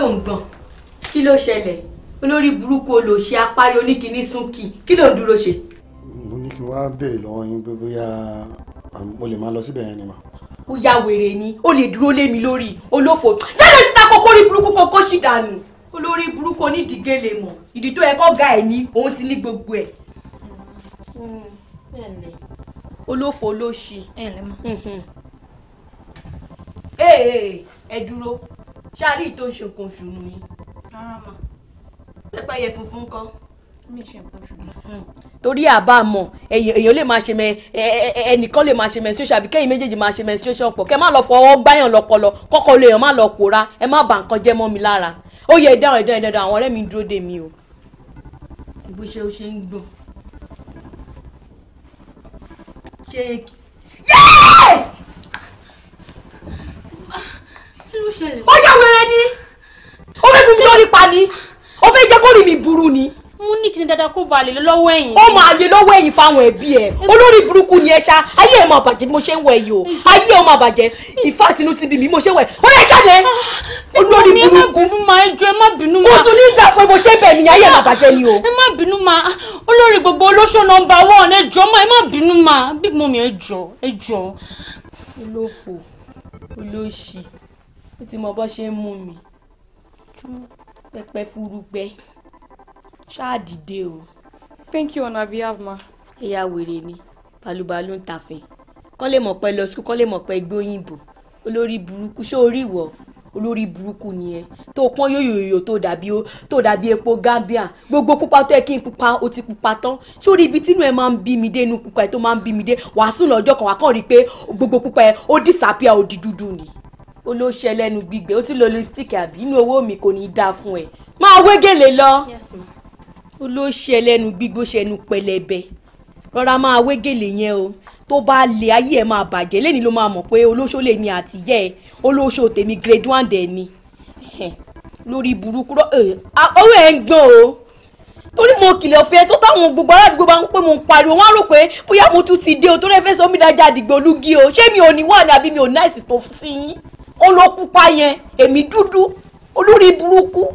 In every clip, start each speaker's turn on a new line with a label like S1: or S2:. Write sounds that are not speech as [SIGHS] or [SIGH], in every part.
S1: tó ń gbọ̀n kí ló ṣẹlẹ̀ olórí burúkú olóṣè apárí oníkíní súnkì kí ló ń dúró ṣe.
S2: mo ní kí n wá béèrè lọ́wọ́ yín pé bóyá mo lè máa lọ síbẹ̀ yẹn ni mà.
S1: ó ya wèrè ni ó lè dúró lé mi lórí olófò jáde síta kókó rí burúkú kókó sì dànù olórí burúkú onídìgélé mọ̀ ìdí tó yẹ kó ga ẹ̀ ní òun ti ní gbogbo ẹ̀. olófò olóṣì. ẹ ẹ dúró ṣáàrí tó ń ṣe nǹkan oṣù nù yín. rárá mà. pẹ́pẹ́yẹ funfun kọ́. mi ṣe nǹkan oṣù. Hmm. torí àbámọ̀ èèyàn lè máa ṣe mẹ ẹnìkan lè máa ṣe menstruation àbí kẹ́yìn méjèèjì máa ṣe menstruation pọ̀ kẹ́ má lọ fọwọ́ gbáyàn lọ́pọlọ kọ́kọ́ lè yàn má lọ pòórá ẹ má bà nǹkan jẹ́ mọ́ mi lára ó yẹ ìdáhùn ìdáhùn ìdáhùn àwọn ọ̀rẹ́ mi dúró dè mí o. bó ṣe ó ṣe ń gbọ̀n. ṣé ó yà wẹrẹ ni
S3: ó fẹ́ fún mi lórí
S1: pa ni ó fẹ́ jẹ́ kó rí mi burú ni. mo ní kíni dáadáa kó ba lè lọ́wọ́ ẹ̀yìn. ó máa lè lọ́wọ́ ẹ̀yìn fáwọn ẹbí ẹ̀ olórí burúkú ni ẹ ṣá ayé ẹ̀ máa bàjẹ́ bí mo ṣe ń wẹ̀ yìí o ayé ẹ̀ máa bàjẹ́ ìfá tinú ti bì mí mo ṣe wẹ̀ ó yẹ jáde ah, olórí burúkú kó tún ní ìjà fún mo ṣe bẹ̀ mí ayé ẹ̀ máa bàjẹ́ ni o. ẹ má bínú ma olórí gbogbo olóṣó olóṣì ó ti mọ bó ṣe ń mú mi pẹpẹ fúrúgbẹ ṣáà o. thank you on our behalf ma. ẹ̀yà wèrè ni balùbalù ń tàfẹ́ kọ́ lè mọ̀ pẹ́ lọ sùkú kọ́ lè mọ̀ pẹ́ gbóyìnbó olórí burúkú ṣé orí ìwọ olórí burúkú nìyẹn tó pọ́n yòyòyò tó dàbí tó dàbí epo Gambia gbogbo pupa tó yẹ kí n pupa o ti pupa tán sórí ibi tínú ẹ máa ń bí mi dé inú pupa ẹ tó máa ń bí mi dé wàásù lọ́jọ́ kan wà kàn rí i pé gbogbo pupa ẹ ó disappear ó di dúdú ni olóṣè ẹlẹ́nu gbígbé ó ti lo lipstick àbí inú owó mi kò ní í dáa fún ẹ máa wégèlè lọ olóṣè ẹlẹ́nu gbígbó ṣẹnu pẹlẹbẹ rọra máa wégèlè yẹn o tó bá lè ayé ẹ máa bàjẹ́ lẹ́ni ló máa mọ̀ pé olóṣò lèmi àti ìyá ẹ olóṣò tèmi grade one dẹ̀ ni lórí burúkú owó ẹ̀ ń gbọ́n o torí mo kìlẹ̀ ọ̀fẹ́ tó táwọn gbogbo aládùúgbò bá ń pè mo ń pariwo wọ́n á rò pé bóyá mo tún ti dé o torí ẹ fẹ́ sọ mí dájà dìgbò olúgi o ṣé mi ò ní wà ní àbí mi ò náìsì tó sí yín ó ló pupa yẹn èmi dúdú olórí burúkú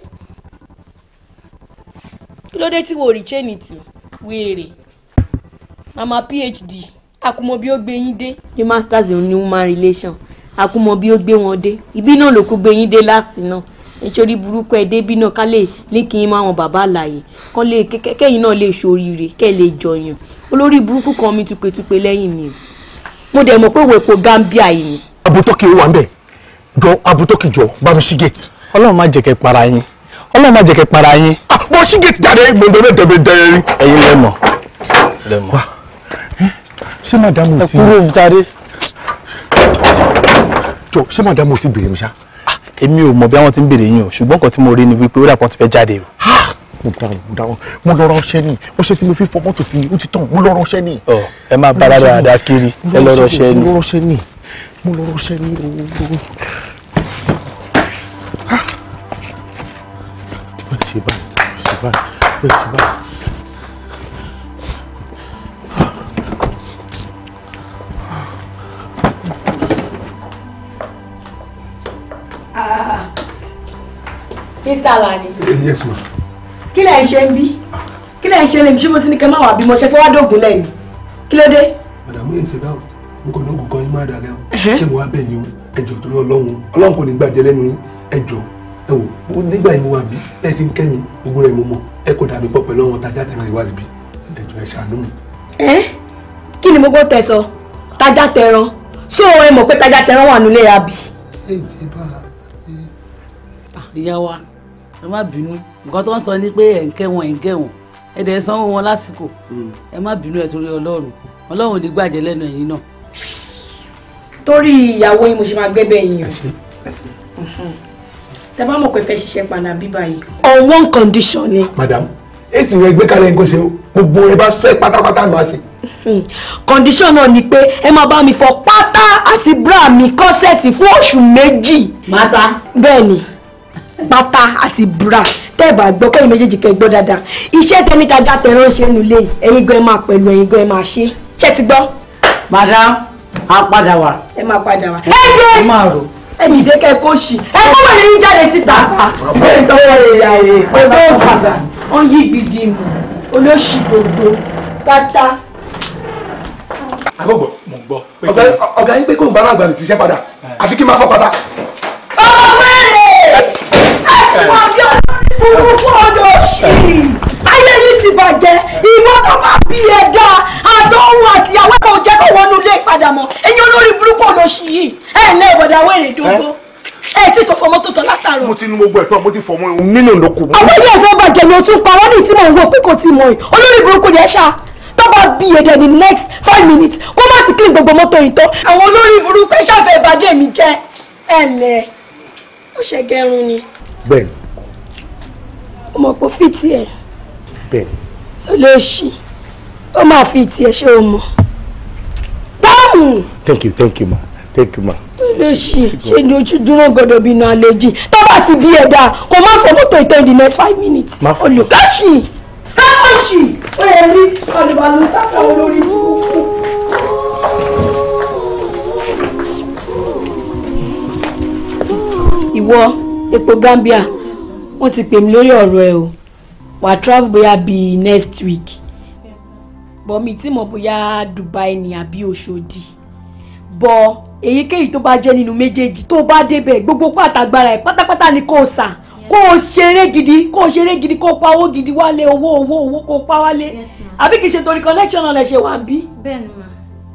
S1: kí ló dé tí wò rí chain tù wéèrè mama phd akumọ bí ó gbé dé. ní masters in human relations akumọ bí ó gbé wọn dé ibi náà ló kó gbé yín dé láti náà nítorí burúkú ẹ débí náà ká lè lékì yín máwọn bàbá àlàyé kán lè kẹyìn náà lè ṣoríire kẹ lè jọyàn olórí burúkú kan mi tupetupe lẹ́yìn mi mo
S2: dẹ̀ mọ̀ pé òwe kò gambia yìí ni. àbótọ́kì ó wà ń bẹ̀ jọ abutókì jọ bá mi ṣí gate. ọlọ́run má jẹ́ kẹ́ para yín ọlọ́run má jẹ́ kẹ́ para yín. bọ́ ah, ṣí gate jáde gbọ̀ndọ̀ náà tẹ̀lé dẹ̀rẹ̀ rí. ẹ̀yin lẹ́mọ̀ lẹ́mọ̀.
S4: Eh, ṣé màdàmù ti. ẹ kúrò
S5: jáde.
S2: jọ ṣé màdàmù ti bèrè mi ṣá. Ah, èmi ò mọ̀ bí àwọn
S5: ti ń bèrè yín o ṣùgbọ́n nǹkan tí mo rí ni wípé ó dàpọ̀ ti fẹ́ jáde o ah,
S2: mo dáhùn mo dáhùn mo lọ ra ọṣẹ ni ọṣẹ tí mo fi fọ mọ́tò tí o ti tàn mo lọ ra ọṣẹ ni.
S5: ẹ máa bá dáadáa kiri ẹ lọ ra ọṣẹ ni. mo lọ ra
S2: ọṣẹ ni mo lọ rọṣẹ́ ní owó. wọ́n ah! ṣe báyìí wọ́n ṣe báyìí wọ́n ṣe báyìí.
S1: Mr. Alani. Yes, ma. Kí lẹ̀ ń ṣe ń bí? Kí lẹ̀ ń
S2: ṣe lè bí ṣé mo ti ní kẹ́ máa wà bí mo ṣe fẹ́ wá dògùn lẹ́yìn? Kí ló dé?
S5: Màdàmú yìí ṣe dáhùn
S2: nǹkan náà kò kọ́ yín má dàlẹ́ o ẹ wò abẹ́ ni o ẹjọ́ torí ọlọ́run ọlọ́run kò ní gbàjẹ́ lẹ́nu ẹjọ́ ẹ wò nígbà yìí mo wà bí ẹ ti ń kẹ́mi gbogbo rẹ̀ mo mọ̀ ẹ kò dàbí pọ̀ pẹ̀lú ọ̀hún tajá tẹ̀rẹ̀ ìwà níbí ẹjọ́ ẹ ṣàánú mi.
S1: ẹ kí ni mo gbọ́ tẹ sọ tajá
S6: tẹran so ẹ mọ̀ pé tajá tẹran wà nílé àbí. ìyá wa ẹ má bínú nǹkan tó ń sọ ni pé ẹ̀ ń kẹ́ wọn ẹ̀ ń kẹ́ wọn ẹ̀ dẹ̀
S1: sanwó wọn lásìkò hmm. ẹ má bínú ẹ̀ torí ọlọ́run ọlọ́run ò ní gbàjẹ́ lẹ́nu ẹ̀yin náà torí ìyàwó yín mo ṣe máa gbẹ́bẹ̀ yín o mhm. tẹ bá mọ̀ pé fẹ́ ṣiṣẹ́ padà bí báyìí
S2: on one condition ni. madam èsì rẹ gbé kalẹ̀ nǹkan ṣe o gbogbo ẹ bá sọ ẹ pátápátá máa ṣe. Mhm. condition náà ni pé ẹ máa bá mi
S1: fọ pátá àti bra mi kọ́sẹ̀tì fún oṣù méjì. mata. bẹ́ẹ̀ ni pátá àti bra tẹ́ ẹ̀ bá gbọ́ kẹ́yìn méjèèjì kẹ́ ẹ gbọ́ dáadáa iṣẹ́ tẹ́ni tajà tẹ̀ ránṣẹ́ nulẹ̀ ẹ̀yin gan ẹ máa pẹ̀lú ẹ̀yin gan ẹ máa ṣe ṣẹ́ ti gbọ́. madam a padà wá. ẹ máa padà wá. ẹ jẹ́ ẹ máa rò. ẹ dìde kẹ kó ṣì. ẹ kó wọlé yín jáde síta. bẹ́ẹ̀ tọ́wọ́ ìyá rẹ̀ pẹ̀lú òbàbà ó yí gbìdì mọ̀
S2: olóṣì gbogbo pátá. àgbọ̀gbọ̀ mo gbọ́. ọ̀gá yín pé kó n bá aláǹgbá mi ṣiṣẹ́ padà àfi kí n máa fọ́ padà.
S4: ọmọ wẹ́rẹ̀ ẹ̀sùn àbí ọ̀rọ̀ ìbùkún fún olóṣì ti bàjẹ́
S1: ìwọ tó bá bí ẹ dá àdánwò àti ìyàwó ẹ̀ kò jẹ́ kó wọnú ilé ìpadà mọ́
S2: ẹ̀yin olórí burúkú olóṣì yìí ẹ̀ ń lé ìbọ̀dà wẹ̀rẹ̀ dógó ẹ ti tó fọmọ tó tọ látàrọ. mo ti nu gbogbo ẹ̀tọ́ mo ti fọmọ mílíọ̀nù ló kù. ọmọ ilé ẹ̀fọ́
S1: bàjẹ́ ni o tún parọ́ ní tí mò ń wò pé kò tí mọ̀ yìí olórí burúkú ni ẹ ṣá tó bá bí èdè ní next five minutes kó má ti clean gbogbo mọ́tò yìí tán. àwọn olórí burúkú ẹ ṣàfẹ́ ìbàdí èmi jẹ́ ẹ lẹ̀ ó ṣe gẹrun ni. bẹ́ẹ̀ni. ọmọ kò fìtì ẹ̀
S2: bẹ́ẹ̀. olóòṣì
S1: ó máa fi tiẹ̀ ṣe o mọ̀ thank
S2: you thank you ma thank you ma.
S1: olóòṣì ṣe ni ojú dúró gbọdọ̀ bí iná àlejì tó bá ti bí ẹ̀dá kò má fọ́ mọ́tò ìtọ́ in five minutes. má fọ́ olùkọ́ṣì kápọ́ṣì ó yẹ rí ọ̀dùnmọ̀lù táfà olórí ìwọ epo Gambia wọ́n ti pè mí lórí ọ̀rọ̀ ẹ o wà á travel bóyá bíi next week bọ̀ mi tí mo bóyá Dubai ni àbí Òṣòdì bọ̀ èyíkéyìí tó bá jẹ́ nínú méjèèjì tó bá débẹ̀ gbogbo pàtàgbára ẹ̀ pátápátá ni kò sà kó o ṣeré gidi kó o ṣeré gidi kó o pa owó gidi wálé owó owó owó kó o pa wálé àbí kì í ṣe torí connection náà lè ṣe wà ń bí. bẹ́ẹ̀ni ma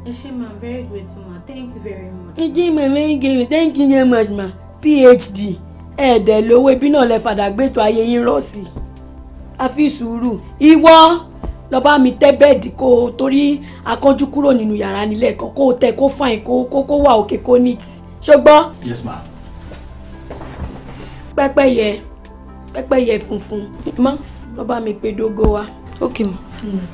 S1: ẹ ṣe ma very grateful
S3: ma thank you very much.
S1: ǹjẹ́ ìmọ̀ very grateful thank you very much ma phd ẹ̀ẹ́dẹ̀ lówó ibi náà lè fàdà gbẹ́tọ̀ ayé yín rọ̀ a fi sùúrù ìwọ lọ bá mi tẹ́ bẹ́ẹ̀dì kó o torí akánjú kúrò nínú yàrá nílẹ̀ kan kó o tẹ́ kó fine kó kó kó wà òkè kó neat ṣùgbọ́n. yes ma. pẹ́pẹ́yẹ pẹ́pẹ́yẹ funfun mọ́ lọ bá mi pe dógó wa. ok ma. Mm.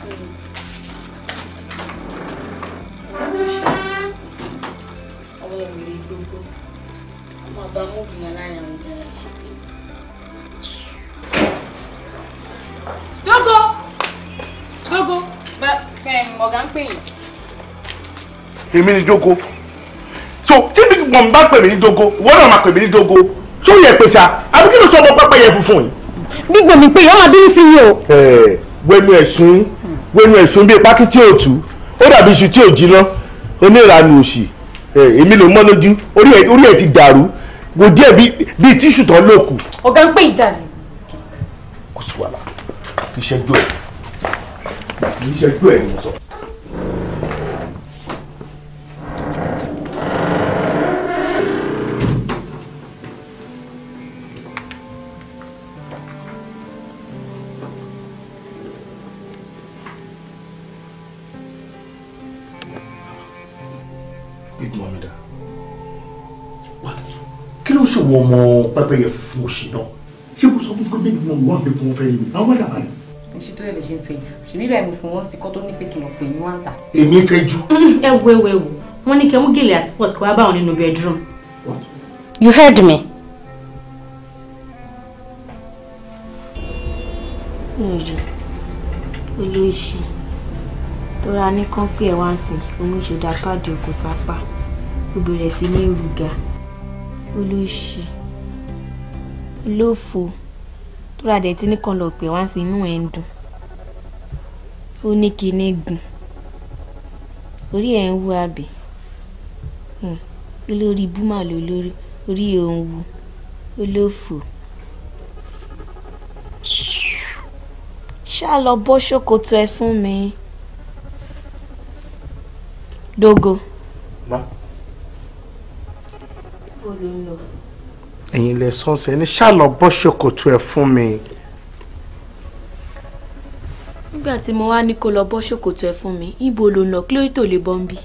S1: Dógó Dógó ọ̀gá ń pè yín.
S2: Èmi ni Dógó. So tí wọ́n bá pè mí ní Dógó, wọ́n náà máa pè mí ní Dógó. Ṣé ó yẹ pé sá? Àbí kí ló sọ ọmọ pápá yẹn funfun yìí? Gbígbó mi pé ìyọ́n máa bínú sí yìí o. Ẹ̀ẹ́ wẹnu ẹ̀sùn wẹnu ẹ̀sùn bíi pákí tí ò tú. Ó dàbí iṣu tí ò jiná. Onírànù òṣì. Èmi ló mọ́ lójú. Orí ẹ̀ ti dàrú. Gò díẹ̀ bíi tíṣù tán lókù.
S1: Ọ̀gá ń pè ìjà ni.
S2: Kò sí wàhálà kì í ṣẹ́jú ẹ̀ kì í ṣẹ́jú ẹ̀ ni mo sọ. wo ọmọ pẹpẹyẹ funfun òsì náà ṣé mo sọ fún pé bẹ́ẹ̀ ni wọn wà pé kò fẹ́ rí mi àwọn wà dàbà ṣe tó yẹlẹ ṣe ń fẹjú
S1: ṣèbí báyìí mo fún wọn sí kó tó ní pé kí lọ pè ní wọn ta. èmi fẹjú. Mm-hmm. ẹ wo ẹ wọn ní kẹ gèlè àti pọt kí wàá bá wọn nínú bedroom. you heard me. olóṣì tó ra ní kánpé ẹ wá sí òun ìṣòdà káàdì òkú sápá ó bẹ̀rẹ̀ sí ní rúgà olóṣì olófò fúra dẹ̀ tí nìkan lọ pé wá sí inú ẹ̀ ń dùn ó ní kinní gùn orí ẹ̀ ń wú àbí olórí búmà lólórí orí ẹ̀ ń wú olófò ṣá lọ bọ́ ṣòkòtò ẹ fún mi dogo.
S4: Ma. Bó ń lọ?
S2: ẹ̀yin lẹ sọ́nsẹ̀ ní ṣàlọ́ bọ́ ṣòkòtò ẹ̀ fún mi.
S1: nígbà tí mo wá ní kó lọ bọ́ ṣòkòtò ẹ̀ fún mi ibo ló ń lọ kí lóyún tó lè bọ́ ń bí.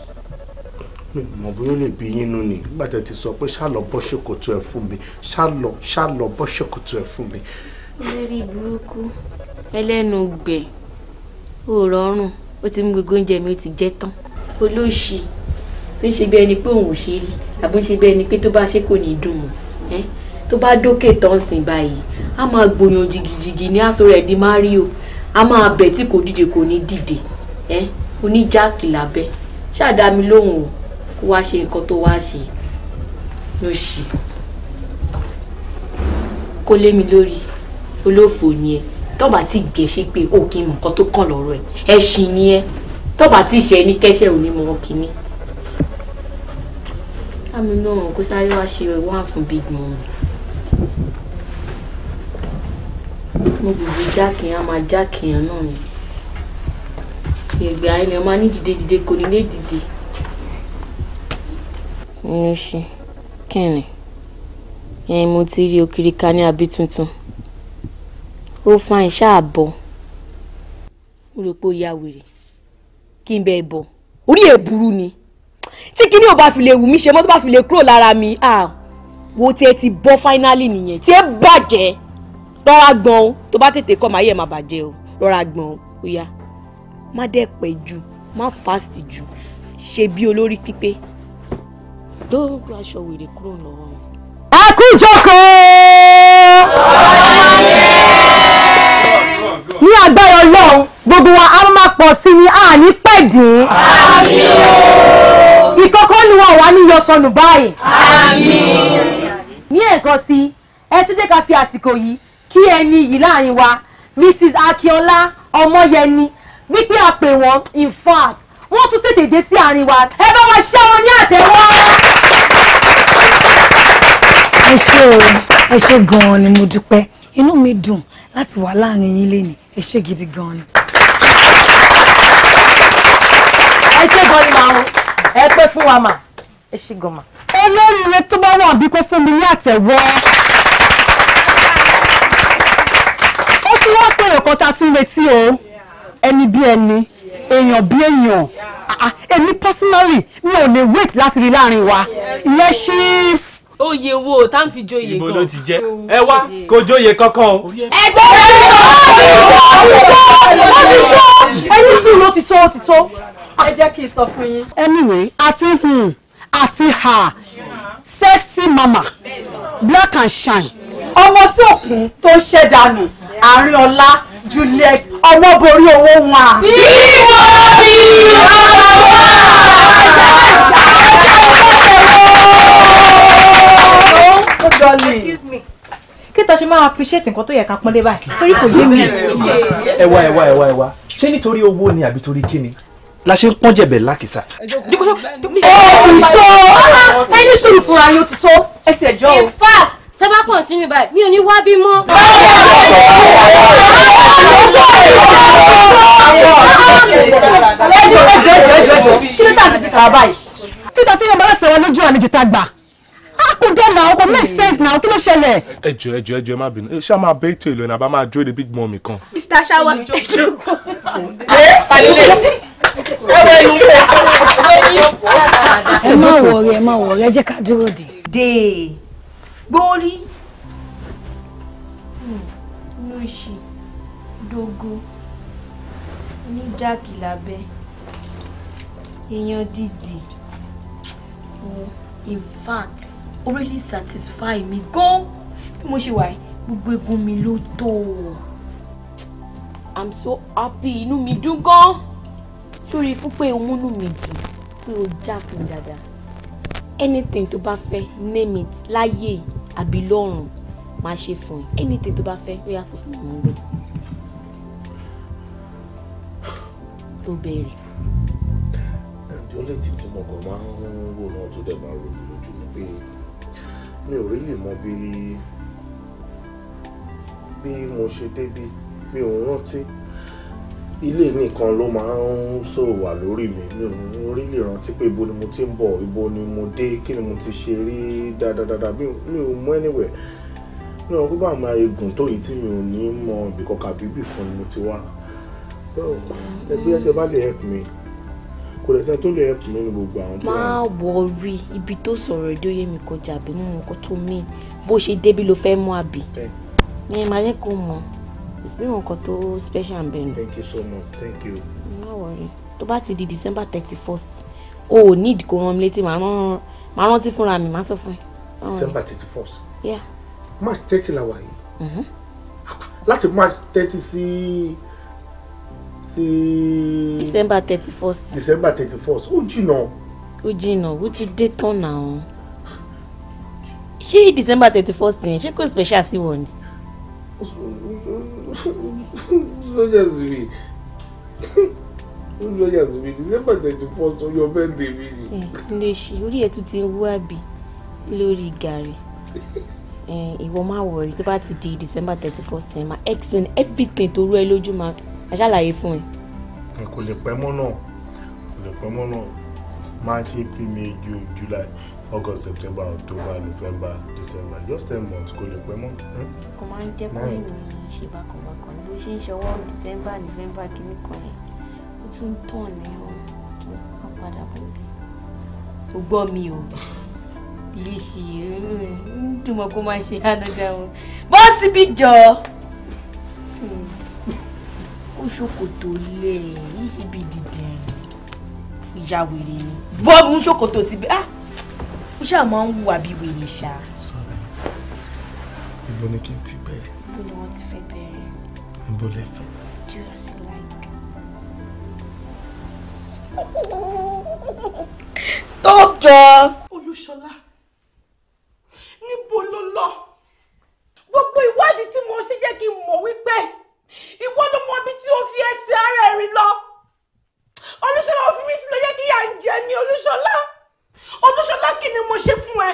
S2: mo bóyá lè bí yín nù ni nígbà tí ẹ ti sọ pé ṣàlọ́ bọ́ ṣòkòtò ẹ̀ fún mi ṣàlọ́ ṣàlọ́ bọ́ ṣòkòtò ẹ̀ fún mi.
S1: olórí burúkú ẹlẹ́nu gbẹ̀ ò rọrùn ó ti mú gbogbo oúnjẹ mi ó ti jẹ́ tán olóṣì ń ṣe bí ẹni pé òun ò ṣe rí àbí ń ṣe bí ẹni pé tó bá ṣe kò ní dùn mọ́ tó bá dókè tán sìn báyìí a máa gbòyàn jìgìjìgì ní aṣọ rẹ̀ di mario a máa bẹ̀ tí kò dìde kò ní dìde ẹ oníjáàkì lábẹ́ ṣáàdá mi lóhùn o kó wá ṣe nǹkan tó wá ṣe ló ṣì kó lé mi lórí olófò ni ẹ tọ́ba ti gẹ̀ẹ́sí pé ó kí n mọ̀ nǹkan tó kàn lọ́rọ̀ ẹ ẹṣin ni ẹ tọ́ba ti ṣe ní kẹ́sẹ̀ ò ní mọ kínní. àmì náà kó sáré wá ṣe wá fún big mom mo gbogbo jákè á máa jákè yẹn náà ni ìgbà yẹn ni ẹ máa ní dìde dìde kò ní lè dìde. ní ṣe kẹrin ẹyin mo ti rí òkìrì ká ní abí tuntun ó fàìn ṣáà bọ mo rò pé ó ya wèrè kí n bẹ bọ orí ẹ ni tí kinní ò bá fi lè wù mí ṣe mọ́ tó bá fi lè kúrò lára mi ah wo tiẹ̀ ti bọ́ finally nìyẹn tiẹ̀ bàjẹ́ lọ́ra gbọ́n o tó bá tètè kọ́ máa yẹ̀ máa bàjẹ́ o lọ́ra gbọ́n o ó má dẹ̀ pẹ́ jù má fast ju. ṣe bí olórí pípé tó ń kó aṣọ wèrè kúrò lọ́wọ́ wọn. a kú jókòó. ní agbára ọlọ́run gbogbo wa a máa pọ̀ sí ni a ní pẹ́ dín. ni wọn wà ní yọsọnù
S3: báyìí ní ẹ̀kan sí i ẹ tún dé
S1: ká fi àsìkò yìí kí ẹni yìí láàrin wa Mrs. Akínọlá Ọmọyẹni wípé a pè wọ́n in fact wọ́n tún tètè dé sí àárín wa ẹ bá wa ṣẹ́ wọn ní àtẹ́wọ́. ẹ ṣé o ẹ ṣé gan-an ni mo dúpẹ́ inú mi dùn láti wà láàrin yín lénìí ẹ ṣé gidi gan-an ni. ẹ ṣé gan-an ni màá ẹ pẹ́ fún wa mà ẹ ṣe gọ̀mà. olóríire tó bá wà bí kò fún mi ní àtẹ̀wọ́. ó tún wá pèrè kan tá a tún retí o ẹni bí ẹni èèyàn bí èèyàn ah, ah, èmi personally mi ò lè wait láti rí láàrin wa ìyẹn ṣíf oyè wo tá n fi joyè gan. ibo ló ti jẹ ẹ
S4: wá
S6: kó joyè kankan o. ẹgbẹ́
S4: rẹ̀ ló ti tó ó ti tó ẹni
S1: sùn ló ti tó ó ti tó. ẹ jẹ́ kí n sọ fún yín. anyway àti àti ha sexy mama black and shine ọmọ tí òkun tó ṣẹ́ dànù àárín ọlá juliet ọmọ borí owó wọn.
S4: bí wọ́n bí ọmọ wa. excuse me
S1: kíta ṣe máa appreciate nǹkan tó yẹ ká pọ́nlé báyìí torí kò yé mi.
S5: ẹ wá ẹ wá ẹ wá ẹ wá ṣé nítorí owó ni àbí torí kí ni la ṣe ń pọ́n jẹ̀bẹ̀ lákìsà.
S1: ó ti tó ẹni sùúrù fúnra yóò ti tó ẹ ti ẹjọ́ o. in fact tẹ́ bá pọ̀ sínú ibà mi ò ní wá bí mọ́.
S2: ẹjọ́ ẹjọ́ ẹjọ́ ẹjọ́ kí ló tà ní
S1: ti sàrà báyìí. kí ló tà sí ọmọ ẹsẹ̀ wọn lójú àlejò tá a gbà kúndé náà kò make sense náà kí ló ṣẹlẹ̀.
S2: ẹ jọ̀ọ́ ẹ jọ̀ọ́ ẹ jọ̀ọ́ ẹ má bínú ṣé a máa bẹ ètò ìlú ẹ̀ náà bá máa dúró de big mummy kan.
S1: mr shawa ẹ jókòó
S4: ẹwọ inú rẹ ẹ má
S1: wọrẹ ẹ má wọrẹ ẹ jẹ́ ká dúró dè. dè gbórí. lóṣì dógó onídàkì lábẹ́ èèyàn dìdì in fact ó really satisfy me. gan bí mo ṣe wà gbogbo egun mi ló tó I'm so happy inú mi dùn gan sórí fún pé o múnú mi dùn pé o já fún mi dáadáa anything tó bá fẹ́ name it láyé àbí lọ́run máa ṣe fún ẹ anything tó bá fẹ́ ó yà sọ fún mi nígbà [SIGHS] tó bẹ̀rẹ̀.
S2: àǹdí ó lè ti ti mọ̀gàn máa ń wò náà tó dẹ̀ máa ròyìn lójú ni pé mi ò rí lè mọ bí bí mo ṣe débi mi ò rántí ilé nìkan ló máa ń sọ wà lórí mi mi ò rí lè rántí pé ibo ni mo ti ń bọ̀ ibo ni mo dé kí ni mo ti ṣe rí dáadáa mi ò mọ anywhere mi ò gbọ́dọ̀ máa egun tó yìí tí mi ò ní mọ ibìkan kàbí ibìkan ni mo ti wá ẹgbẹ́ ẹsẹ̀ bá lè help me kò lè sẹ́ni tó lè help me ní gbogbo àwọn tó wà. má
S1: worry ibi tó sọ̀rọ̀ èdè òye mi kọjá àbí mú nǹkan tó mí bó ṣe débi ló fẹ́ mú àbí ní ẹ̀ yẹ kó mọ̀ sí nǹkan tó special bẹ́ẹ̀ ni. thank you so much thank you. no worry tó bá ti di december thirty first o ò need kó rán mi létí màá rántí fúnra mi màá sọ fún ẹ.
S2: december thirty first. yeah. march thirty la wà yìí. Mm-hmm. láti march thirty sí sí. december thirty first. december thirty first ó jìnnà.
S1: ó jìnnà ó ti dé tán náà ṣé december thirty first yẹn ṣé kò special sí wọn
S2: ni lọ́jà sí mi lọ́jà sí mi December thirty first ọjọ́ bẹ́ẹ̀dẹ̀ mi
S1: ni. lè ṣe orí ẹ̀ tún ti ń wú àbí lórí gàrí eh, ìwọ má wọrí tó bá ti di December thirty first ẹ̀ eh, máa explain everything tó rú ẹ lójú máa aṣàlàyé fún
S2: ẹ. kò lè pẹ́ mọ́ náà kò lè pẹ́ mọ́ náà March April May June July August September October November December just ten months kò lè pẹ́ mọ́.
S4: Hmm?
S1: kò máa ń jẹ́ kó lè wọ̀nyí ṣe bákanbákan ni bó ṣe ń ṣọwọ́ december november kìíní kan yẹn ó tún ń tàn ní ọ tó wá padà bọ̀ bí. o gbọ́ mi o lè ṣe ń dùnmọ́ kó máa ṣe ànágà wọn bọ́ọ̀sì bí jọ ó ṣòkòtò lẹ̀ yìí sì bí dìde ìyá wèrè ni bọ́ọ̀bù ń ṣòkòtò síbi ah ó ṣáà máa ń wù àbí wèrè ṣáà. sọ̀rọ̀
S2: ibo ni kí n ti bẹ̀rẹ̀ ń bọ̀ lẹ́fẹ̀ẹ́. do as you like. stop jọ.
S1: olúṣọlá níbo ló lọ gbogbo ìwádìí tí mo ṣe jẹ́ kí n mọ̀ wípé ìwọ ló mọ ibi tí ó fi ẹsẹ̀ ara rìn lọ olúṣọlá òfin mi sì ló yẹ kí ìyà ń jẹ ní olúṣọlá olúṣọlá kí ni mo ṣe fún ẹ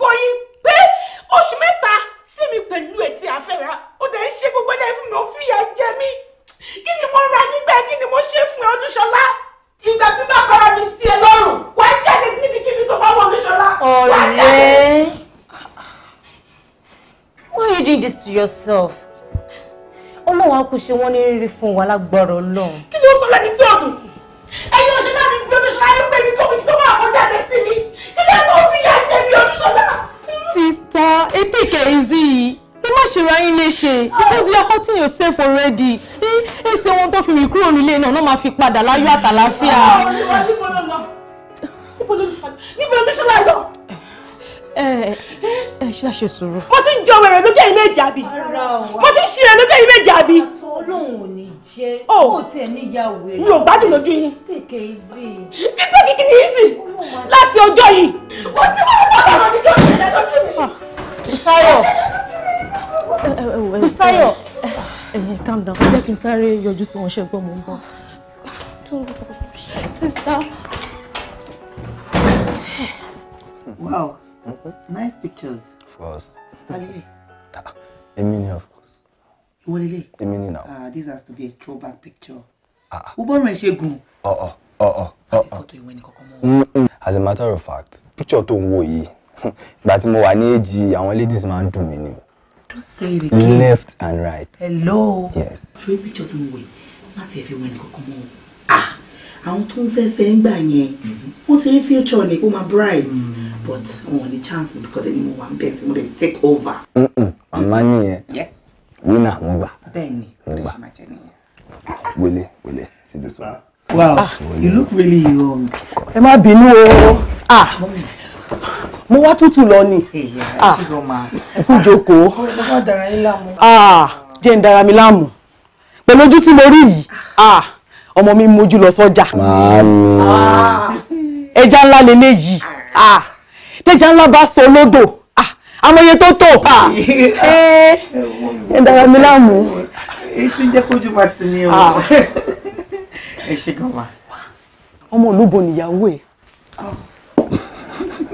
S1: kò yí pé oṣù mẹ́ta sí mi pẹ̀lú ẹ̀ tí a dẹ̀ ń ṣe gbogbo ẹ̀dá fún mi ó fìyà jẹ mí kí ni mo ra nígbà kí ni mo ṣe fún ẹ Olúṣọlá ìgbà tí bá bára mi sí ẹ lọ́rùn wá jáde níbikíbi tó bá wọ Olúṣọlá wá Why are you doing this to yourself? Ọlọ́run á kú ṣe wọ́n ní rírí fún wa lágbára Ọlọ́run. Kí ló sọ lẹ́ni tí ò dùn? Ẹ̀yin òṣèlú àmì ìgbé Olúṣọlá yóò pè mí kó mi kí ló máa fọ́ jáde sí mi. Ilé ẹ̀kọ́ fi yà jẹ mi Olúṣọlá. Sista, etí kẹ̀ ẹ́ ṣèrà yín léṣe because you are hurting yourself already tí èsì wọn tó fi rìn kúrò nílé náà náà máa fi padà láyọ̀ àtàlàáfíà. níbo ló ṣọlá lọ. ẹ ẹ ṣe àṣẹ sọ̀rọ̀. mo ti ń jọ wẹ̀rẹ̀ lókè yìí méjì àbí mo ti ń ṣe rẹ̀ lókè yìí méjì àbí. ọlọ́run ò ní jẹ́ kó oh. tiẹ̀ níyàwó rẹ̀. mi ò gbádùn lójú yín.
S6: tèkè ìzì.
S1: títẹ̀ kìkì ni ìzì láti ọjọ́ yìí.
S4: mo sì wọ́n lọ́wọ́ Ìsáyọ̀. Bùsáyọ̀. Eh,
S1: eh, calm down jẹ́ kí n sáré yọjú sí wọn ṣe gbọ́ mò ń bọ̀. Sister.
S6: Wow, nice pictures. Of course. Talile. Èmi ni of course. Ìwọ lele. Èmi ni now. Ah, this has to be a throwback picture. Ah. Wo ah. bọ́ọ̀rù ẹ̀ ṣe gùn. Ọ̀ọ̀
S2: ọ̀ọ̀ ọ̀ọ̀. Fọ́tò ìwé ni kọ̀ọ̀kan mọ́. Mm, mm. As a matter of fact, picture tó ń wò yìí, [LAUGHS] ìgbà tí mo wà ní èjì àwọn ladies máa ń dùn mí ni o.
S6: Don't say it again. Left and right. Hello. Yes. Ṣé píṣọ tí mo wẹ̀ má ti ẹ̀ fi wẹ̀ nìkan kan mọ́ o? Ah! Àwọn tó ń fẹ́ fẹ́ ń gbà yẹn, mm-hmm. wọ́n ti rí future ni, ó máa bright. Mm-hmm. But wọn ò ní chance because èmi mo wà ń bẹ̀ tí mo lè take over. Màmá nìyẹn. Yes. Winner mo gbà. Bẹ́ẹ̀ni, mo gbà. Wele, wele, see this one. Wow, ah, you look really young. Ẹ má
S1: bínú o. Ah! Mommy mo wá tútù lọ ni ẹkú ah, jókòó ah, jẹ́ ń dára mi láàmú pẹ̀lú ojú tí mo rí yìí ah, ọmọ mi mójú lọ sọ́jà ẹja ńlá leléyìí tẹja ńlá bá sọ lódò amóye tó tò [LAUGHS]
S6: ẹ dára mi láàmú. èyí tí ń jẹ́ kójú máa ti ní o [LAUGHS] ẹ ṣe gan wa. ọmọ olúbo nìyàwó ẹ.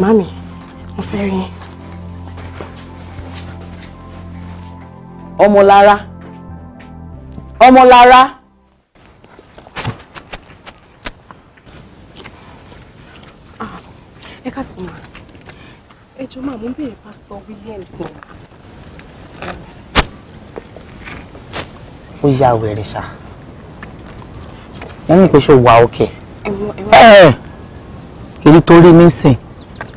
S1: Mami, mo fẹ́ rí Ọmọlára. Ọmọlára. Ah, ẹ ká ma Ẹ jọ máa mú bèrè Pásítọ̀ ya
S6: ṣá. o wà Ẹ ẹ èyí tó rí mi sìn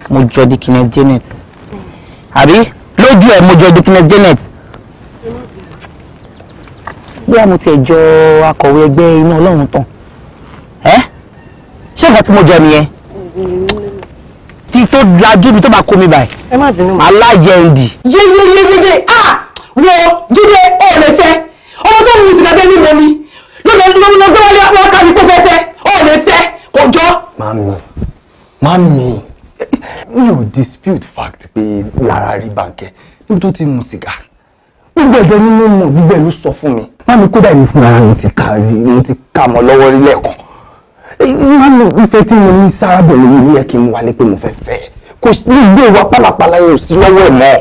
S6: mo jọ dikines janet àbí lójú ẹ mo jọ dikines janet bóyá mo tiẹ̀ jọ akọ̀wé ẹgbẹ́ iná ọlọ́run tán ẹ ṣé nǹkan tí mo jọ nìyẹn ti tó lajú mi tó máa kó mi báyìí
S1: aláyẹ ndì. yeyeyeyeye ah wo jíde ọ̀rẹ́ fẹ́ ọmọ tó ń mu sìgá bẹ́ẹ̀ ní mọ́ mi lọ́gbọ́n lọ́gbọ́n wálé wọn ká ní kó fẹ́ fẹ́ ọ̀rẹ́ fẹ́
S2: kò jọ. màámi mami mi ò dispute fact pé lára rí bàǹkẹ́ níbi tó ti mu sìgá gbogbo ẹ̀jẹ̀ ni mo mọ̀ gbogbo ẹ̀ ló sọ fún mi mami kódà èmi fúnra mi ti kà mo ti kà mọ́ lọ́wọ́ rí lẹ́ẹ̀kan mami ife tí mo ní sárábìnrin yìí yẹ kí n wálé pé mo fẹ́ fẹ́ kò sí ilé ìwà pálapàla yẹn ò sí lọ́wọ́ ẹ̀ mọ́.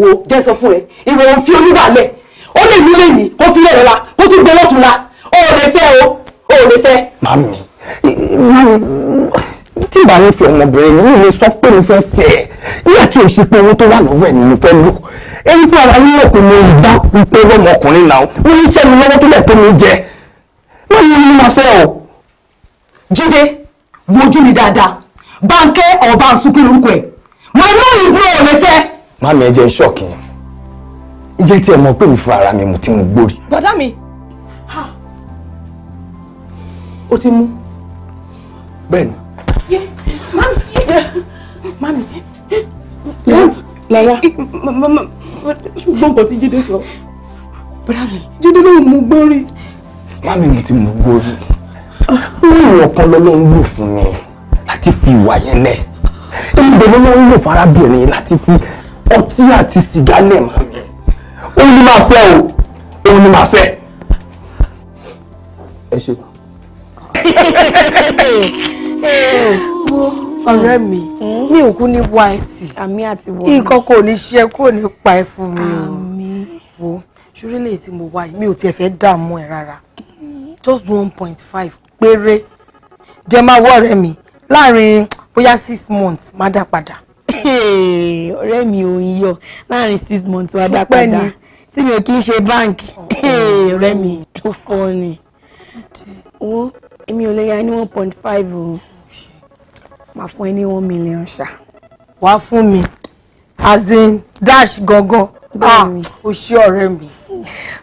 S2: wo jẹ́ sọ fún ẹ ìròyìn fi onígbàlẹ̀ ó lè mú
S6: lẹ́yìn ó fi lẹ́rẹ̀ la ó tún gbé lọ́tún la ó lè fẹ́ o ó lè fẹ́.
S4: mami mami
S2: tí n bá nífẹ̀ẹ́ ọmọbìnrin yìí mi lè sọ pé mo fẹ́ fẹ́ ẹ nígbà tí o ṣe pé owó tó wà lọ́wọ́ ẹ̀ ni mo fẹ́ lò èyí fún ara yín lọ́kùn mo dá pé lọ́mọkùnrin náà mo ní sẹ́nu lọ́wọ́ tó lẹ̀ tó mi jẹ wọ́n ní mo máa fẹ́ o. Jídé wojú mi dáadáa Bánkẹ́ ọba àsùnkú lórúkọ ẹ̀ my mom
S1: is no one fẹ́.
S2: má mi ẹ jẹ́ ṣọ́ọ̀kì yẹn ìjẹ́ tí ẹ mọ̀ pé mi fún ara mi mo ti mú gbórí.
S1: bàdá mi ó ti mú bẹ́ẹ̀ ni mami lára ṣùgbọ́n nǹkan tí jíde sọ bàbá
S2: jíde náà mú gbórí. mami mo ti mú gbórí ní ọ̀kan lọ́lọ́run lò fún mi láti fi ìwà yẹn lẹ̀ èyí dẹ̀ lọ́lọ́run lò fárábìnrin yẹn láti fi ọtí àti sìgá lẹ̀ mami òun ni máa fẹ́ o òun ni máa fẹ́. ẹ ṣe.
S1: [LAUGHS] dúró ọ̀rẹ́ mi mi ò kú ní wá ẹtì nǹkan kò ní ṣe kò ní pa ẹ fún mi o wo ṣúrí lè tí mo wá yìí mi ò tiẹ̀ fẹ́ dààmú ẹ rárá just one point five péré jẹ máa wọ ọ̀rẹ́ mi láàrin bóyá six months má dá padà. [LAUGHS] ọ̀rẹ́ mi ò ń yọ láàrin six months má dá padà tí mi ò kí ń ṣe báǹkì oh. [LAUGHS] ọ̀rẹ́ mi tó fọ́ ni èmi ò lè ya ní one point five o máa fún ẹ ní one million ṣá. wàá fún mi as in dash gangan ah o ṣé ọ̀rẹ́ mi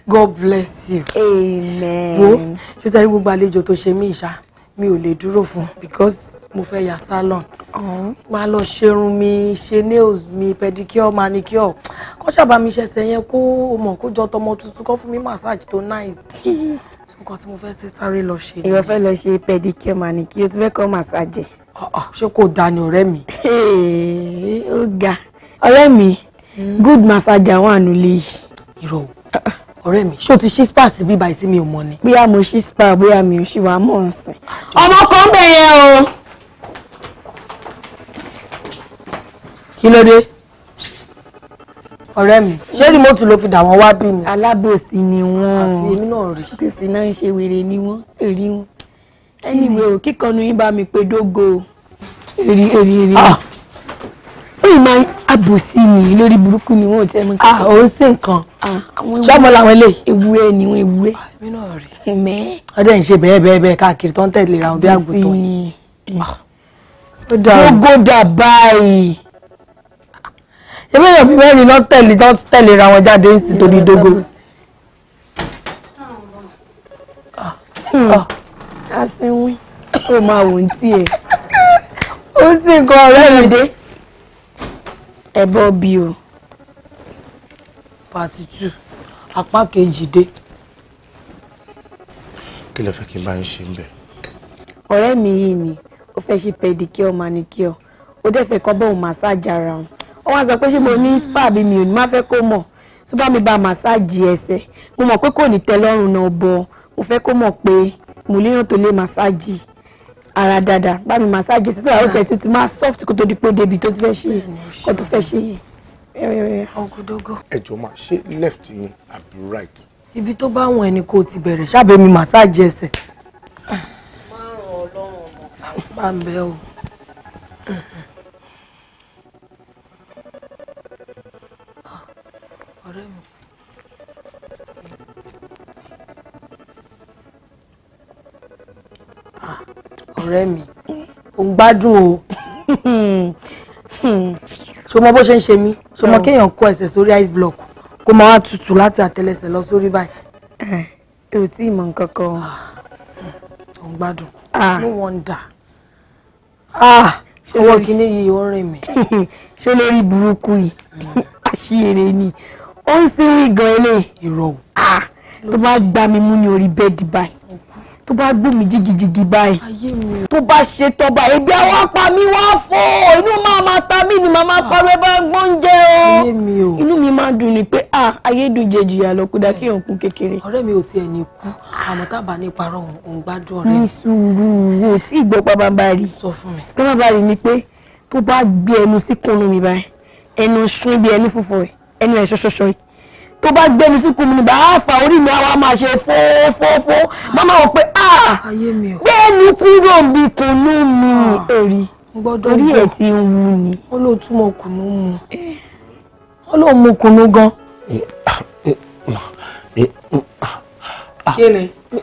S1: god bless you. amen. wo ṣé o tẹ́lẹ̀ gbogbo àlejò tó ṣe mí ìṣá mi ò lè dúró fún because mo fẹ́ ya salon máa lọ ṣerun mi ṣe nails mi pedicure manicure kọ́ sábà mi ṣẹ̀ṣẹ̀ yẹn kó o mọ̀ kó jọ tọmọ tuntun kọ́ fún mi massage tó nice [LAUGHS] nǹkan tí mo fẹ́ ṣe sáré lọ ṣe. ìwọ fẹ́ lọ ṣe pedicure manicure o ti fẹ́ massage. Ah, ṣé kò dáa ni ọ̀rẹ́ mi. ó ga ọ̀rẹ́ mi good massager wà nílé yìí. irọ́ ọ̀rẹ́ mi ṣó ti ṣí spa sí bíbá tí mi ò mọ̀ ni. bóyá mo ṣí spa bóyá mi ò ṣì wá mọ̀ ọ́n sìn. Ah, ọmọ kan bẹ̀ yẹn o. kí ló dé ọ̀rẹ́ mi ṣé rìmọ́tù ló fi dà wọ́n wá bí ni. alábòsí ni wọ́n. àfi èmi náà rí. kìsì náà ń ṣe wèrè ni wọ́n èrè wọn anyway o on, yín bá mi pé dógo èrì èrì èrì èyí máa àbòsí ni lórí burúkú ni wọn ò tẹ́ mi kọ́. ah òun sì nǹkan ah, ṣọ́mọ làwọn eléyìí. ewúrẹ́ ni wọ́n ewúrẹ́. Ah, èmi náà rí mẹ́. ọdẹ ń ṣe bẹ́ẹ̀ bẹ́ẹ̀ bẹ́ẹ̀ be. tó ń tẹ̀lé ra wọn bí àgùntàn. Ah, dógo dà báyìí. èmi yàn bí mẹ́rin náà tẹ̀lé tó ń around. ra wọn to ń Dogo. Ah, ah asínwín ó máa wò ń tiẹ̀ ó sì kọ ọ̀rẹ́ mi dé ẹ̀bọ bí o. pàtí tù apá kejì dé.
S2: kí ló fẹ́ kí n bá ń ṣe ń bẹ̀.
S1: ọ̀rẹ́ mi yìí ni ó fẹ́ ṣe pedicure manicure ó dẹ̀ fẹ́ kọ́ bóun massage ara wọn ó wá sọ pé ṣé mo ní spa bí mi ò ní má fẹ́ kó mọ̀ tó bá mi bá massage ẹsẹ̀ mo mọ̀ pé kò ní tẹ́lọ́rùn náà bọ̀ mo fẹ́ kó mọ̀ pé mo léèyàn tó lè màsáàjì ara dáadáa bá mi màsáàjì títí àwọn tiẹ̀ tuntun máa soft kó tó di pé débi tó ti fẹ́ ṣe kó tó fẹ́ ṣe
S2: yẹn. ọgọdọgọ. ẹjọ máa ṣe left ni àbí right.
S1: ibi tó bá wọn ẹni kò ti bẹ̀rẹ̀ ṣàbẹ̀mí màsáàjì ẹsẹ̀. má ràn ọlọ́run ọmọ. bá ń bẹ́ o. ọ̀rẹ́ mi ò ń gbádùn o ṣo mọ bó ṣe ń ṣe mí ṣo mọ kéèyàn kó ẹsẹ̀ sórí ice block kó máa wá tutù láti àtẹ́lẹsẹ̀ lọ sórí báyìí. ò tí ì mọ nǹkan kan. Ah, ò gbádùn ah. no wonder ṣọwọ́ ah. kínní yìí ó ń rìn mí. [LAUGHS] ṣé lórí burúkú yìí hmm. [LAUGHS] àṣìírí ni ó ń sinmi gan-an lè. ìrọ̀ Ah, tó bá gbá mi mú ní orí bẹ́ẹ̀dì báyìí tó bá gbó mi jìgìjìgì báyìí tó bá ṣe tọba ebi àwọn apá mi wá fò inú máa ma ta mí ni màmá pariwo ah. bá ń gbọ́n jẹ o inú mi máa dùn ní pé ah ayédùnjẹ jìyà lọ kódà kí òun kú kékeré. ọ̀rẹ́ mi ò tiẹ̀ ní kú àmọ́ tábà ní parọ́ òun gbádùn ọ̀rẹ́. ní sùúrù o tí ìgbọ́ pàbàbà rí sọ fún mi pàbàbà rí ni pé tó bá gbé ẹnu sí kùnú mi báyìí ẹnu sún bí ẹni fúnfọ ẹnu ẹ ṣọṣọṣọ yìí tó bá gbé mi síkú mi nígbà àfà orí mi àwa máa ṣe fófófó màmá wọ pé ah, gbé mi kúrò bí kùnú mi èrì ah, orí ẹ̀ ti ń wú ni. wọ́n ló tún mọ kùnú mu wọ́n ló mu kùnú gan.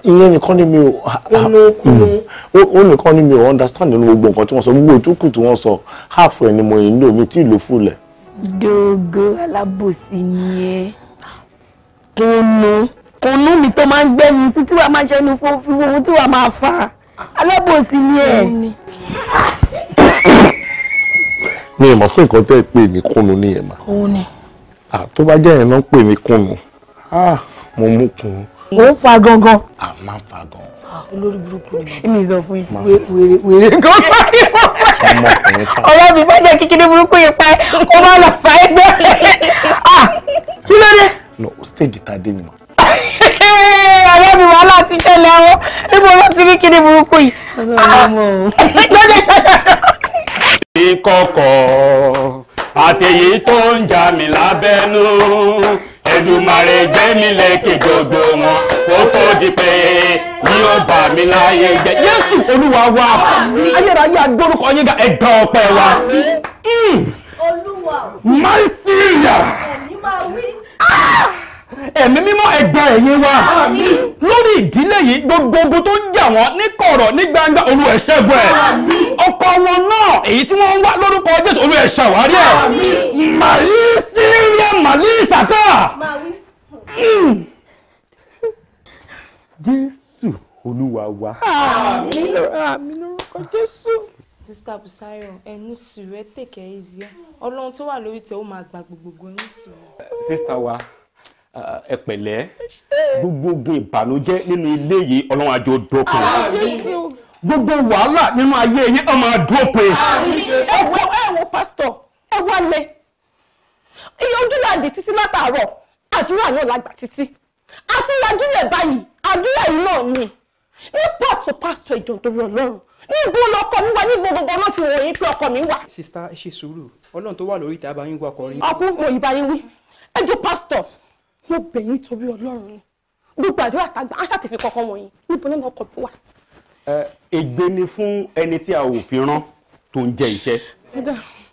S2: ìyẹn nìkan ni mi ò ó nìkan ni mi ò understand nínú gbogbo nǹkan tí wọ́n sọ gbogbo ìtókù tí wọ́n sọ half ẹ̀ ni mo yìí ń lò mí tí ì lò fúlẹ̀.
S1: dogo alábòsí ni ẹ kùnú kùnú mi tó máa ń gbẹ́nu sí tí wàá máa ṣẹnu fún fífún tí wàá máa fà á alábòsí ni
S6: ẹ.
S2: mi ì mọ̀ fún nǹkan tẹ́ ẹ pè ní kùnú nìyẹn mà. òun ni. tó bá jẹ́ yẹn náà pè mí kùnú mo mú kùnú. ó fa gangan. a máa fa gangan. olórí burúkú ni mo. èmi sọ fún yín. wèrè wèrè ọmọkùnrin kan.
S1: ọ̀rẹ́ mi bá jẹ́ kíkiri burúkú yìí pa ẹ́ kó má lọ fà é gbé. Ah, kí ló dé.
S2: no stage ta dé nìyẹn.
S1: ọ̀rẹ́ mi wàhálà ti tẹ̀lé ọ níbo ló ti rí kíkiri burúkú yìí. Ah,
S2: ìkọ̀kọ̀ àtẹ̀yí tó ń jà mí lábẹ́nú. Èdùmàrè gbẹ́mí lékè gbogbo wọn kó tó di pé ní ọba mi láyé jẹ Jésù Olúwa wa ayérayé agbórúkọ yín ga ẹ̀dá ọpẹ́ wa.
S4: Hmm.
S3: Olúwa. Máa ń sí máa wí.
S2: Ah! ẹ̀mí mímọ́ ẹgbẹ́ ẹ̀yẹ
S1: wa lórí ìdílé yìí gbogbo ogun tó ń jà wọ́n ní kọ̀rọ̀ ní gbangba olú ẹ̀ṣẹ́gun ẹ̀ ọkọ wọn náà èyí tí wọ́n ń wá lórúkọ Jésù olú ẹ̀ṣẹ́ àwárí ẹ̀ màlí síríà màlí ìsàkà
S2: Jésù olúwa wa. àmín lórúkọ
S1: Jésù sista Busayo ẹnu sùúrù ẹ tèkẹ́ ẹ zíà Ọlọ́run tó wà lórí
S6: tẹ ó máa gba gbogbogbò ẹnu sùúrù.
S5: sista wa ẹ pẹ̀lẹ́
S2: gbogbo ìbànújẹ́ nínú ilé yìí ọlọ́run àjò dópin gbogbo wàhálà nínú ayé yìí ọ máa dópin.
S1: ẹ wo ẹ wo pásítọ̀ ẹ wálé iye ojúlàdì títí látàárọ̀ àdúrà náà lágbà títí àti lajúlẹ̀ báyìí àdúrà yìí náà ni ní pọ́ọ̀tù pásítọ̀ ìjọba torí ọlọ́run níbo lọkọ mi wà níbo gbogbo ọmọ fi wòye pé ọkọ mi wà.
S6: sista ẹ ṣe sùúrù ọlọ́run tó wà lórí ìta wà kọrin.
S1: ọkùnrin mo ìbáyín wí ẹjọ́ pásítọ̀ mo bẹ̀ yín torí ọlọ́run gbogbo àdúrà tàgbà aṣàtẹ̀fẹ̀ kọ̀ọ̀kan wọ̀nyí níbo nínú ọkọ̀ tó wà.
S2: ègbé ni fún ẹni tí a ò fi rán tó ń jẹ iṣẹ́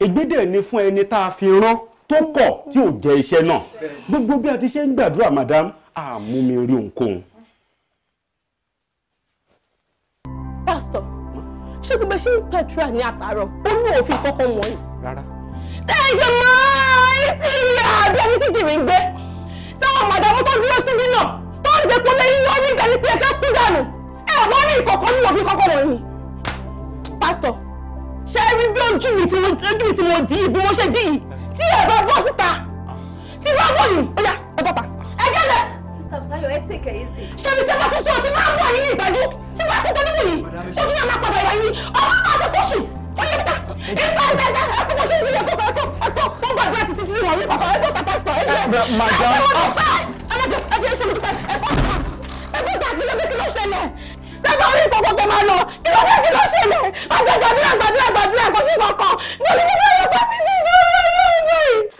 S2: ègbé dẹ̀ ni fún ẹni tá a fi rán tó kọ̀ tí ò jẹ iṣẹ́ náà gbogbo bí a ti ṣe ń gbàdúrà madam àmú mi rí ohunkóhun.
S1: pásítọ̀ ṣé gbogbo ṣe ń pẹ̀tura ní àtàrọ̀ ó ní òfin kọ̀ọ̀kan wọ̀nyí.
S4: rárá. tẹ́ ẹ ṣe máa ń sí àbí ẹni tí kìrì ń gbé màdàmú tó dúró síbí náà
S1: tó ń depo lẹ́yìn ní orí ìgbà ní pé ẹ fẹ́ kú dànù ẹ wọ́n rí ìkọ̀kọ́ nínú òfin kọ́kọ́ wọ̀nyí. pásítọ̀ ṣe é rí bí ojú mi tí mo ojú mi tí mo dì í bí mo ṣe dì í
S3: tí ẹ bá bọ́
S1: síta tí bá bọ̀ yìí ó yá ẹ bọ́ta ẹ gẹ́lẹ́.
S3: sísá Ṣayọ̀ ẹ tèkè yìí sí. ṣé mi tẹ́ bá tún sọ̀rọ̀
S4: tí máa ń bọ̀ yìí ní ìgbàdú tí máa tún tẹ́ nínú yìí ó tún yà máa padà wà yìí ọmọ máa tẹ kóṣì ó yẹ ta ìgbà ìgbà ìgbà ẹ kó bó ṣe ń ṣe yẹ kó kọ́ gbàgbé àti títí wọn wí pàpà ẹgbẹ́ pàpà sọ ẹ jẹ́ madam ẹgbẹ́ ẹgbẹ́ ẹgbẹ́ ẹgbẹ́
S1: ẹgbẹ́ ẹgbẹ́ ẹgbẹ́
S3: kí ló ṣẹlẹ̀ tẹ́gbà orí ìkọ̀kọ̀ tẹ máa lọ kí ló fẹ́ kí ló ṣẹlẹ̀ àgbàdàdúrà àgbàdúrà àgbàdúrà kò sí ìkọ̀kọ̀
S1: ní olùdókòwò ẹgbẹ́ mi sí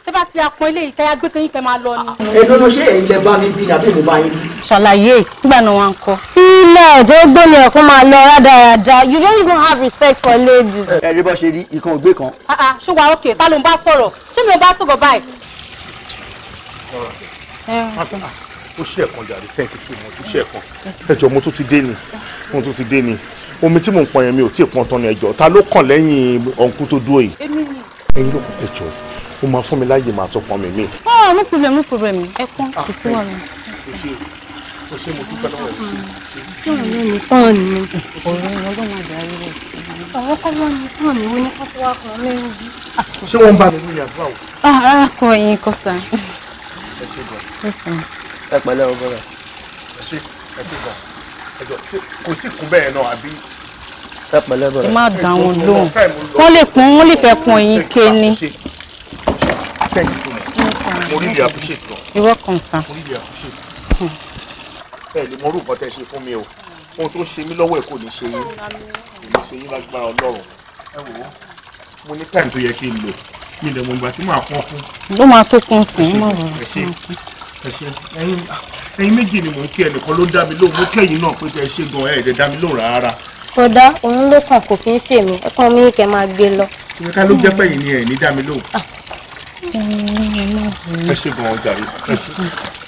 S1: tẹ bá ti àpọn ilé ìkẹyà gbé kẹyìn kẹ máa lọ ni.
S2: ẹnu ló ṣe èyí lẹ bá mi bí àbí mo bá yín bí.
S1: ṣàlàyé nígbà náà wà ń kọ. ilẹ̀ tó gbóni ẹ̀kọ́ máa lọ rádaràda you don't even
S2: have respect for ladies. ẹ rí bó ṣe rí ikán ògbé kan.
S1: Ah, ah, ṣé wàá òkè ta ló ń bá sọ̀rọ̀ ṣé mi ò bá sọ̀rọ̀ báyìí. ó
S2: ṣe thank you so much ó
S4: ṣe ẹ̀kan
S2: ẹ̀jọ̀ mo tún ti dé ni mo tún ti dé ni omi tí mò ń pọn yẹn mi ò tí ì pọn tán ni ẹ̀jọ̀ ta ló kàn lẹ́yìn ọ̀nkú tó dúró yìí
S4: ẹ̀yin
S2: ló kọ́ ẹ̀jọ̀ ó máa fún mi láàyè máa tó pọn mi mí.
S5: ọ no problem no problem ẹ pọn kò sí wàhálà. kò
S4: sí mo dúpẹ́ lọ́wọ́ ẹ̀ sí. ọ̀rẹ́ mi tán ni ọ̀rẹ́ mi ọgbọ́n máa dà ayé rẹ̀ sí. ọ̀rọ̀ kọ́lọ́ mi tán ni wo ní kó tó wá kan lẹ́rù bí.
S2: ṣé wọ́n ń bá mi lóye àdúrà o.
S1: Ah, rárá kọ ẹyin kọ sá. ẹ ṣe gan.
S2: ẹ pẹ̀lẹ́ o bọlá. ẹ ṣe ẹ ṣe gan. ẹ jọ kò tí kún bẹ́ẹ̀ náà àbí ẹ pẹ̀lẹ́ bọlá. ẹ má dá wọn lóhùn wọn lè pọn wọn lè fẹ́ pọn ẹyin
S1: ké ni
S3: thank you so much mo really appreciate gan.
S2: ìwọ kan sá. mo really appreciate. ẹ lè mọ orú nǹkan tẹ́ ṣe fún mi o ohun tó ṣe mí lọ́wọ́ ẹ̀ kò ní ṣe yín kò ní ṣe yín lágbára ọlọ́run ẹ wò ó mo ní time tó yẹ kí n lò mi lè mọ ìgbà tí màá pọ́n fún. ló máa tó kún sí i mọ̀ ọ́. ẹ ṣe ẹ ṣe ẹyin ah, ẹyin méjì ni mò ń kí ẹnìkan ló ń dá mi lóhùn mo kẹ́yìn náà pé kẹ́ ẹ ṣe gan ẹ̀ ẹ̀ dá mi lóhùn rárá.
S6: kódà òun ló kàn kò kí ń ṣe mí ẹ̀kan mi kẹ́ máa gbé lọ.
S2: ìrẹ́ká ló jẹ́ pẹ́yìn ni ẹ̀ ní dá mi lóhùn. Ah, ẹ ṣe gan ọjà rẹ ẹ ṣe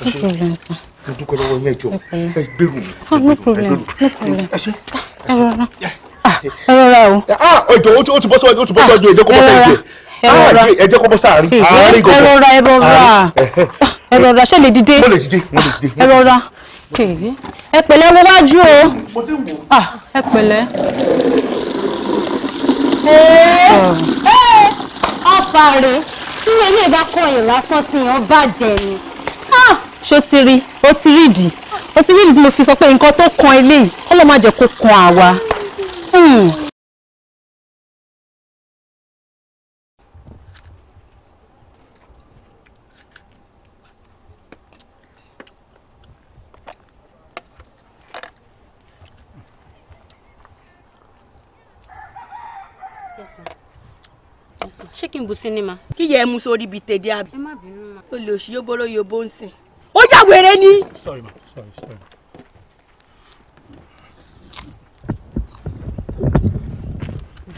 S2: ẹ ṣe mo dúpẹ́ lọ́wọ́ yẹn jọ oh, ẹ gbèrú mi
S4: no problem no problem ah, ẹ ṣe ẹ rọra ẹ rọra
S2: o. Ah, ẹjọ o ti bọ́ síwájú o ti bọ́ ah, síwájú ẹ jẹ́ kó bọ́ sẹ́yìn jẹ ẹ jẹ́ kó bọ́ sáàrin
S4: àárín eh, gbogbo ẹ rọra ẹ rọra
S2: eh, ẹ rọra ṣé lè dìde mo lè dìde mo lè dìde eh, ẹ rọra
S1: ẹ pẹ̀lẹ́ wo wájú o ẹ pẹ̀lẹ́
S4: ọ̀pá rèé tí ilé ìbá kọ èèyàn lásán tí èèyàn bàjẹ́ ni.
S1: ṣó ti rí ó ti rí ìdí
S4: ó ti rí ìdí tí mo fi sọ pé nǹkan tó kan eléyìí kọ́ ló má jẹ́ kó kan àwa. Hmm.
S1: sùn ṣé kí n bu sinima. kí yẹ ẹ mú sórí bíi tèdè àbí. ẹ má bínú ma. o lè òṣì yóbóró yóbó ń sìn. ó
S2: yà wèrè ni. sorry ma sorry sorry.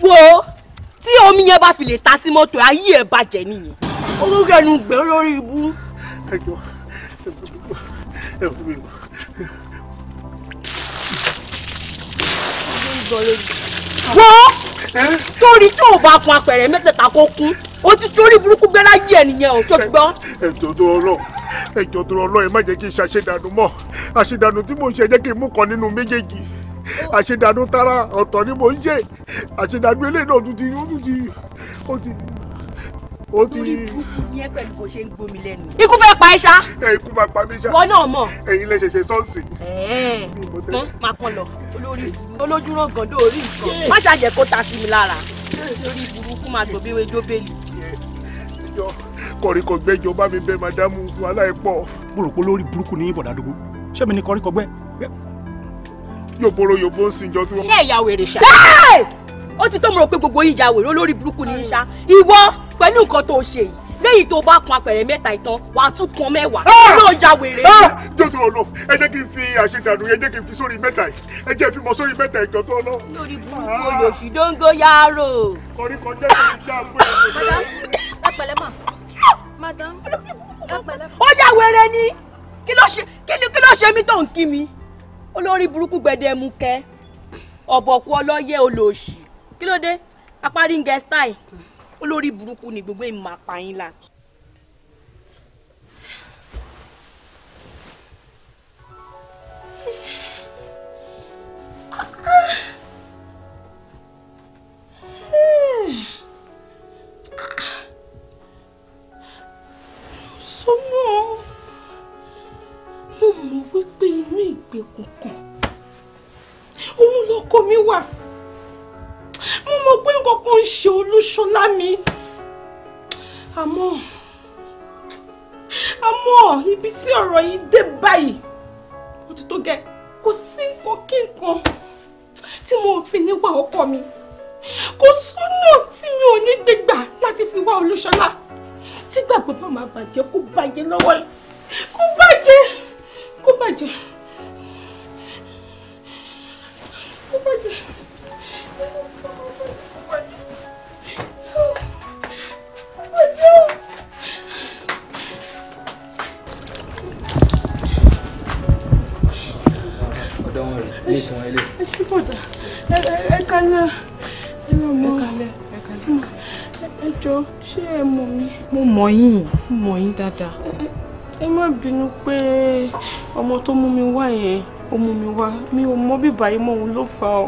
S1: wo tí omi yẹn bá fi lè ta sí mọ́tò ayé ẹ̀ bàjẹ́ nìyẹn
S2: olórí ẹnu gbẹ̀rún lórí ibú. wo torí tí ò bá kun apẹ̀rẹ̀ mẹ́tẹ̀ẹ̀ta kó kún o ti torí burúkú gbé láyé ẹ̀ nìyẹn o tó gbọ́. ẹjọ tó rọ ẹjọ tó rọ ẹ má jẹ́ kí n ṣàṣedànù mọ́ àṣedànù tí mò ń ṣe jẹ́ kí n mú kan nínú méjèèjì àṣedànù tara ọ̀tọ̀ ni mò ń ṣe àṣedànù eléyìí náà tún ti ó ti ó ti ó ti. lórí burúkú
S1: ní ẹ pẹ̀lú kò ṣe ń gbomi lẹ́nu. ikú
S2: fẹ́ pa ẹ ṣá. ẹ ikú máa pa mí ṣá. wọn náà mọ̀. ẹ̀yin lè ṣẹ̀ṣẹ̀
S1: sọ́ọ̀sì. ẹ̀ẹ́ mọ́ máa kàn lọ olórí olójúrò gàndó orí nǹkan má ṣàjẹ́ kó ta sí mi lára lórí burúkú máa gbòbí wé jóbélì.
S2: kọ̀ríkọ̀gbẹ́jọ bá mi bẹ́ madamu wàhálà ẹ̀ pọ̀. mo rò pé lórí burúkú ní ìbọ̀dàdógún ṣé mi ni kọ̀ríkọ̀gbẹ́. yòboro yòbó ń sinjọ tó.
S1: ṣé ìyá wèrè ṣá ó ti tó mo rò pé gbogbo yín ya wèrè olórí burúkú ni ṣá ìwọ pẹ̀lú nǹkan tó ṣe yìí lẹ́yìn tó bá kun apẹ̀rẹ̀ mẹ́ta ìtàn wà á tún kun mẹ́wàá ah! yóò ya wèrè. Ah!
S2: jọjọ ọlọ ẹ jẹ́ kí n fi àṣedànù ẹ jẹ́ kí n fi sórí mẹ́ta yìí ẹ jẹ́ fi mọ sórí mẹ́ta yìí jọjọ ọlọ. lórí burúkú olóṣù dóńgó yàrá.
S1: kọríkọ jẹ́ kí n dá pé. madam ẹ pẹ̀lẹ́ mà ni kí ló ṣe mí tó ń kí mi olórí burúkú gbẹdẹmukẹ ọ̀bọ̀kú ọlọ́yẹ olóṣì kí ló dé apárí ń gẹ style olórí burúkú ni gbogbo èmi máa pa yín là. sọmọ mo mọ̀ pé nǹkan kan ń ṣe olúṣọlá mi àmọ́ àmọ́ ibi tí ọ̀rọ̀ yìí dé báyìí ó ti tó gẹ́ kò sí nǹkan kí nǹkan tí mo fi níwà ọkọ mi kò súnà tí mi ò ní gbégbà láti fi wá olúṣọlá tí gbàgbọ́ bá máa bàjẹ́ kó bàjẹ́ lọ́wọ́ kó bàjẹ́ kó bàjẹ́
S4: kó bàjẹ́ yín
S1: mo mọ̀ yín dáadáa. ẹ má bínú pé ọmọ tó mú mi wá yẹn ó mú mi wá mi ò mọ bíbá yìí mọ òun ló fà á o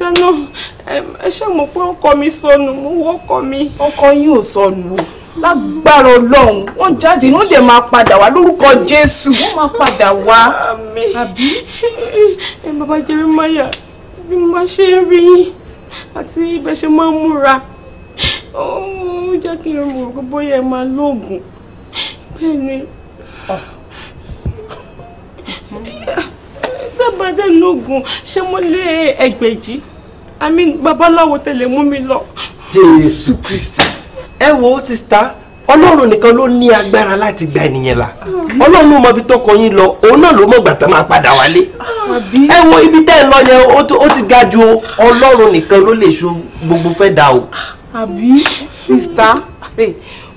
S1: dáná ẹ ṣe mọ̀ pé ọkọ mi sọnù mo wọ́ ọkọ mi. ọkọ yín ò sọnù o lágbára ọlọ́run wọ́n jáde wọ́n dẹ̀ máa padà wá lórúkọ jésù wọ́n máa padà wá. àbí ẹ bàbá Jeremaya bí mo máa ṣe ń rí yín àti ibẹ̀ ṣe máa ń múra ó jẹ́ kí n rò pé bóyá ẹ máa lóògùn bẹ́ẹ̀ ni ah. dábàá dẹ́ lóògùn ṣé mo lé ẹgbẹ̀jì. I mean babaláwo tẹ̀lé mú mi lọ.
S2: Jésù Kristi ẹ wo sista Ọlọ́run nìkan ló ní agbára láti gba ènìyàn là Ọlọ́run ló mọ ibi tọkọ yín lọ òun náà ló mọ ìgbà tó máa padà wálé ẹ wo ibi tẹ́ ẹ lọ yẹn ó ti ga ju Ọlọ́run nìkan ló lè so gbogbo fẹ́ da o.
S4: àbí
S1: sista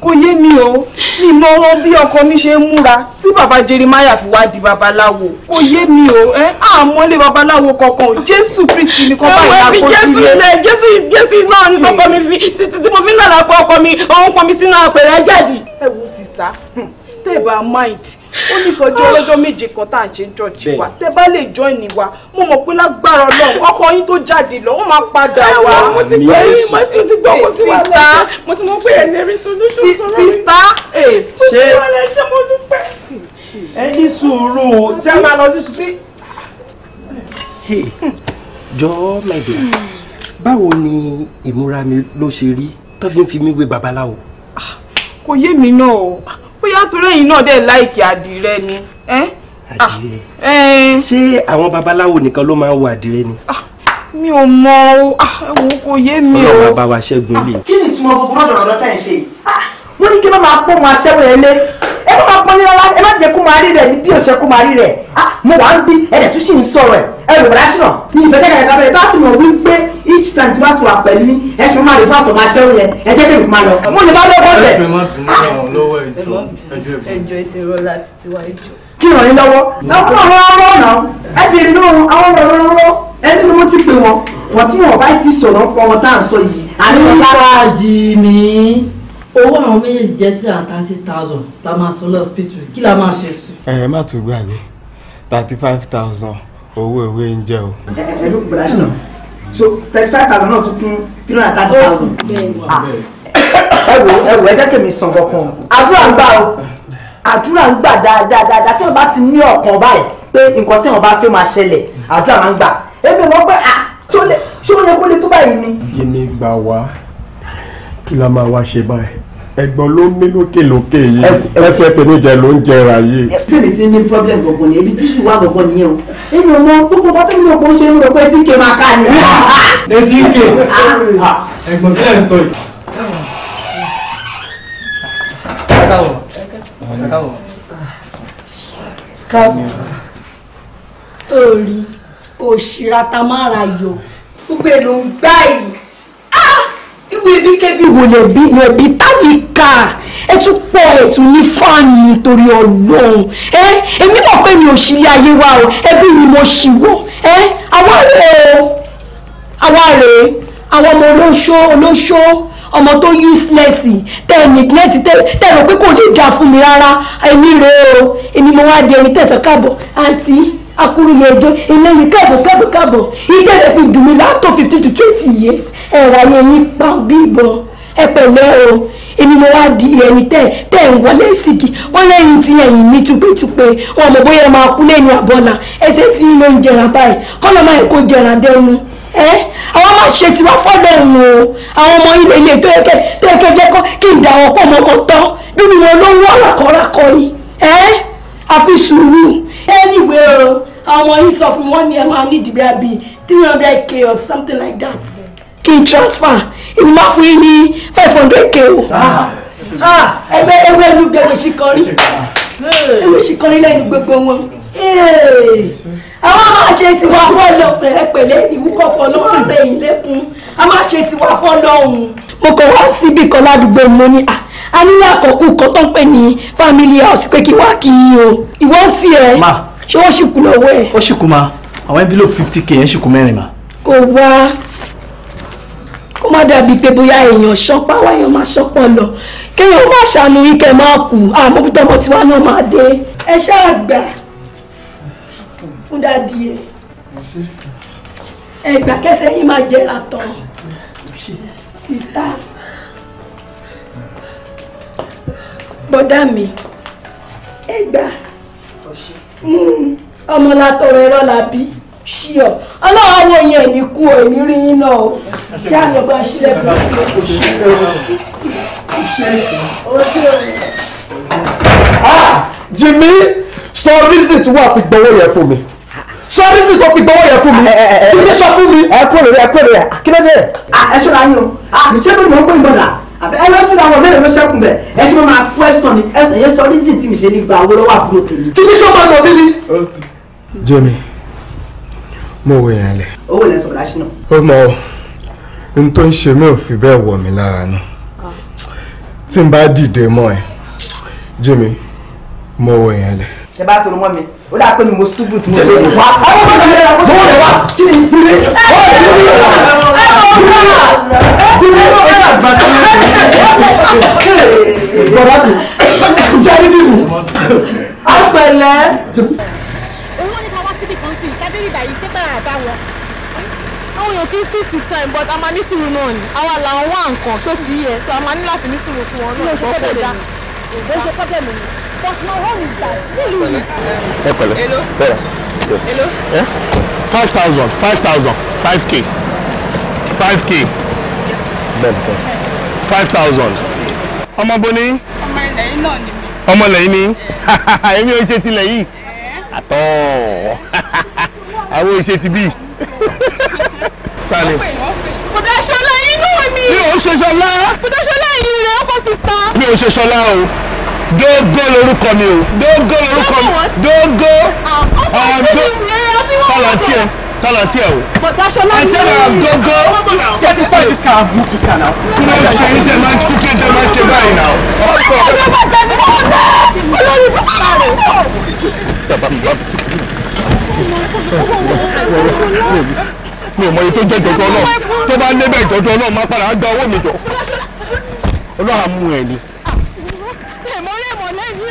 S1: kò yé mi o mi mọ bí ọkọ mi ṣe ń múra tí bàbá Jeremiah fi wá di babaláwo kò yé mi o ẹ àmọ́lé babaláwo kankan o Jésù Kristi ni kò bá ìlà kó sílẹ̀. ẹ wẹ́n Jésù Jésù náà ni hmm. kọ́kọ́ mi fi tí mo fi ń lọ́la pé ọkọ mi òun pọn mi sínú àpẹẹrẹ jáde.
S6: ẹ wo sista hmm,
S1: tẹ́ ẹ bá mind ó ní ìsọjọ́ ọlọ́jọ́ méje kan tá à ń ṣe ń jọ́ọ̀jì wa tẹ bá lè jọ ìní wa mo mọ̀ pé lágbára ọlọ́run ọkọ yín tó jáde lọ ó máa padà wá. mo ti gbọ́ yín mo ti ti gbọ́ mo ti wà lẹ́sẹ̀ mo ti mọ̀ pé ẹ̀ lè rí solution sọ̀rọ̀ mi. sista ẹ ṣe
S6: ẹ ní sùúrù ṣé a máa lọ sí sùúrù.
S5: jọ̀ọ́ my dear báwo ni ìmúra mi ló ṣe rí tọ́gbìn fi mí wé babaláwo. Ah,
S1: kò yé mi náà o ah, torí ẹ̀yin náà dẹ̀ láìkì àdìrẹ ni. Ah,
S2: àdìrẹ ṣé àwọn babaláwo nìkan ló máa ń wo àdìrẹ ni. Ah,
S1: mi ò mọ ah, ẹwọ kò yé mi o. ọlọ́run
S2: bá wa ṣẹ́gun lè.
S1: kí ni ìtumọ̀ gbogbo rọ̀dọ̀rọ̀dọ̀ tá ẹ̀ ṣe yìí wọ́n ní kí ló máa pọ́ ọmọ aṣẹ́wó ẹ lé ẹ má máa pọn ní rárá ẹ má jẹ́ kó máa rí rẹ̀ ní bí òṣè kó máa rí rẹ̀ mo wà ń bí ẹ̀rẹ̀ tún sì ń sọ̀rọ̀ ẹ̀ ẹ̀rù bọ̀dá ṣìnà ní ìfẹ́ jẹ́ kẹ̀kẹ́ kábẹ́rẹ́ láti mọ̀ wípé each time tí wọ́n ti wà pẹ̀lú yín ẹ ṣe máa lè fà sọ̀mọ́ aṣẹ́ òun yẹn ẹ jẹ́ kí èmi máa lọ. mo lè bá lọ́wọ́ rẹ̀.
S5: ẹjọ́ ẹ ti rọ láti tiwa ẹjọ́. kí ràn yín lọ́wọ́ àwọn ọ̀rọ̀
S1: ọ̀rọ̀ ọ̀nà ẹ bèrè náà àwọn ọ̀rọ̀ ọ̀rọ̀ ẹni ni mo
S6: ti pè wọn wọ́n tí wọ́n bá ti sọ̀rọ̀ pọ̀ wọn tá à ń sọ yìí. àní
S1: owó àwọn méjèèjì jẹ́ three and thirty thousand la máa san lọ́sípítù kí la máa ṣe sí.
S2: ẹ ẹ má tún gbàgbé thirty five thousand owó ìwé ń jẹ o.
S4: ẹ ẹ ló gbọdọ ṣe náà so thirty five thousand náà tún kún three hundred thirty thousand. Oh, ah.
S6: ẹ wò ẹ wò ẹ jẹ́ kí mi sàn kankan àdúrà ń gbà o àdúrà ń gbà dáadáa
S1: tí wọ́n bá ti ní ọkàn báyìí pé nǹkan tí wọ́n bá fẹ́ máa ṣẹlẹ̀ àdúrà máa ń gbà ebi wọ́n pé ah ṣé ó yẹ kó lè tó báyìí ni.
S2: jíní gbà wá kí la máa wá ṣe báyìí ẹ̀gbọ́n ló ń mí lókè lókè yìí ẹsẹ̀ tèmíjẹ ló ń jẹra yìí.
S6: ẹ̀pẹ́ni ti ní problem gbọ̀ngàn ni ebi tíṣù wà gbọ̀ngàn nìyẹn o inú ọmọ gbogbo bàtà mi ò kó ṣe mi ò kó etí ń ké
S4: máa ká ni. etí ń ké ah.
S5: ẹ̀gbọ́n tí ẹ sọ yìí.
S6: káàbọ̀
S1: orí òṣìṣẹ́ ta máa ra yọ gbogbo èlò ń gbá yìí irú ẹbí kẹ́bí wo lẹ̀bi lẹ̀bi tálíkà ẹ tún pọ̀ ẹ tún ní fáànì nítorí ọlọ́run ẹ èmi mọ̀ pé mi ò ṣí ilé ayé wa o ẹbí mi mo ṣì wọ́ ẹ àwa rè o àwa rè àwọn ọmọ olóṣó olóṣó ọmọ tó useless tẹ ẹ neglect tẹ ẹ rò pé kò lè jà fún mi rárá èmi rè o èmi mo wá di ẹni tẹ̀sán káàbọ̀ àǹtí akúrú yẹn jẹ́ ìlẹ́yìn káàbọ̀ káàbọ̀ káàbọ̀ ìjẹ́ rẹ̀ fi dùn mí látọ̀ fifteen to twenty years ẹ̀wà ni èmi pa bí ìbọn ẹ pẹ̀lẹ́ o èmi mo wá di ẹni tẹ́ tẹ́ ń wọlé ìsìnkì wọ́n lẹ́yìn tí ẹ̀yìn mi túpétúpé wọn mọ̀ bóyá máa kú lẹ́nu àbọ̀là ẹsẹ̀ tí ló ń jẹrà báyìí kọ́lọ́ máa kó jẹrà dẹnu ẹ́ àwọn máa ṣe tiwa fọ́dọ̀ ẹ̀hún o àwọn ọmọ ilé ilé tó yẹ kẹ́ tó yẹ kẹ́ jẹ́ kọ́ kí n dà wọ́n pọ̀ mọ́kọ́ tán bí mi wọn ló ń wọ́ ràkọ́ràkọ́ yìí ẹ́ àfi sùúrù anyway o àwọn yìí sọ fún wọn ni ẹ máa ní ìdìbò àbí three hundred k or something like that kí n transfer èmi máa fún yín ní five hundred k o. Ah. Ah, ẹgbẹ́ ewé ẹnu gbẹ̀rẹ̀ sí kan rí ewé sí kan rí lẹ́nu gbogbo wọn. àwọn máa ṣe tiwa fọ́lọ́ pẹ̀lẹ́pẹ̀lẹ́ ìwúkọ̀ fọlọ́wọ́ àbẹ̀yìn lẹ́kùn a máa ṣe tiwa fọ́lọ́ ọ̀hún. mo kàn wá síbì kan ládùúgbò mo ní à ah, a nílò àkọ́kù kan tó ń pè ní family house pé kí wá kí i o ìwọ ń tiẹ̀ ṣé wọ́n ṣì kú lọ́wọ́ ẹ̀. ó ṣì kú ma
S5: àwọn envelope fifty k yẹn ṣì kú mẹ́rin ma.
S1: kò wá má dàbí pé bóyá èèyàn ṣọpá wá èèyàn máa ṣọpọ̀ lọ kéèyàn má ṣàánú wíkẹ́ máa kú àmọ́ ah, bí tiwa náà máa dé ẹ ṣáà gbà fún dáàdi ẹ ẹ gbà kẹsẹ̀ yín máa jẹ́ àtọ̀ sísá bọ́dá mi ẹ gbà hmm, ọmọ látọrọ ẹ̀rọ làbí ṣíọ ọlọ́wọ́ àwọn yẹn ní kú èmi rí yín náà o já lọ bá ṣílẹ̀ bí
S2: ah, Jimmy sọ reason tí wàá fi gbọ́wọ́ yẹn fún mi sọ reason tó fi gbọ́wọ́ yẹn fún mi eh, eh, eh, kí ni sọ
S1: fún mi. ẹ kúrò rẹ ẹ kúrò rẹ kí ló dé. Ah, ẹ ṣọ́ra yín o ṣé kí ni mo ń gbé ìbọn rà àbẹ ẹ lọ sí àwọn mẹ́rin ló ṣẹkùn bẹ ẹ ṣe máa question ni ẹsẹ yẹn sọ reason tí mi ṣe ní gba owó lọ́wọ́ àbúrò tèmi. tí
S2: ní sọ ma nọ mi ni. Jimmy mo wò yẹn lẹ. owó lẹ sọ̀rọ̀ láṣìnà. ó mọ ohun tó ń ṣe mí ò fi bẹ́ẹ̀ wọ̀ mí lára nù tí n bá dìde mọ́ ẹ Jimmy mo wò yẹn lẹ. ẹ bá tọrọ mọ mi ó
S4: dáa pé mi mo stúbù tí mo lè wá. ọwọ́ mi lè wá mo lè wá kí ni ti rí. ọwọ́ mi lè wá ti rí ó yà gbà tó ń bọ̀ bàbá mi ṣe é dìbò. ọ̀pẹ̀lẹ̀.
S1: owó ní ká wá síbi kan sí i kábírì báyìí bá wọn. àwọn èèyàn kì keep to time but a máa ní sùúrù náà ni àwa là ń wá nǹkan so a máa ní láti ní sùúrù fún wọn náà. ìgbọ́kọ̀ lè ní but my home is that nílùú yìí.
S2: ẹ pẹ̀lẹ́ bẹ̀rẹ̀ èló. five thousand five thousand five k five k five thousand ọmọ bo ni.
S1: ọmọ ilẹ̀ yìí náà ni mi.
S2: ọmọ ilẹ̀ yìí ni [LAUGHS] èmi ò ṣe tilẹ̀ yìí àtọ̀. [LAUGHS] àwọn ìṣe ti bí. tani.
S4: bùdá ṣọlá inú mi. mi ò ṣe ṣọlá. bùdá ṣọlá ẹ̀yìn rẹ̀ ọkọ̀ sista.
S2: mi ò ṣe ṣọlá o dógó lorúkọ mi o dógó lorúkọ mi dógó ọ̀dọ́ tọ́lọ̀tì ẹ̀ tọ́lọ̀tì ẹ̀ o. bùdá ṣọlá inú mi. ẹ̀ṣẹ̀ náà dógó. get inside this
S4: car move this car now. kí ló ń ṣe yín tẹ̀ máa ń tún kí n tẹ̀ máa ń ṣe báyìí náà. ọ̀pọ̀ ọ̀pọ̀ ọ̀pọ̀ ọ̀pọ̀ ọ̀pọ̀ ọ̀pọ̀ ọ̀pọ̀ ọ̀pọ̀
S2: mi ò mọ iye tó jẹ́ ìtọ́jú ọlọ́ọ̀ tó bá débẹ̀ ìtọ́jú ọlọ́ọ̀ máa padà gba owó mi jọ ọlọ́ọ̀ mú ẹ̀ ni. èmọ̀ rẹ̀ mọ̀ lẹ́yìn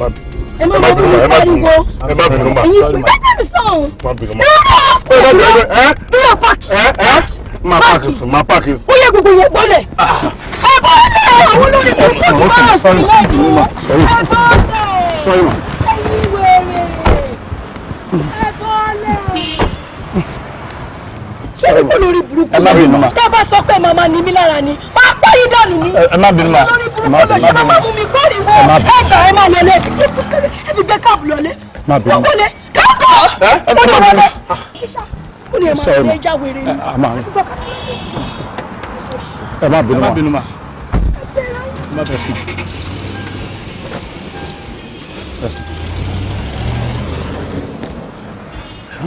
S2: o
S1: ẹ má bínú ẹ
S3: má bínú ẹ má bínú ma ẹ má bínú sọ̀hún. Ah. ẹ má bínú ma
S2: ẹ má bínú ẹ bí yà pàkì. ẹ ẹ má pàkì sùn má pàkì sùn. ó yẹ gbogbo yẹ bọ́lẹ̀. ẹ bọ́lẹ̀ àwọn olórí kò tó ti
S4: bá ọ̀sìn lẹ́yìn. ẹ bọ́lẹ̀ ẹ̀yin wèrè ẹ bọ́lẹ̀ ṣé kí olórí burúkú yẹn
S1: tá a bá sọ pé màmá ni mí lára ni gbáyé dànù ni. ẹ má bínú ma ẹ má bínú ma ẹ má bínú ma ẹ má bínú ma ẹ má lọlé ẹ fi gbé káàbù lọlé
S4: lọlé dọ́kọ̀ lọ́dọ̀ lọlé. kó ni ẹ máa lọ ẹja wèrè ni ẹ fi gbọ́ káàbù lọlé. ẹ má bínú ma ẹ má
S5: bínú ma ẹ má bẹ̀rẹ̀
S2: sí.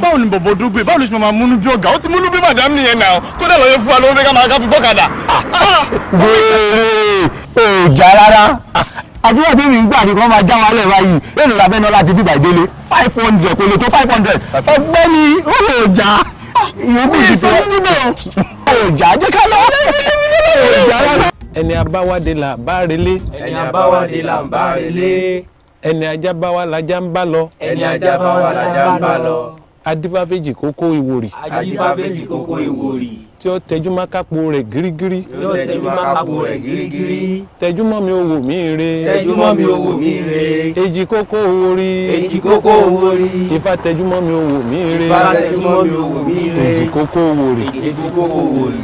S2: báwo ni bọ̀bọ̀ dógbé báwo ló ṣe máa múnú bí ọ̀gá ó ti múnú bí màdám nìyẹn náà kódà lọ́yẹ fún wa lọ́wọ́ bẹ́ẹ̀ ká máa káfí bọ́kadà.
S4: gbèrè òjà rárá àdúrà tí mi ń gbà ní kí wọ́n máa já wa lẹ̀ báyìí èlò làbẹ́ náà láti bíbà ìdélé five hundred kò lè tó five hundred ọgbẹ́ni òjà ìyókù ti tó òjà jẹ́ ká lọ òjà rárá.
S5: ẹni abáwádé là bá relé. ẹni abáwádé là bá relé. ẹni ajá bá wa lajá ń bá lọ. ẹni ajá bá wa lajá ń bá lọ adibafeji kókó ìwòrì. adibafeji kókó ìwòrì. tí ó tẹjúmọ́ kápò rẹ̀ gírígírí. tí ó tẹjúmọ́ kápò rẹ̀ gírígírí. tẹjúmọ́ mi owó mi re. tẹjúmọ́ mi owó mi re. èjì koko ìwòrì. èjì koko ìwòrì. ifá tẹjúmọ́ mi owó mi re. ifá tẹjúmọ́ mi owó mi re. èjì koko ìwòrì. èjì koko ìwòrì.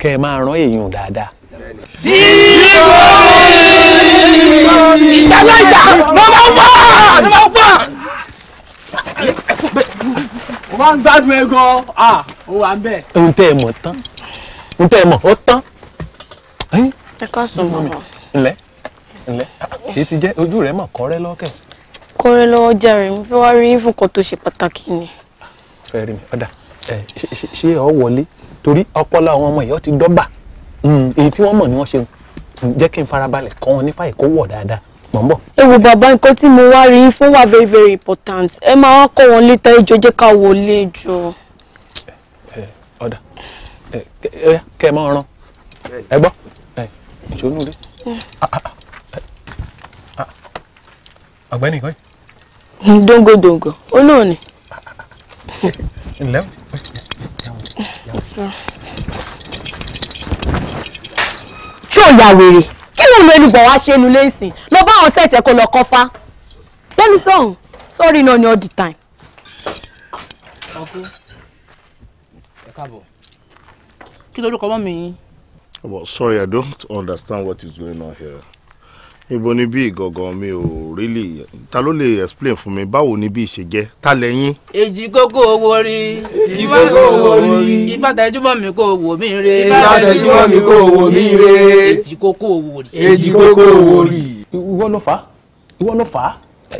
S5: kẹ́ ẹ máa rán èèyàn dáadáa.
S4: ìgbàlá ìjà ló máa ń wá ló máa ń wá máa ń gbádùn ẹ gan
S5: ah ó wà ń bẹ. ohun tẹ́ ẹ mọ̀ tán ohun tẹ́ ẹ mọ̀ ó tán. ẹ ká sùn mọ́ mi. ǹlẹ́ ǹlẹ́ èyí ti jẹ́ ojú rẹ̀ mọ̀ kọ́rẹ́ lọ́kẹ̀.
S1: kọ́rẹ́ lọ́wọ́ jàre mo fẹ́ wá rí fún kan tó ṣe pàtàkì ni.
S5: fẹ́ rí mi ọ̀dà ṣé ọ wọlé torí ọpọlọ àwọn ọmọ ìyọ́ ti dọ́bà hmm, èyí tí wọ́n mọ̀ ni wọ́n ṣe jẹ́ kí n farabalẹ̀ kọ́ wọn nífàyè kó wọ̀ dáadáa mọ̀ ń bọ̀. ẹ wo bàbá nǹkan tí mo wá rí
S1: fún wa very very important ẹ máa wá kọ́ wọn létà ẹjọ́ jẹ́ ká wọlé jọ. ẹ
S5: ọ̀dà ẹ kẹ ẹ máa ran ẹ gbọ́ ẹ ìṣonú rí mm. ah, ah, ah. ọ̀gbẹ́ni kan
S1: yìí. dongo dongo ó náà ni. ǹlẹ́ ṣé ò yà wèrè kí ló ń lo ẹnu bọ̀ wá ṣe é nu lẹ́sìn kó sẹ̀tẹ̀ kó lọ kọ́fá tẹ́mi sọ̀hún sọ́rí náà ni all the time.
S5: ọkú ẹ káàbọ̀ kí lórúkọ mọ́ mi yín.
S2: but sorry i don't understand what is going on here ibo ni bí gangan mi ò really ta ló lè explain fún mi báwo ni bí ṣe jẹ ta lẹ́yìn.
S6: èjì gógó owó rí èjì gógó owó rí ìbátẹjúmọ́ mi kò wò mí re ìbátẹjúmọ́
S5: mi kò wò mí re èjì kókó owó rí èjì kókó owó rí ìwọ ló fà á ìwọ ló fà á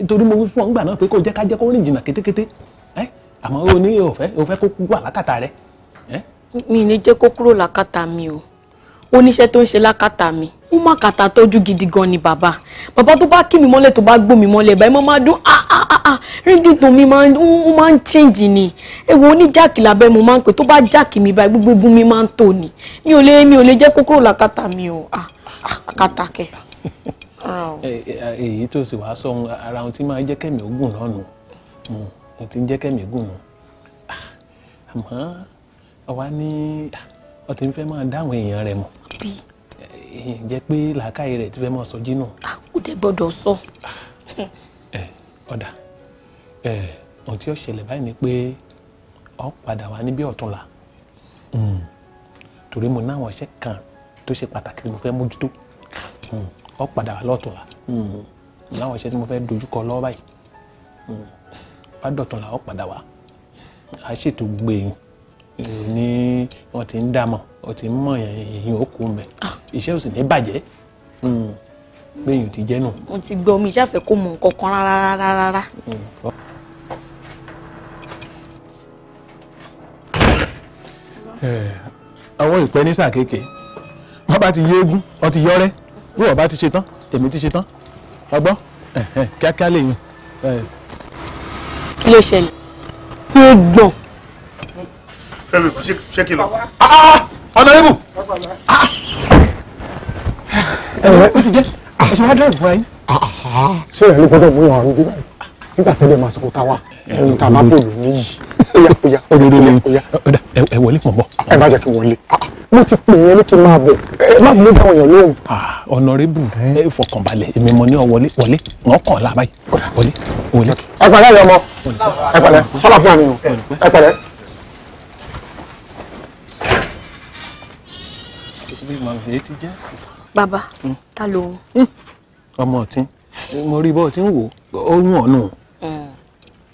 S5: torí mo wí fún ọ nígbà náà pé kò jẹ́ ká jẹ́ kó rìn jìnnà kétékété ẹ àmọ́ o ní òfẹ́ òfẹ́ kó wà
S1: lákàtà rẹ. mi ní jẹ́ kó kúrò lákàtà mi o oníṣẹ́ tó ń ṣe lákàtà mi ó má kàtà tọ́jú gidi gan ni bàbá bàbá tó bá kí mi mọ́lẹ̀ tó bá gbó mi mọ́lẹ̀ báyìí mo máa dún ah ah ah ah rídìí tó mi máa ń ó change ni ewu oníjáàkì lábẹ́ mo máa ń pè tó bá jáàkì mi báyìí gbogbo egun mi máa ń tò ní mi ò lè mi ò lè jẹ́ kó kúrò mi o ah, ah àkàtà kẹ
S5: èyí tó sì wá sọ ara ohun tí máa jẹ́ kẹ́mi ògùn náà nù hmm, ohun tí ń jẹ́ kẹ́mi ògùn nù ah, àmọ́ àwa ní ó ah, ti ń fẹ́ máa dáhùn èèyàn rẹ̀ mọ̀ eh, jẹ́ pé làákàyè rẹ̀ ti fẹ́ máa sọ jínà. ó ah, dẹ̀ gbọ́dọ̀ sọ. ọ̀dà ohun tí ó ṣẹlẹ̀ báyìí ni pé ó padà wá níbí ọ̀túnla hmm, torí mo náwọn iṣẹ́ kan tó ṣe pàtàkì tí mo fẹ́ mójútó. Hmm ọ padà lọ́tùnla hmm. láwọn iṣẹ́ tí mo fẹ́ dojúkọ lọ́wọ́ báyìí hmm. bá dọ̀tùnla ọ padà wá a ṣètò gbẹ̀yìn e. ní wọ́n ti ń dàmọ̀ ọ ti ń mọ̀ èyàn ó kú mẹ́ ah. iṣẹ́ ò sì ní bàjẹ́ hmm. gbẹ̀yìn ti jẹ́ nù.
S1: mo ti gbọ́ omi ìṣàfẹ́ kó mọ nǹkan kan rárá rárá.
S5: àwọn eh, ìpẹ́ ní sàkéèké wọ́n bá ti yéégún wọ́n ti yọ́rẹ́ bí wọ́n bá ti ṣe tán èmi ti ṣe tán ọgbọ́n kíákíá lè yun. kí ló ṣẹlẹ̀ kí ó gbọ̀n.
S2: ṣé kí lọ. Ah, ah, ah! ọ̀nàrẹ́bù. ẹ ẹ ti jẹ́ ẹ ṣe wá dẹ́rù fún ẹ yín. ṣé ìyá ló gbọ́dọ̀ mú ìyàwó bíbá yìí nígbà tó lè máa sọ̀kò táwa ohun tá a bá bòlù níyì oya oya oya oya.
S5: ẹ wọlé mọ̀ bọ̀. ẹ má jẹ́ kí n wọlé ah, ah, mo ti pè yẹn ní kí n máa bọ̀ ẹ má mú dáwọn èèyàn lóhùn. ọ̀nàrẹ́bù ah, ẹ fọkànbalẹ̀ èmi mo ní ọ wọlé wọlé wọn kàn lá báyìí wọlé wọlé. ẹ pẹ̀lẹ́ yọmọ
S2: ẹ pẹ̀lẹ́ sọlá fún mi o ẹ pẹ̀lẹ́.
S1: bàbá hmm. ta ló ń. Hmm.
S5: ọmọ ọtí mo rí bọ́ọ̀ tí ń wò ó ń wọ̀nù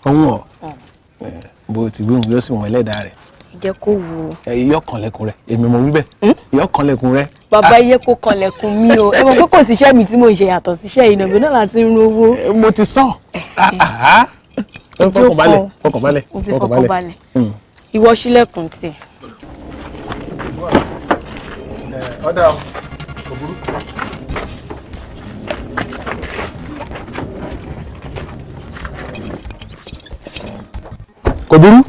S5: ọ̀hún ọ̀ bó ti wí òun yóò sì wọ́n ẹlẹ́dàá rẹ̀.
S1: ìjẹ́ kó wo.
S5: yọ kànlẹ̀kùn rẹ̀ èmi mo wí bẹ́ẹ̀ hm? yọ kànlẹ̀kùn rẹ̀.
S1: bàbá iye kó kànlẹ̀kùn mi o ẹ mọ̀ pé kò síṣẹ́ mi tí mo ṣe yàtọ̀ síṣẹ́ ìnàgbé náà láti ń rówó. mo ti sàn
S4: ah, ah, ah. fọkànbalẹ̀ fọkànbalẹ̀ fọkànbalẹ̀ hmm.
S1: ìwọ sílẹ̀kùn tì.
S2: ọ̀dà kò burú. kò burú.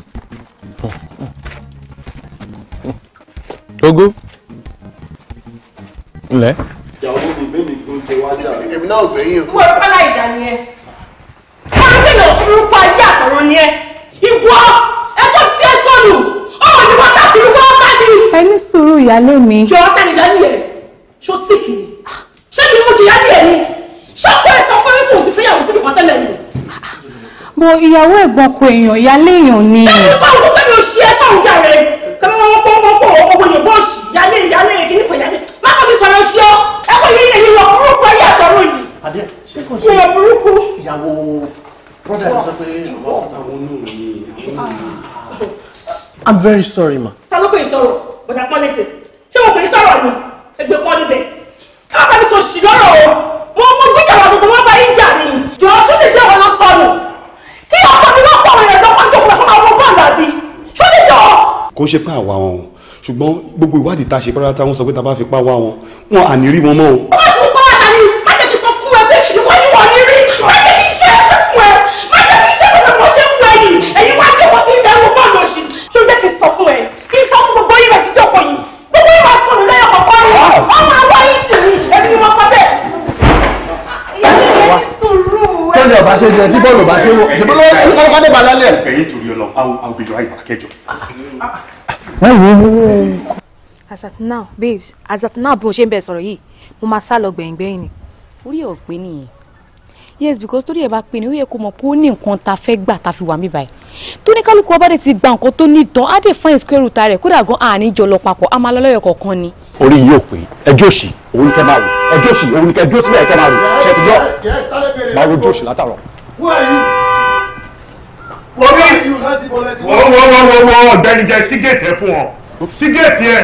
S2: ogo ǹlẹ́. ìyàwó mi bẹ́ẹ̀ mi gbọ́n jẹ wájà. èmi náà ò gbẹ̀yìn o. wọ́n rọ́pá láì dá ni ẹ.
S1: wọ́n ti lọ orúkọ ayé àtọ̀rọ̀ ni ẹ. ìwọ ẹgbẹ́ sí ẹ sọnù ọmọ mi wọ́n tàbí irú wọn bá mi. ẹ ní sùúrù ìyálé mi. jọ ọ́ tẹ̀lé dání ẹ̀ ṣó síkì ni ṣé kí n mú kí yá ni ṣé ọkọ ẹ fún mi kò ti fẹ́yàwó síbi kan tẹ́lẹ̀ bọ ìyàwó ẹ̀gbọ́n kò èèyàn ìyálé èèyàn ni. bẹ́ẹ̀ni sáwọn bẹ́ẹ̀ni o ṣí ẹ sáwọn jà rẹ kẹmí wọn pọ wọn pọ ọmọ yẹn bọọsì ìyálé ìyálé rẹ kìíní fún ìyálé má kàn fi sọ̀rọ̀ sí ọ ẹ kò yí ẹyin lọ burúkú ayé àtọrọ yìí.
S4: adé
S2: ṣé kò sí ìyá ìyàwó brọdà mi sọ pé ìyàwó àwọn onóhùn ni I'm very sorry ma.
S1: ta ló pè sọ̀rọ̀ bọ̀dà pọ́lẹ́tì ṣé mo pè sọ̀rọ̀ ni ẹgbẹ́ pọ́ níbẹ̀ ká bá mi sọ ṣì lọ́rọ̀ o mo mo gbé kàwá gbogbo wọn bá yín jà ni jọ̀ọ́ sóde
S4: ìyá ọkọ mi náà pọ̀wé rẹ̀ lọ́kọ́ tó pẹ̀lú àwọn ọgbọ́n làbí
S2: ṣó lè jọ. kò ṣe pé àwa wọn o ṣùgbọ́n gbogbo ìwádìí tá a ṣe pẹ́rẹ́ tá wọn sọ pé tá a bá fi pa wá wọn wọn à rí wọn mọ́ o. wọ́n ti
S6: bọ́ọ̀lù ọ̀bá ṣe jẹ
S1: tí
S2: bọ́ọ̀lù ọ̀bá ṣe wọ̀
S4: ṣe bọ́ọ̀lù ọ̀bá dé
S2: balálẹ̀. ẹ̀yin torí ọlọ I'll be right back kẹjọ.
S1: as at now babes as at now bí mo ṣe ń bẹ sọ̀rọ̀ yìí mo máa sá lọ gbẹ̀yìngbẹ̀yìn ni. orí ẹ̀ ò pé nìyẹn yes because torí ẹ̀ bá pé ni ó yẹ kó mọ̀ pé ó ní nǹkan ta fẹ́ gbà ta fi wà mí báyìí tó ní kálukú ọba dẹ̀ ti gba nǹkan tó ní ìtàn á dẹ̀ fún ìsúkẹ́rù ta rẹ̀ kódà gan àní jọ lọ papọ̀ á máa lọ lọ́yọ̀ kọ̀ọ̀kan ni
S2: orí yóò pé ẹjọ́ òsì òun kẹ́ máa wò ẹjọ́ òsì òun kẹ́ dúró síbẹ̀ kẹ́ máa wò ṣe ti yọ máa rojú òsì látàrọ. wọ́wọ́wọ́wọ́ ọ̀gbẹ́ni jẹ́ sígẹ̀tì ẹ̀ fún ọ sígẹ̀tì ẹ̀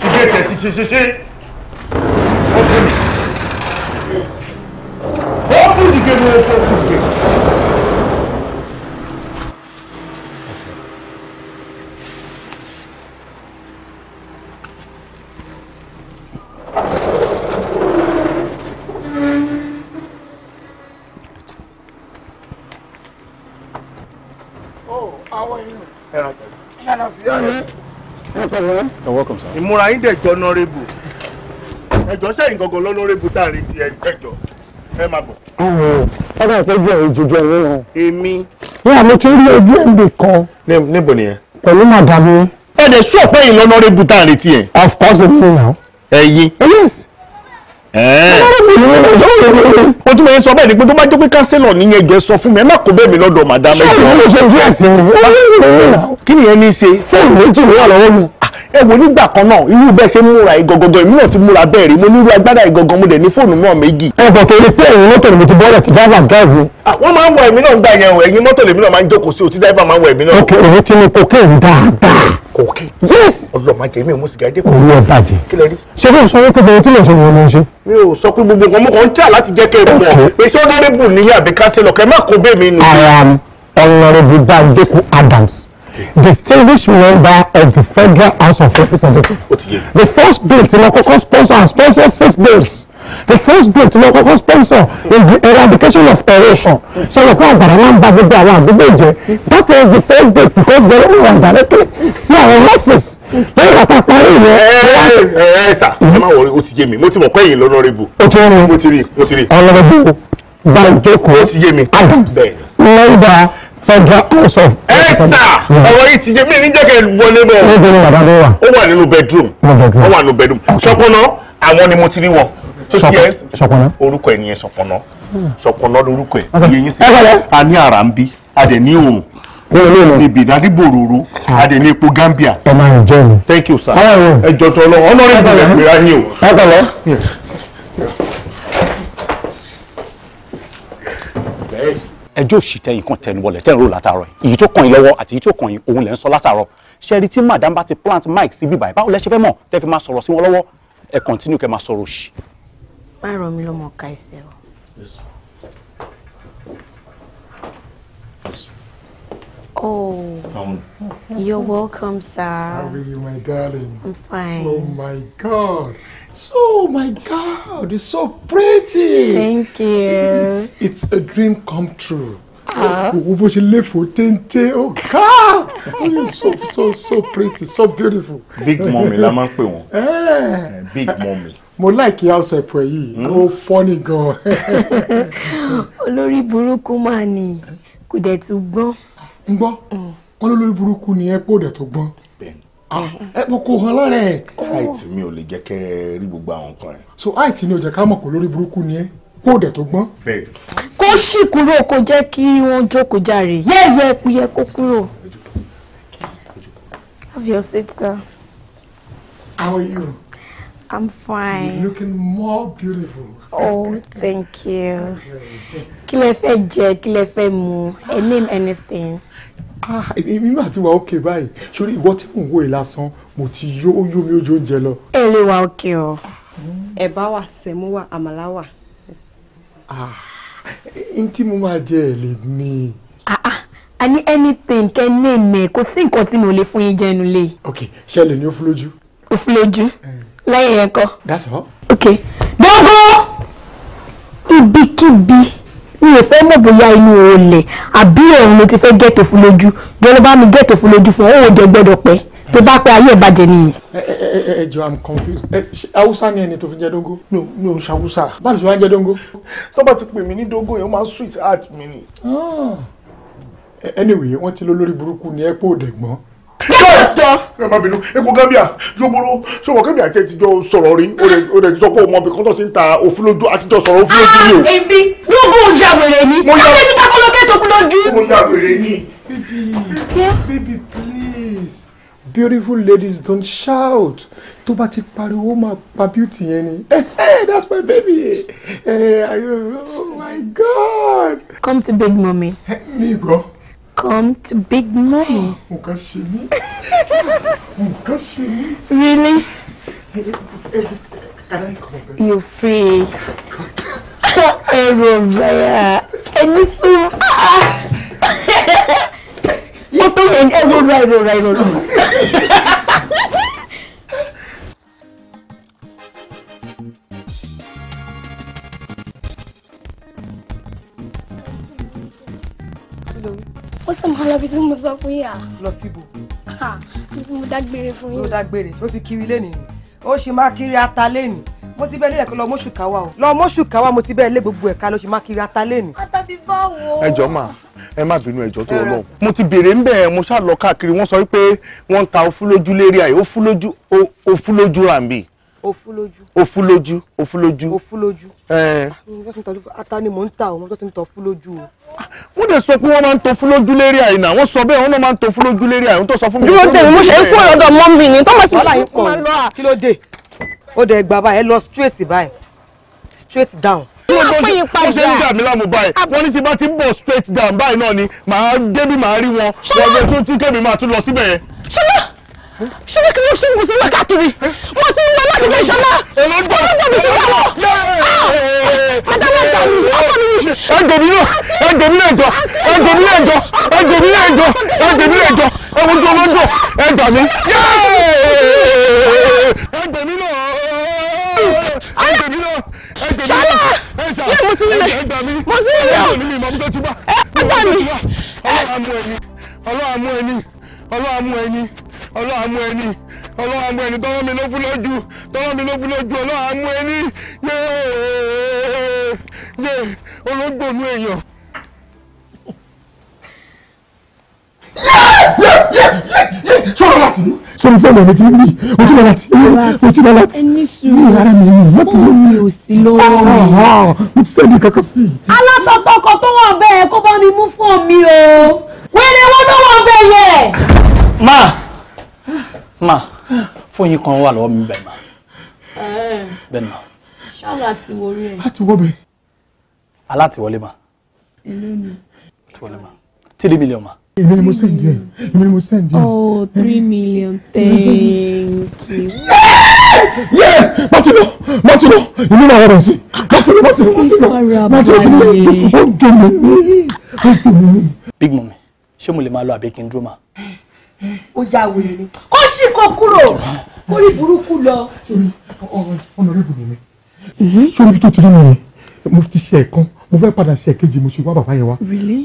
S2: sígẹ̀tì ẹ̀ ṣiṣẹ́ ṣiṣẹ́ ìmúra yín dẹ̀ jọ nọ́rẹ́bù ẹjọ́ sẹ́yìn gangan lọ́nọ́rẹ́bù tá a retí ẹjọ́ ẹ máa bọ̀. ọ̀rọ̀ àpéjọ ìjòjò ẹ̀yìn wọn. èmi. wọn àmì tó rí ojú ẹ̀ ń bè kan. níbo nìyẹn. pẹ̀lú màdàmú. ẹ dẹ̀ sọ pé ìyìn lọ́nọ́rẹ́bù tá a retí ẹ. of course èmi nà. ẹyin. yes. Mo tún bẹ̀rẹ̀ sọ bẹ́ẹ̀ ni pé tó bá jẹ́ pé kánsílọ̀ nìyẹn jẹ́ sọ fún mi ẹ má kó bẹ́ẹ̀ mi lọ́dọ̀ màdàmú. Ṣé ìwọ ló ṣe fi ẹ̀sìn rẹ̀? Kí nìyẹn ní í ṣe? Fóònù méjì ló wà lọ́wọ́ mi ẹ wò nígbà kan náà irú bẹ́ẹ̀ ṣe múra ìgọ̀gọ̀gọ̀ èmi ti múra bẹ́ẹ̀ rí mo ní irú agbádá ìgọ̀gọ̀ mo dẹ̀ ní fóònù náà méjì. ẹ bọ̀ tó lè pé ẹ̀yin mọ́tò ni ti bọ́ọ̀rọ̀ tí dáìvà ń wọ́n máa ń wọ èmi náà gba ẹ̀yẹn o ẹ̀yin mọ́tò lèmi náà máa ń jókòó sí o tí dáìvà máa ń wọ èmi náà. ok èmi ti ní cocaine dáadáa. cocaine. yes. ọlọ́mọ ajẹ́ mi ò mú sìgá dé. orí ẹ̀ bàjẹ́. kí lẹ rí. ṣé kí n sọ wípé bẹ̀rẹ̀ tí lè ṣe wọn ló ń ṣe. mi ò sọ pé gbogbo nǹkan mú kan ń tà láti jẹ́ kẹ́ ẹ mọ̀ pé ṣé ọ̀nàrẹ́bù nìyí àbí káṣílọ̀ I am Honorable Bandeku Adams distinguished member of the Federal House of Representatives. The first bill to wọ́n sponsor and sponsor six bills. The first bill to wọ́n sponsor is the eradication of erosion.
S4: Sọ̀rọ̀ pé àgbàrá máa ń ba gbogbo àwọn àdúgbò jẹ́. That was the first bill because they were one directly sí àwọn nurses. Lẹ́yìn àpá parí ìyẹn. Ẹ ẹ ẹ sà, ẹ má wọrí,
S2: ó ti yé mi, mo ti mọ̀ pé ẹ̀yin l'honorable. O ti rí. Mo ti rí, mo ti rí. Honorable
S4: Banjoko. Ó
S2: ti yé mi. Adams. Bẹ́ẹ̀ni. Lẹ́yìn federal house of. ẹ sà ọ̀rọ̀ yìí ti jẹ́ mí ní jẹ́kẹ̀ wọlé bọ̀. níbi ni bàbá mi wà. ó nínú bedroom. ó nínú bedroom. ṣọpọnà àwọn ni mo ti rí wọn. ṣọpọnà orúkọ ẹ nìyẹn ṣọpọnà hmm. ṣọpọnà lórúkọ ẹ yẹyin sí. a ní ara ń bí a dẹ̀ ní òun níbi ìdádìbòròrò adé ní epo Gambia. ẹ máa ń jẹun. thank you sir. ẹ jọ̀tọ̀ lọ ọ̀nà rẹ̀ bẹ̀rẹ̀ pé ra yín o. ẹ
S4: bẹ̀rẹ̀.
S2: ẹjọ́ òṣìṣẹ́ yìí kan tẹnu bọlẹ̀ tẹ́nu rò látàárọ̀ yìí tó kàn yín lọ́wọ́ àti èyí tó kàn yín òun lẹ̀ ń sọ látàárọ̀ ṣẹ́ẹ́rì tí madam bá ti plant mic síbi báyìí báwo lẹ ṣe fẹ́ mọ̀ tẹ́ fi máa sọ̀rọ̀ sí wọn lọ́wọ́ ẹ kọ̀ntínú kẹ́ máa sọ̀rọ̀ òṣì.
S1: báyọ̀ mi ló mọ ká ẹsẹ̀
S2: o. Oh, um,
S1: you're welcome, sir. How are
S2: you, my darling? I'm fine. Oh, my God. Oh my God, it's so pretty. Thank
S1: you. It's,
S2: it's a dream come true. Ah. Owó bó ṣe léfò téńté ó ká ó so so so pretty so beautiful. Big mommy, la máa ń pè eh. Big mommy. Mo like house ẹ̀pọ̀ yìí, Oh, funny girl. [LAUGHS] Olori
S1: buruku máa nì kò dẹ̀ tún gbọ́n. Ń gbọ́, mm. wọ́n ni ẹ pé
S2: ó dẹ̀ tó Ah, ẹ kò hàn lára ẹ. height mi ò lè jẹ́ kẹ́ ẹ rí gbogbo àwọn nǹkan rẹ̀. so height ni ó ká mọ̀ pé lórí burúkú ni ẹ kó dẹ̀ tó gbọ́n. kó sì kúrò kó jẹ́ kí wọ́n jókòó jàre yẹ́ẹ̀yẹ́ ẹ̀pìyẹ kó kúrò.
S4: have
S1: your seat sir. how are you. I'm fine. You're
S4: looking more beautiful oh
S1: thank you kí lẹ fẹ́
S2: jẹ kí lẹ fẹ́ mu ẹ name anything. ah èmi máa ti wà òkè báyìí sórí ìwọ tí mò ń wòye lásán mo ti yo yó mi ojú oúnjẹ lọ.
S1: ẹ lè wà òkè o. ẹ̀bá wà sẹ̀mú wà àmàlà wà. ah inti tí mo máa jẹ ẹ mi. ah ah a ní anything kẹ́ name me. kò sí nǹkan tí mo lè fún yín jẹ́nu lé. ok ṣẹlẹ̀ ni ó fún lójú. ó fún lójú eh. lẹ́yìn ẹ̀kọ́. that's all. ok dógó
S4: ibikíbi mi ò fẹ́
S1: mọ̀ bóyá inú olè àbí ẹ̀rùn ló ti fẹ́ gẹ́tò fún lójú jọlọ bá mi gẹ́tò fún lójú fún òun òde gbọ́dọ̀ pẹ́ tó bá pẹ́ ayé ìbàjẹ́ nìyẹn.
S2: ẹ ẹ ẹ jọ i'm confused ẹ haúsá ni ẹni tó fi jẹ dógó mi ò mi ò ń ṣàwùsà báwo ló ṣe wá jẹ dógó. tó bá ti pè mí ní dógó yẹn ó máa sweet heart mi ni. Ah. anyway wọ́n ti lólórí burúkú ni ẹ pé òdẹ̀gbọ́n ẹ má bínú eku gambia yóboro sọwọ gambia tiẹ ti jọ sọ̀rọ̀ rí o rẹ sọ pé o mọ bí kọ́ńtọ̀ ti ń ta òfin lójú àti jọ sọ̀rọ̀ òfin lójú yìí o. èmi gbogbo ìjà wèrè ni káyọ̀ síta kọ́ ló kẹ́tọ̀ fún lójú. mo ya wèrè ni. baby baby please beautiful ladies don't shout tó bá ti pariwo máa pa beauty yẹn ni eh, eh, that's my baby hey, eh, oh my god.
S1: come to big mommy. mi gbọ́. Come to Big Mommy. Nǹkan ṣe mí. Nǹkan ṣe mí. Really?
S4: Can I come?
S1: You freak. Ẹ̀rọ bẹ̀rẹ̀ ẹni
S4: sùn. Ó tó yẹ ẹ̀rọ ra ẹ̀rọ ra ẹ̀rọ ra.
S3: ó sì máa lọ bí tí mo
S1: sọ fún yà. lọ síbò.
S3: mo ti mo dágbére fún yín. mo
S1: dágbére ó ti kiri lẹ́nìí ó ṣe máa kiri ata lẹ́nìí mo ti bẹ́ẹ̀ lé ẹ̀kọ́ lọ mọ́ṣù káwa o lọ mọ́ṣù káwa mo ti bẹ́ẹ̀ lé gbogbo ẹ̀ka ló ṣe máa kiri ata lẹ́nìí.
S3: ata fi
S4: bá wo.
S2: ẹjọ máa ẹ má bínú ẹjọ tó lọ mo ti béèrè ńbẹ mo ṣáà lọ káàkiri wọ́n sọ wípé wọ́n ta ofúlójú lérí àyè ofúlójú ofúlójú ràǹbì ofúlójú ofúlójú ofúlójú ofúlójú. ẹ ah,
S1: ẹ. ata ni mò ń ta o mo tó ti ń ta ofúlójú
S4: o
S2: dẹ̀ sọ pé wọ́n máa ń to fún lójú lérí àyìnà wọ́n sọ bẹ́ẹ̀ wọ́n máa ń to fún lójú lérí àyìnà tó sọ fún mi.
S1: dúró dé mo ṣe ń kúrò lọ́dọ̀ mọ́mì ni tó máa sì wàhálà yín pọ̀
S2: kí ló dé ó dẹ̀ gbà báyìí lọ straight báyìí straight down. wọ́n ṣe ń dà mí láàmú báyìí wọ́n ní ti bá ti ń bọ̀ straight down báyìí náà ni màá débi màá rí wọn wọ́n
S4: ṣé wọ́n kí wọ́n ṣe mo sì wá káàkiri mo sì ń wọ láti jẹ ìṣọ́lá wọ́n gbọ́ mi sí wàhálà adáwọ̀ta mi ọkọ mi. ẹgbẹ̀mí náà ẹgbẹ̀mí náà jọ ẹgbẹ̀mí náà jọ ẹgbẹ̀mí náà jọ ẹgbẹ̀mí náà jọ ẹwọ́n tó ló ń jọ ẹgbà mi. ẹgbẹ̀mí náà ẹgbẹ̀mí náà ṣọlá ní mo ti rí rẹ mo ti rí rẹ ọ
S2: ẹ gbà mí. ọlọ́wà mú ẹni ọlọ́wà mú ẹni ọlọ́wà mú ẹni ọlọ́wà mú ẹni ọlọ́wà mú ẹni tọ́wọ́ mi ló fún lójú tọ́wọ́ mi ló fún lójú ọlọ́wà
S4: mú ẹni yé ológbò mú èèyàn.
S6: sọ̀rọ̀ láti ní sórí fóònù mi kì í rí ojú lọ láti ojú lọ láti ní ara mi yìí mọ́tò mi ò sí lọ́wọ́ ah, ah, ah. mo ti sẹ́ni kankan sí i. alátọ̀tọ̀
S1: kan tó wà bẹ́ẹ̀ kó bá mi mú fún mi o wẹ́rẹ́ wọn ló wà bẹ́ẹ̀ yẹ. máa
S5: ma fóyín kan wà lọ́wọ́ mi bẹ́ẹ̀ ma bẹ́ẹ̀ ma.
S2: ṣáàlù
S1: àti wọlé ẹ̀. láti
S5: wọ́ bẹ́ẹ̀. aláàtiwọlé ma. èló ni. àtiwọlé ma three million ma.
S2: èmi ni mo send yẹ èmi ni mo send yẹ. oh
S4: three million thank you. yẹ mọtulọ mọtulọ èmi náà rẹ sí mọtulọ mọtulọ mọtulọ mọtulọ kìnìún ó jọ mi ní ó jọ mi ní.
S5: big mummy ṣé mo lè máa lọ àbí kí ma ó
S1: ya wèrè ni kó sì kó kúrò kó rí burúkú lọ. ọ̀nà
S2: rẹ̀ bùnú mi sórí tó ti rí mi yẹn mo ti ṣe ẹ̀kan mo fẹ́ padà ṣe ẹ̀kejì mo ṣe wá bàbá yẹn wá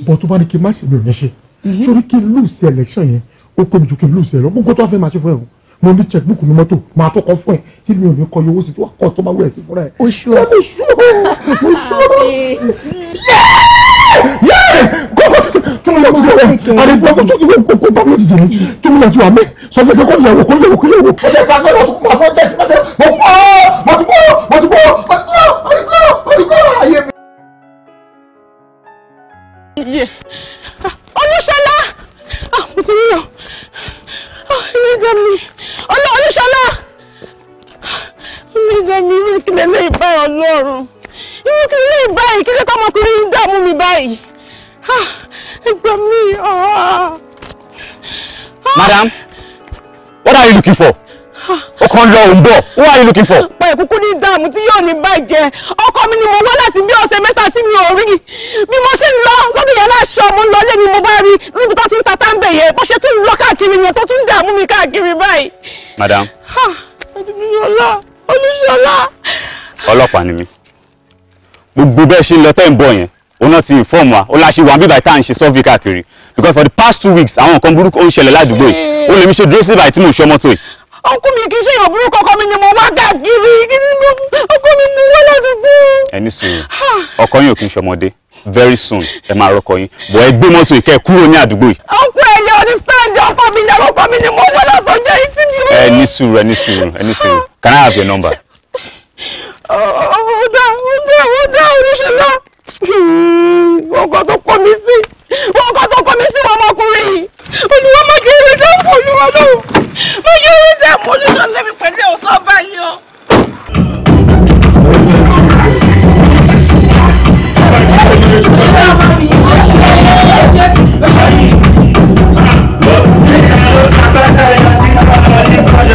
S2: bọ̀ tó bá ní kí n má ṣe mi ò ní ṣe mm-hmm. sórí kí n lose election yẹn ó pè mí ju kí n lose ẹ̀ lọ gbogbo tó wá fẹ́ máa ṣe fún ẹ̀ o mo ní checkbook mi mọ́tò máa tó kọ fún ẹ tí mi ò ní kọ yowó sí tó wà kọ́ tó
S4: máa wúrẹ̀ sí fúnra ẹ̀. oṣù ọ̀ oṣù ọ̀ oṣù ọ̀ yẹ́ẹ̀ tumulatu ame sọfẹ kẹ kọ yẹwò kọ yẹwò kọ yẹwò. o de ka fẹ o tun kuma fọ jẹ kuma tẹ mo kọ mo tun kọ mo tun kọ mo tun kọ mo tun kọ ayé mi. olùṣọlá ah, mo ti rí o ah, ilé ìjọ mi olùṣọlá ah, ilé ìjọ
S1: mi kí lè lè bá Ọlọ́run irú kí lè báyìí kí lè tọmọkùnrin ń dààmú mi báyìí ẹ gbà
S6: madam what are you looking for?
S1: O ń lọ òǹbọ̀ what are you looking for? pa ìkúkú ní dààmú tí yóò ní bàjẹ́ ọkọ mi ni mo wá láti bí ọ̀sẹ̀ mẹ́ta sí mi ò rí bí mo ṣe ń lọ lọ́dún yẹn láṣọ mo ń lọ lé mi mo bá rí níbi tó ti ń ta táǹbẹ̀ yẹn bó ṣe tún lọ káàkiri yẹn tó tún dààmú mi káàkiri báyìí. madam. olùṣọlá olùṣọlá.
S2: ọlọ́pàá ni mi gbogbo bẹ́ẹ̀ ṣe ń lọ tẹ́ ń bọ̀ yẹn òun náà ti inform wa ó láṣẹ wà ń bíbáyìí tá à ń ṣe survey káàkiri because for the past two weeks àwọn nǹkan burúkú ó ń ṣẹlẹ̀ ládùúgbò yìí ó lè mi ṣe dúró síbàá tí mò ń ṣe ọmọ tó yìí.
S1: ọkọ mi kì í ṣe èèyàn burúkú ọkọ mi ni mo wá káàkiri ọkọ mi mo wá ládùúgbò.
S2: ẹni sùn ọkọ yín ò kì í ṣọmọdé very soon ẹ máa rọkọ yín bọ ẹ gbé mọ́tò ìkẹ kúrò ní àdúgbò yìí.
S1: ọkọ ẹ ní ọdún stand ọkọ mi ní ọkọ mi ni
S4: mo wá lọ́sọ̀ọ́ jẹ́ ìsinmi.
S2: ẹ ní sùúrù ẹ ní sùúrù ẹ can I have your number?
S4: ọ̀dà ọ̀dà ọ̀dà oníṣẹ́lá ọkọ̀ tó kọ́ mi sí ọkọ̀ tó kọ́ mi sí ọmọkùnrin yìí olùwọ́ má jẹ́ eré tó ń fò olùwọ́
S3: lóhùn má jẹ́ eré tó ń o. Thank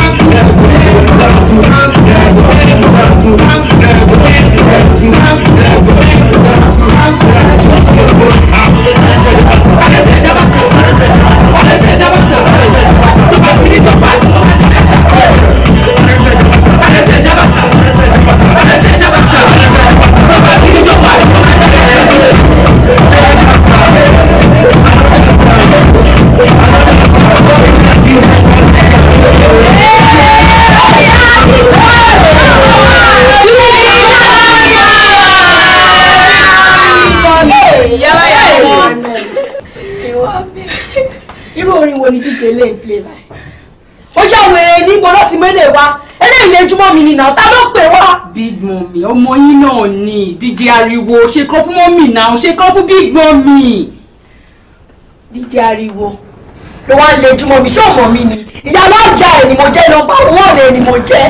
S4: mélòó
S1: wa eléyìí lójúmọ́ mi nìyà ta ló pè wá. big mommy, ọmọ yín náà ni díje ariwo ṣe kọ́ fún mọ́mì náà ṣe kọ́ fún big mommy. díje ariwo ló wá lójúmọ́ mi ṣé ọmọ mi ni
S4: ìyàwó àjà ẹ̀ ni mo jẹ́ nọmba wọn ẹ̀ ni mo
S1: jẹ́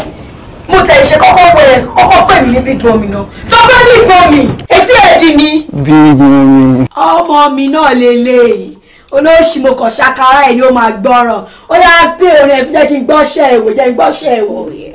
S1: mo tẹ̀ ṣe kọ́kọ́ wẹ̀ kọ́kọ́ pè mí big mommy náà So pé big mommy, etí ẹ̀ dì ní.
S4: big mommy.
S1: ọmọ mi náà lele olóòṣì mo kàn ṣàkárá ẹ̀ ni ó máa gbọ́ràn ó yá pé orin ẹ̀ fi jẹ́ kí n gbọ́ ṣẹ́ ẹ̀wò jẹ́ n gbọ́ ṣẹ́ ẹ̀wò. ìrìn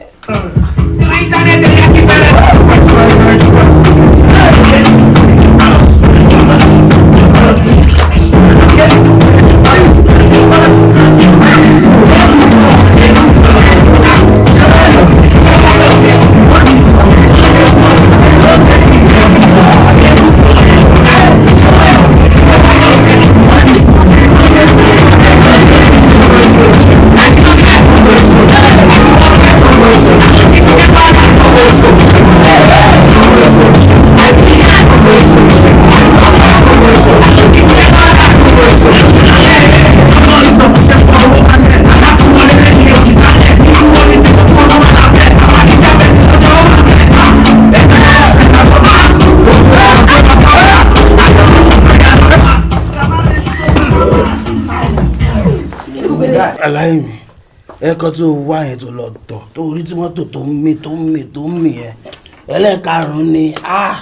S6: ẹ̀kọ́ tó wá yẹn tó lọ tọ̀ tó orí tí mọ́tò tó ń mì tó ń mì tó ń mì yẹn ẹlẹ́ẹ̀karùn-ún ni ah,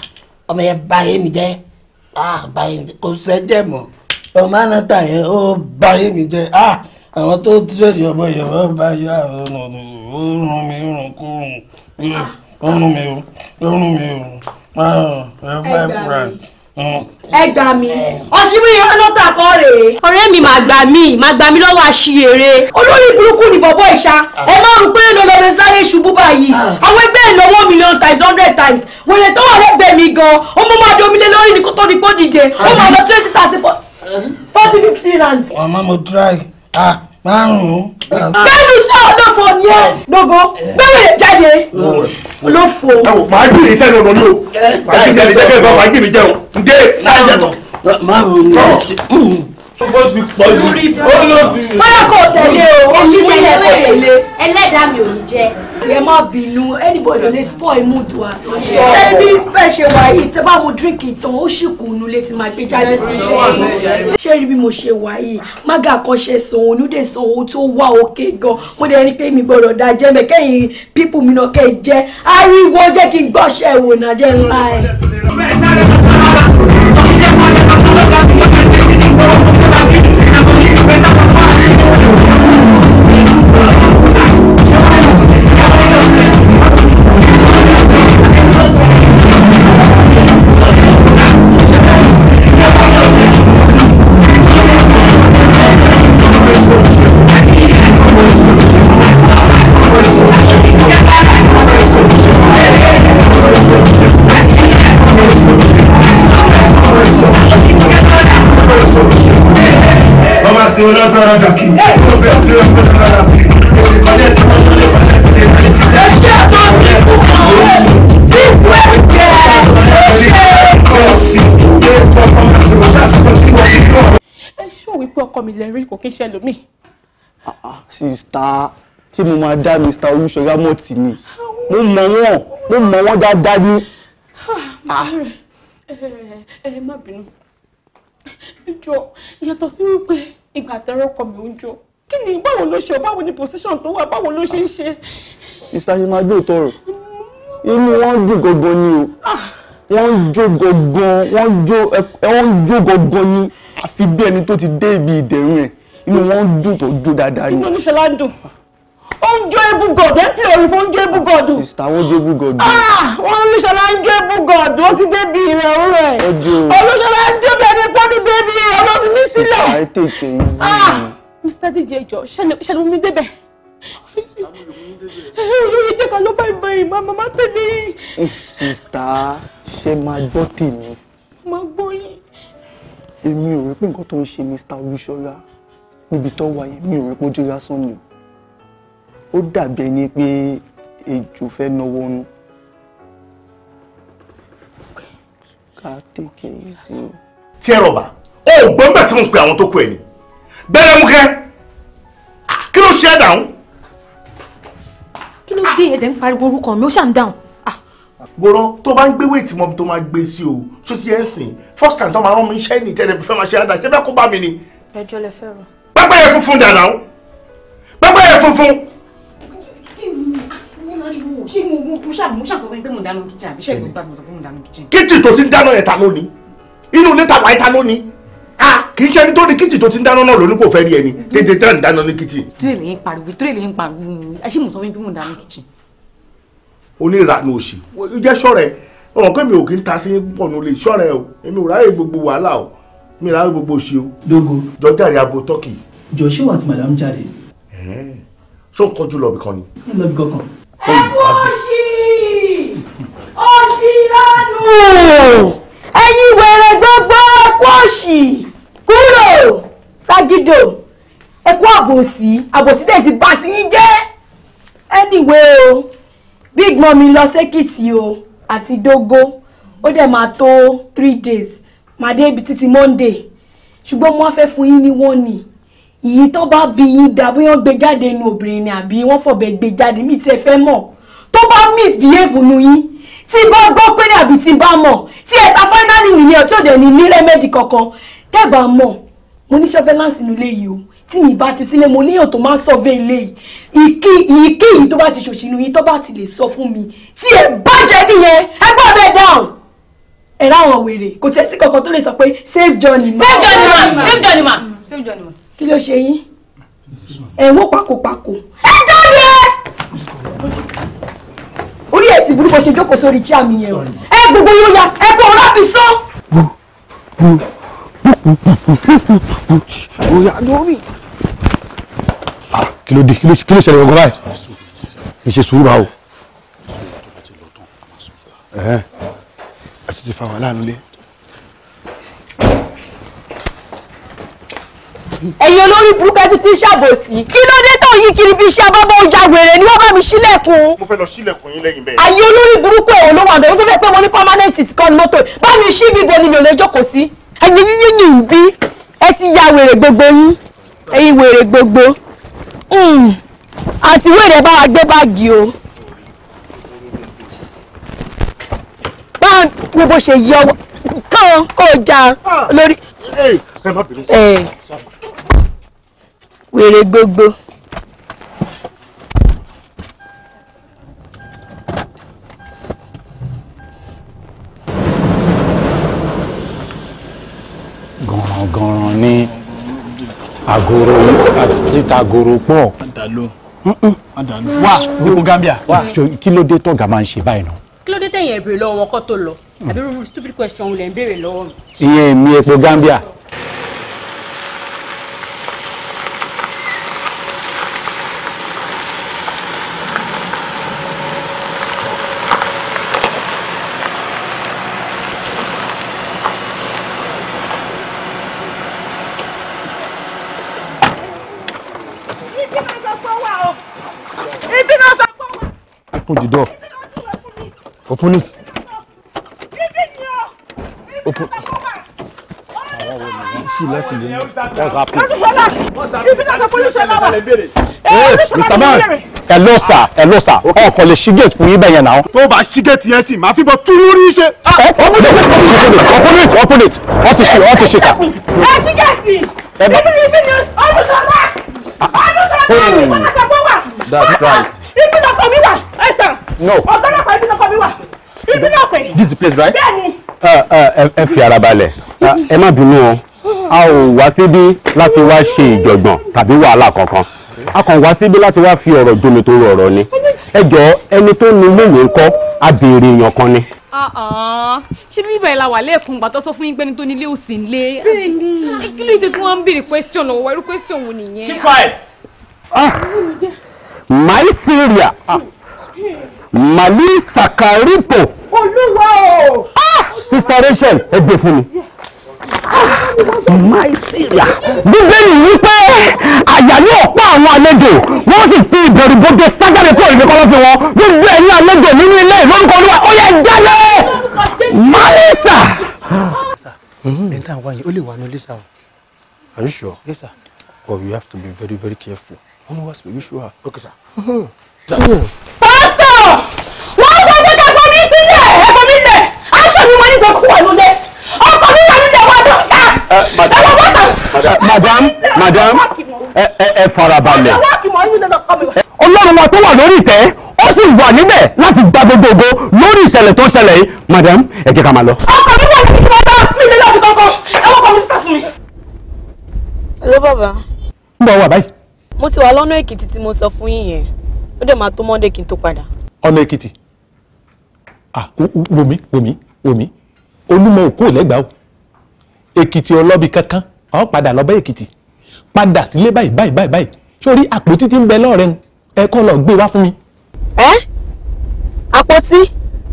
S6: ọmọ yẹn bà yé mi jẹ́ ah, bà yé mi jẹ́ kò sẹ́jẹ̀ mọ́ ọmọ anata yẹn ó bà yé mi jẹ́ ah, àwọn tó tẹ̀lé ọmọ yẹn wọ́n bá yá ọ̀run mi rùn kú rùn ọ̀run mi
S2: rùn ọ̀run mi rùn ẹ̀fọ́ ẹ̀fọ́ rẹ̀ ẹ gbà mí
S1: ọsibúyẹ ọlọ́tà kọ́ rèé. ọ̀rẹ́ mi máa gbà mí máa gbà mí lọ́wọ́ àṣìyèrè. olórí burúkú ni bọ̀bọ̀ ìṣá ah. ẹ máa rò pé lọ́lọ́lẹ́ sáré ṣubú báyìí ah. àwọn ẹgbẹ́ ìnáwó million times hundred times wèrè tó wà lẹ́gbẹ̀ẹ́ mi gan ó mú máa domi lé lórí ní kó tó ní kó dìde ó máa lọ twenty thirty forty fifty rand.
S2: Ah. màmá mo try ah márùn-ún.
S4: bẹ́ẹ̀ ni sọ́ọ̀ lọ́fọ̀ọ́ ni ẹ
S1: gbogbo bẹ́ẹ̀ jáde
S2: ló fò. ẹ wò màá jù yín sẹ́nu ọ̀nà ni o màá jù yín sẹ́nu ọ̀nà ni o màá jù yín sẹ́nu ọ̀nà ni o ǹdẹ́. máa ń mú ó ti pọ̀ jù ó ló ti. bóyá kò tẹ̀lé o ó sì
S1: kò tẹ̀lé ẹlẹ́dàá mi ò ní jẹ́. ẹ má bínú anybody lè spoil mood wa. ṣé bí bẹ́ẹ̀ ṣe wà yìí tẹ́ bá mu drink ìtàn ó sì kù nulẹ̀ tí máa gbé jáde sí iṣẹ́ ṣé rí bí mo ṣe wà yìí mága àkànṣe san onúdè san tó wà òkè gan mo dẹ̀ rí pé mi gbọ́dọ̀ da jẹ́ mẹ́ kẹ́yìn pípù mi náà kẹ́ jẹ́ ariwo jẹ́ kí n gbọ́ṣẹ́ ìwònà jẹ́ ńlá ẹ̀.
S4: brother Daki. Hey, no play play with brother Daki. They dey connect, they dey connect, they dey connect. Ẹ ṣe àtọ́jú fún ọ̀rẹ́
S3: tí fún ẹ̀jẹ̀ ẹ ṣe. Kọ̀ọ̀sì dé fọkàn máa sọ̀rọ̀ ṣáṣìkò sí wọ́n ní kọ́. Ẹ
S2: ṣó ṣé mo máa dá Mr. Olúṣọlá mọ̀ tì ni? Mo mọ̀ wọ́n, mo mọ̀ wọ́n dáadáa ní. Ah, ah.
S1: Ẹ má bínú. Ẹ yàtọ̀ sí wípé ìgbà tẹ́rọ kọ mi oúnjọ kí ni báwo ló ṣe báwo
S5: ni position tó wà báwo ló ṣe ń ṣe.
S2: ìsáyé máa gbé ìtọrọ inú wọn dùn gangan ni o ah. wọn ń jó gangan wọn ń jó wọn ń jó gangan ni àfi bí ẹni tó ti dé ibi ìdẹ̀rùn ẹ̀ inú wọn dùn tó jó dáadáa ni. inú oníṣẹ́ ládùn ó ń jó ebu gọ̀dù ẹ pè orin fún ó ń jó ebu gọ̀dù. sista wọn jó ebu gọ̀dù. wọn ah,
S1: olúṣọlá ń jó ebu gọ̀dù ó ti débi ìrẹ̀ òun rẹ̀ olúṣọlá ń jó bẹ́ẹ̀ ni pọ́nmi débi ìrẹ̀ òun fi mí sílẹ̀. Ah,
S2: ẹ tètè yìí.
S1: mr dj jọ ṣẹlẹ omi débẹ̀ ìdí kan ló fẹ́ bọ ìmọ̀ màmá tẹ̀lé.
S6: Eh, sista ṣe máa gbọ́ tèmi.
S1: máa gbọ́ yìí.
S2: èmi ò rí pé nǹkan tó ń ṣe mr olúṣọlá níbi tó wà yẹn mi ò rí pé ó jẹ́ lásán ni o ó dàbí ẹni pé ejò fẹ́ náwó nú ká tèké sí. tí ẹ rọ̀bà ó gbọ́n bẹ́ẹ̀ tí mo pe àwọn tó kú ẹ̀ ni bẹ́ẹ̀ mú kẹ́ kí ló ṣe é dáhùn.
S1: kí ló dé ẹ̀dẹ̀ ń pariwo orúkọ mi ó ṣàn dáhùn
S2: wòrán ah. tó bá ń gbé wéètì mọ́ tó máa gbé sí o tó ti yẹ ń sìn first time tó máa rán mi iṣẹ́ ní tẹ́lẹ̀ fẹ́ máa ṣe àdá ṣẹ́ fẹ́ kó bá mi ni.
S1: ẹjọ́ lẹ fẹ́ rọ.
S2: pápá yẹn funfun dànù pápá yẹn funfun kíchìn ah, tó ti ń dáná yẹn ta lónìí inú ilé tàwa yẹn ta lónìí a ah, kì í ṣe ẹni tó ní kíchìn tó ti ń dáná náà lónìí kò fẹ́ rí ẹni tètè tẹ́ ń dáná ní kíchìn. tírèlì yẹn
S1: pariwo tírèlì yẹn pariwo ẹ ṣì mú sọ fún mi pé mò ń dáná kíchìn.
S2: onírànú òsì jẹ́ sọ̀rẹ́ ọmọ kí mi ò kí ń ta sí pọ̀nù lè sọ̀rẹ́ o èmi ò ráyè gbogbo wàhálà o mi ráyè gbogbo òṣì o. dogo jọjàre abo tọ́kì. jọ̀ọ́ ṣé wà á ti màdàm jáde. ẹ̀ẹ́ So, ń kọjú lọ bìkan ni. ẹ lọ bí kankan.
S1: ẹ wọ ọṣì ọṣì lánàá. ẹ̀yin wẹrẹ gbogbo ẹkú ọṣì kúrò lágídò ẹkú àbòsí àbòsí dẹ̀ ti bá sí yín jẹ́ anyway o big mummy lọ sẹ́kìtì o àti dógó ó dẹ̀ máa tó three days màdé ibi títí monday ṣùgbọ́n mo fẹ́ fún yín ní wọ́n ni yìí tó bá bí yín dá bí wọ́n gbé jáde nu obìnrin ni àbí wọ́n fọ̀bẹ gbé jáde mi tiẹ̀ fẹ́ mọ̀ tó bá misbehave nu yín tí bá gbọ́ pé ní àbí tí bá mọ̀ tí ẹ̀ta fáínálì nìyẹn ọ̀tí òde ní ní rẹ́mẹ́dì kankan tẹ́gbà mọ̀ mo ní surveillance nílé yìí o tí mi bá ti sílé mo léèyàn tó máa ń sọ bẹ́ẹ̀ lé ìkéyìí tó bá ti ṣòṣìnú yín tó bá ti lè sọ fún mi tí ẹ bàjẹ́ nìyẹn ẹ gbọ́ bẹ́ẹ̀ dáhùn ẹ ráwọn wèrè kò tẹ́ sí kankan tó lè sọ pé save journey ma save journey ma save journey ma save journey ma kí ló ṣe yín ẹ̀wọ̀n pakopako ẹ jáde orí ẹ̀ tí burúkú ṣe jókòó sórí chíà mi yẹn o ẹ gbogbo yóò ya ẹ bọ ọ̀rá mi sọ.
S2: oya lórí. kí ló dé kí ló ṣẹlẹ̀ gbogbo báyìí kì í ṣe sùúrù báwo. ẹ ẹ ti fa wàhálà nílé.
S1: ẹ̀yin olórí burúkú ẹtù ti ń ṣàbòsí kí ló dé tó yí kiri bí iṣẹ́ abábọ̀ ọjà wèrè ni wọ́n bá mi ṣílẹ̀kùn.
S2: mo fẹ́ lọ ṣílẹ̀kùn yín lẹ́yìn bẹ́ẹ̀. àyè
S1: olórí burúkú ẹ̀ ló wà bẹ́ẹ̀ mo fẹ́ pé mo ní permanent kan ní mọ́tò bá mi ṣí bíbo ni mi ò lè jókòó sí. ẹ̀yin yíyí ni ìbí ẹ ti ya wèrè gbogbo yín ẹ̀yin wèrè gbogbo hmm. àti wèrè bá wa gbé báàgì o. bá wo bó ṣe yọ kàn kó o já ah. lórí.
S2: ẹ má bínú
S1: eh.
S4: sí i
S2: wèrè gbogbo. gànràngànràn ni àgòrò àti títa àgòrò pọ̀. wá gbogbo Gambia. kí ló dé tọ́gà máa ń ṣe báyìí náà.
S5: kí ló dé
S1: tẹ̀yìn ẹ̀bùrẹ̀ lọ́wọ́ wọn kó tó lọ mm. àbí stupid question lẹ̀ ń béèrè lọ́wọ́ mi.
S5: ìyẹn mi epo Gambia.
S2: Open the door. Open
S4: it. Open.
S2: See, let him in. What's happening? Hey, Mr. Man. Hello, sir. Hello, sir. Oh, kò lè ṣí gate fún yín bẹ́ẹ̀ yẹn náà. Tó bá ṣí gate yẹn sì, màá fi bọ̀ túrú rí ah, Open it. Open it. Open it. Wọ́n ti ṣe, wọ́n ti ṣe, sir.
S4: Ẹ ṣí gate. Ẹ bá. Ọdún sọ́lá. Ọdún sọ́lá. Ìbí hmm.
S1: náà
S2: That's right.
S1: Ìbí náà sọ mí ẹ no ọ̀gá ọlọ́pàá ibi lọ́kọ mi wà
S5: ibi náà pè. this is the
S2: place right. bẹ́ẹ̀ni. ẹ fi ara balẹ̀ ẹ má bínú o a ò wá síbí láti wá ṣe ìjọ̀gbọ̀n tàbí wàhálà kankan a kàn wá síbí láti wá fi ọ̀rọ̀ jomi tó rọ̀rọ̀ ni ẹ jọ ẹni tó nu lóyè ńkọ́ a béèrè èèyàn kan ni.
S1: ṣé bí bíbẹ̀ la wà lẹ́ẹ̀kan gbàtọ́ sọ fún yín pé ní tó nílé òsì ńlé kí ló ṣe tí wọ́n ń béèrè question lọ́wọ́ irú question wo nìyẹn. keep quiet. ah
S4: my syria. Ah màlí sàkárìpò.
S1: olúwa o. ah
S2: sista rachel ẹ gbé fún mi.
S4: Màìtìrìà bíbélì
S2: wípé àyà ní ọ̀pá àwọn àlejò
S4: wọ́n sì fi ìbẹ̀rùbojo sájáde kúrò níbi kọ́lọ́ fi wọn gbogbo ẹ̀yin àlejò nínú ilé ìlórúkọ olúwa ó yẹ jáde màlísà. ẹ̀ ń
S6: tàn wáyé ó lè wà ní
S2: lisa o. Are you sure? Yes, sir. But we have to be very, very careful. One was spiritual. Okay, sir. Mm-hmm. sir. Mm-hmm
S4: pásítọ̀ wọ́n sọ pé ká fọmí sílẹ̀
S1: ẹ fọmí lẹ̀ aṣọ mi wọ́n ní kò kú ọ̀nù lẹ̀ ọkọ mi wà nílẹ̀ wọ́n dọ̀ta
S4: ah, eh, ẹ wọ́n bọ́ta. madam madam ẹ farabalẹ̀. ọlọ́run wa tó wà lórí ìtẹ́ ó sì wà níbẹ̀ láti gba gbogbo ògo lórí ìṣẹ̀lẹ̀
S2: tó ṣẹlẹ̀ yìí madam ẹ jẹ́ ká máa lọ. ọkọ mi wà níbi tí mi lè lọ́ọ̀dù kankan ẹ wọ́n kọ́ mi síta
S1: fún mi. hello bàbá. ń bọ̀ wà báyìí. mo ti wà lọ́nà èkìtì tí mo sọ fún yín ó dẹ̀ máa tó monday kí n tó padà.
S5: ọ̀nà èkìtì ah wòmí wòmí wòmí olúmọ òkú lẹ́gbàá o èkìtì ọlọ́bi kankan ọ̀ padà lọ bẹ́ èkìtì padà sílé báyìí báyìí báyìí sórí àpótí tí ń bẹ lọ́ọ̀rẹ́ ń ẹ kọ́ lọ gbé wá fún mi. ẹ àpótí.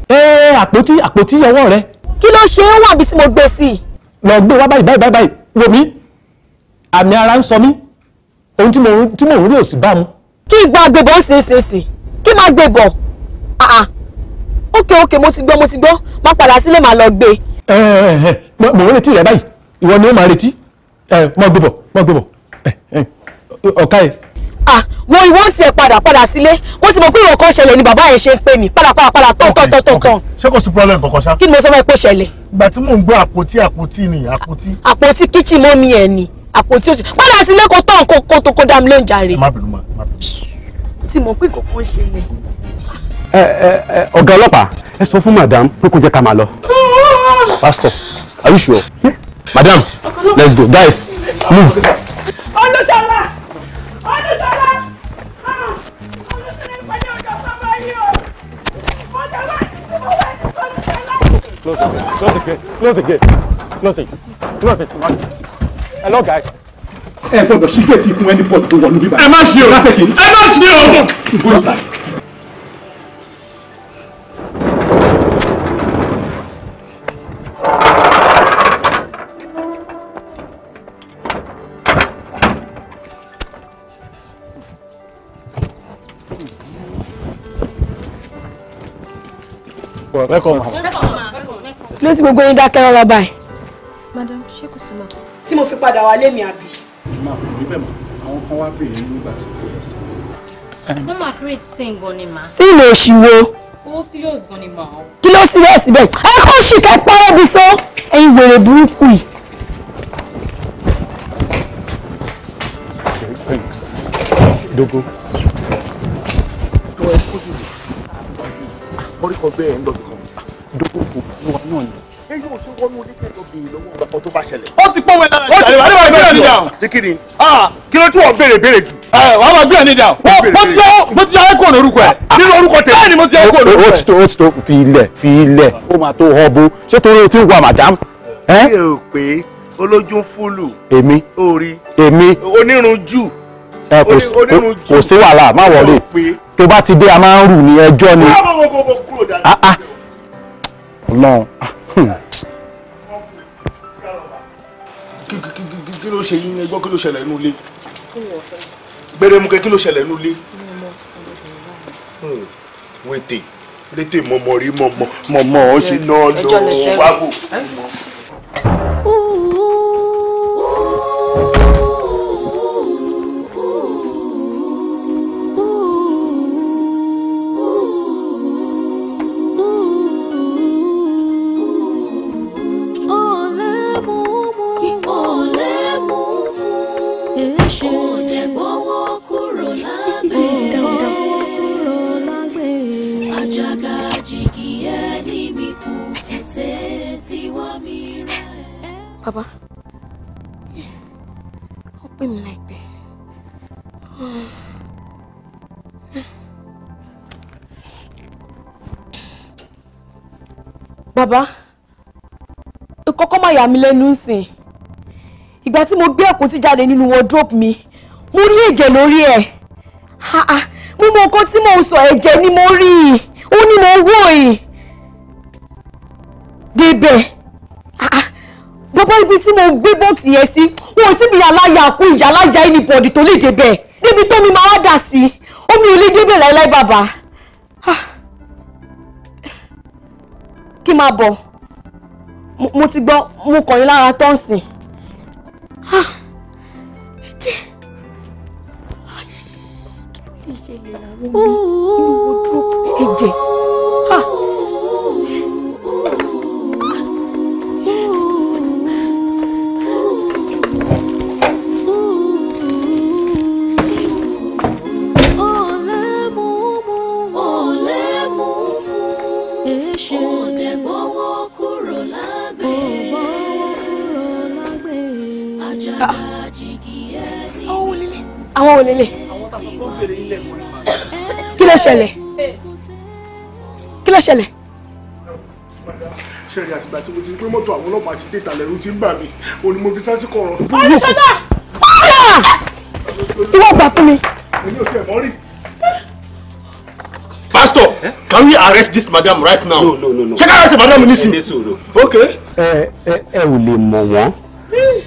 S5: ẹ
S2: àpótí àpótí ọwọ́ rẹ. kí ló ṣe é wà bí tí mo gbé sí i. lọ gbé wá báyìí báyìí báyìí wòmí àmì ara ń sọ mí ohun tí mò ń rí ò sì bá mu
S1: kí n gba agbébọn ṣèṣèṣè kí n máa gbébọn àà ókè ókè mo ti gbọ́ mo ti gbọ́ máa padà sílé máa lọ gbé. mò ń retí rẹ báyìí ìwọ ni ó máa retí eh, máa gbébọn máa gbébọn eh, eh, ọ̀ka ẹ̀. Ah, wo ìwọ ń tiẹ̀ padà padà sílé mo ti mọ̀ pé ìwọ kan ṣẹlẹ̀ ni bàbá yẹn ṣe ń pè mí padà padà padà tó tán tán tán tán.
S2: ṣé kò sí problem kankan ṣá. kí ni mo sọ fún ẹ pé ó ṣẹlẹ̀. ìgbà tí mò ń gbọ́ àpótí àpótí ni àpótí. àpótí kíchìn mọ́ mi ẹ̀ ni àpótí òṣì padà sílé kó tán kó tó kó dá lóúnjẹ rè.
S1: tí mo pín kankan ṣe yẹn.
S2: ọ̀gá ọlọ́pàá ẹ sọ fún madam pé kó jẹ́ ká máa lọ. pastor are you sure. yes. madam let's go guys
S4: move. olùsọ̀lá olùsọ̀lá.
S2: Close again, close again, close again, close it, close it hello guys. Hey, gbọ́dọ̀ ṣí gẹẹti ikun ẹni pọtù tó wọnú bíbá. ẹ má ṣe o ẹ
S4: má ṣe o. go inside. welcome.
S2: Welcome.
S5: Welcome. lẹ́sìn
S1: go yín dákẹ́ rọ́rọ́ báyìí.
S5: madam ṣé kò sí náà
S1: tí mo fi padà wálé mi àbí.
S2: má kò rí bẹ́ẹ̀ mọ́ àwọn kan wá bèrè nígbà tí kò yẹ sí. wọ́n
S1: máa create sin gan ni mà. tí ìlò òṣì wo. owó serious gan ni mà ó. kí ló serious bẹ́ẹ̀ ẹ kó sì kẹ́ pọ́wọ́ bí sọ ẹ̀yin wèrè burúkú yìí.
S2: dogo. dogo kò wá náà ni wọnú oníkẹ́ lọ bèèrè lọ́wọ́ ọ̀gbà tó bá ṣẹlẹ̀. ó ti pọ́n wọn lára ìṣàlẹ̀ wà nígbà gbé ẹni dàn. kíkiri ah, kí ló tún wọn béèrè béèrè jù. ẹ wà á máa gbé ẹni dàn. mo ti yọ mo ti yọ ẹ kúrò lórúkọ ẹ. Ah, ah, nínú orúkọ tẹ bẹ́ẹ̀ ni mo ti yọ ẹ kúrò lórúkọ ẹ. ó ti tó ó ti tó fi ilẹ̀ fi ilẹ̀ ó máa tó họ́bó ṣé torí o ti ń wà màdám. ẹ ò pé olójú fúlù. èmi orí èmi onírunjú. ẹ kò sí wàhálà má wọlé tó bá ti dé a máa ń rù ní ẹjọ́ ni. ọlọ́run kí ló ṣe yín ẹgbọ́n kí ló ṣẹlẹ̀ nínú ilé gbẹrẹmukẹ kí ló ṣẹlẹ̀ nínú ilé hmm, wètè létè mọmọ rí mọmọ mọmọ ọ ṣe náà lọ wáwò.
S3: Bàbá,
S1: ó pè mí láìpẹ́. Bàbá, ìkọ́kọ́ máa yà mí lẹ́nu nsìn. Ìgbà tí mo gbé àpótí jáde nínú wardrobe mi, mo rí ẹ̀jẹ̀ ha, ẹ̀. Mo mọ nǹkan tí mò ń sọ ẹ̀jẹ̀ ni mo rí i, ó mo wò yìí. Débẹ̀ bàbá ibi tí mo gbé bọ́ọ̀sì yẹn sí wọn ò síbi aláya kú ìyá aláya ẹnìbọ̀dì tó lè débẹ̀ débi tó mi máa wá dà sí omi ò lè débẹ̀ láíláí bàbá ah. kí n máa bọ̀ mo ti gbọ́ mo kàn yín lára tọ́ǹsìn.
S2: máa ti dé ìtàlẹ́rù ń bà mí òní mo fi sásìkò ọ̀rọ̀. olùsọ̀nà ìwọ gbà fún mi. èmi ò tiẹ̀ mọ́ rí. pastor can we arrest this madam right now. no no no no. check out madam nisin. ok. ẹ ẹ ẹ ò lè mọ̀ wọ́n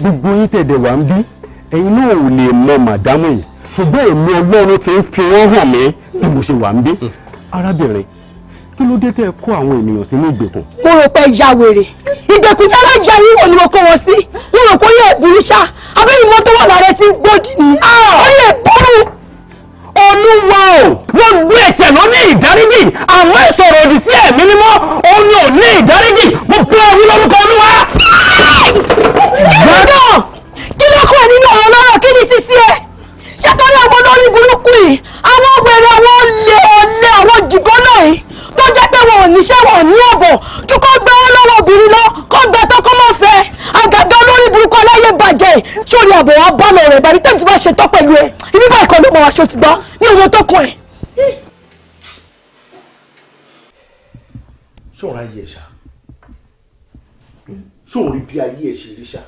S2: gbogbo yín tẹ̀dẹ̀ wá ń bí ẹ̀yin náà ò lè mọ̀ màdámù yìí ṣùgbọ́n èmi ọlọ́run ti ń fi wọ́n hàn mí bí mo ṣe wà ń bí arábìnrin kí ló dé tẹ́ ẹ kó àwọn ènìyàn sínú ìgbèkùn. mo rò pé ya wèrè ìdẹ̀kùjẹ́ alájà yìí wò ni mo kó wọn sí mo rò pé yẹ burú
S1: ṣá abẹ́yìn mọ́tò wà lára ti gbòdì ni ah! ó yẹ burú. olúwa
S4: o gbogbo ẹ̀ṣẹ̀ ló ní ìdáríjì àmọ́ ìsọ̀rọ̀ òdì sí ẹ̀mí mímọ́ òun ò ní ìdáríjì mo pe orí lórúkọ olúwa. gbọ́dọ̀
S1: kí ló kọ́ nínú ọ̀rọ̀ lọ́rọ̀ kí ni sísí ẹ̀ ṣé torí àwọn olórí burúkú yìí àwọn obìnrin àwọn olè olè àwọn jìgọ́nà yìí tó jẹ́ pé wọn ò níṣẹ́ wọn ní ọ̀bọ̀ Tu kó gbé owó lọ́wọ́ obìnrin lọ kó gbé tọkọ mọ́ fẹ́ àgàgà olórí burúkú aláyé bàjẹ́ sórí àbọ̀ wa bá lọ rẹ̀ bá ní tẹ́mi tí bá ṣe tọ́ pẹ̀lú ẹ ibi báyìí kan ló mọ aṣọ ti gbọ́ ní owó
S2: tó kàn ẹ̀. sọ̀rọ̀ ayé ẹ̀ ṣá sóòrí bí ayé ẹ̀ ṣe rí ṣá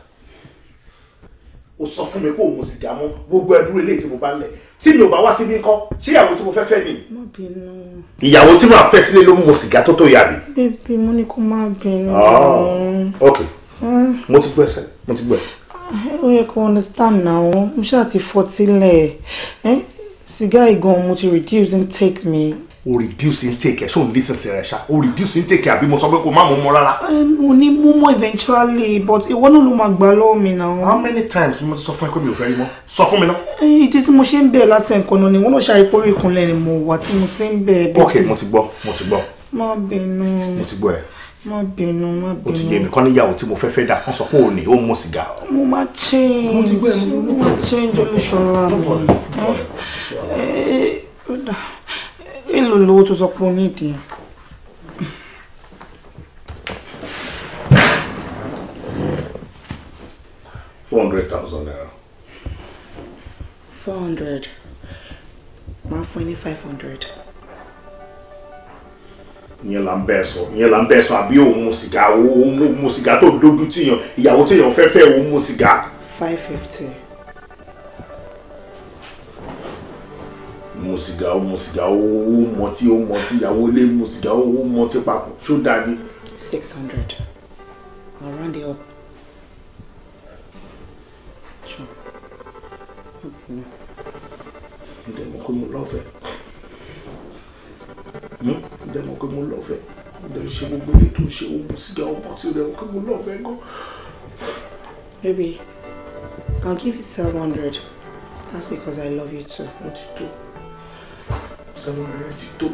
S2: o sọ fún mi kó o mu sìgá gbogbo ẹdúró ilé tí mo bá lẹ̀ tí mi ò bá wá síbí ńkọ́ ṣé
S6: ìyàwó tí mo fẹ́ fẹ́ mi. má
S2: bínú. ìyàwó tí màá fẹ́ sílé ló mú mo sìgá tó tó yà mí.
S6: bébí mo ní kó má bínú. Ah, ok eh.
S2: mo ti gbọ́ ẹsẹ̀ mo ti gbọ́ ẹ.
S6: Ah, ó yẹ kó understand na o mo ṣáà ti fọtílẹ̀ eh, sìgá ìgan mo ti reduce intake mi
S2: o reduce intake ẹ ṣó n lis ten sí rẹ ṣá o reduce intake àbí mo sọ pé kó má mú mọ rárá.
S6: mo ní mú mọ eventually but ìwọ náà ló máa gbà lọ́wọ́ mi náà. how many times mo sọ fún ẹ pé mi ò fẹ́ rí mọ́ sọ fún mi náà. ìdí tí mo ṣe ń bẹ̀ láti ẹ̀kan náà ni wọ́n náà ṣàìpórí ìkúnlẹ̀ ni mo wà tí mo ti ń bẹ̀ ẹ́. ok mo
S2: ti gbọ́ mo ti gbọ́.
S6: má bínú. mo ti gbọ́ ẹ má bínú má bínú. o ti jẹ
S2: nìkan níyàwó tí mo fẹ́ fẹ́ dà wọ́n sọ pé òní ó mú sìgá.
S6: mo máa change mo máa change olùṣọ́ra mi. Eh, eh, ó dà èlò lówó tó sọ pé ó ní ìdíyàn.
S2: four hundred thousand naira.
S6: four hundred máa fún ẹ ní five hundred.
S2: ìyẹn là ń bẹ́ẹ̀ sọ ìyẹn là ń bẹ́ẹ̀ sọ àbí òun mu sìgá òun mu sìgá tó dójú tìyàn ìyàwó tìyàn fẹ́fẹ́ òun mu sìgá.
S6: five fifty.
S2: mu sìgá ó mu sìgá ó mọtí ó mọtí ìyàwó ilé mu sìgá ó mọtí papọ̀ ṣó dáa ni.
S6: six hundred I'll round it up. John.
S2: Ǹjẹ́ mo kó hm? mo lọ́fẹ̀ẹ́? Ǹjẹ́ mo kó mo lọ́fẹ̀ẹ́? Ǹjẹ́ ṣe gbogbo ilé tó ṣe ó mu sìgá ọmọ tí ǹjẹ́ mo kó mo lọ́fẹ̀ẹ́ gan?
S6: Baby, I'll give you seven hundred. That's because I love you too. Ó ti tó seven
S2: million ti tó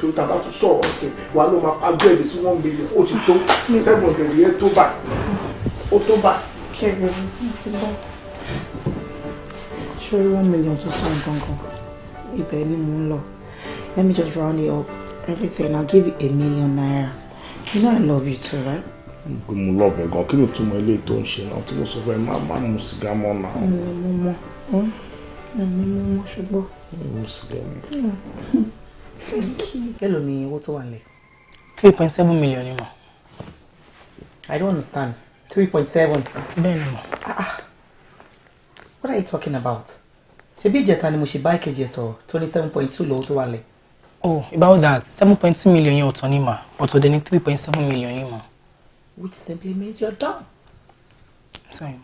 S2: tó tàbá tún sọ̀rọ̀ sí wa ló máa pàjọ́ èdè sí one million ó ti tó seven hundred yẹn tó bá ó tó bá.
S4: kẹrin ti bọ
S6: ṣórí one million tó sàn gangan ibẹ̀ ni mò ń lọ let me just round it up everything i'll give you a million naira you know i love you too right
S2: pé mo lọ bẹ̀ gan kí ló túmọ̀ ilé tó ń ṣe náà tí mo sọ pé má má mu sìgá mọ́ náà.
S4: mo mọ hm? mo mọ ṣùgbọ́n.
S6: Hello, ni owó tó wà three point seven million ni I don't understand. three point seven. Ah ah. What are you talking about? ṣebí ìjẹta ni mo ṣe bá ìkejì ẹ̀ Twenty seven point two lówó tó wà Oh, about that seven point two million yẹn ọ̀tọ̀ ni But ọ̀tọ̀ the ni three point seven million yẹn Which simply means you're dumb. Sorry.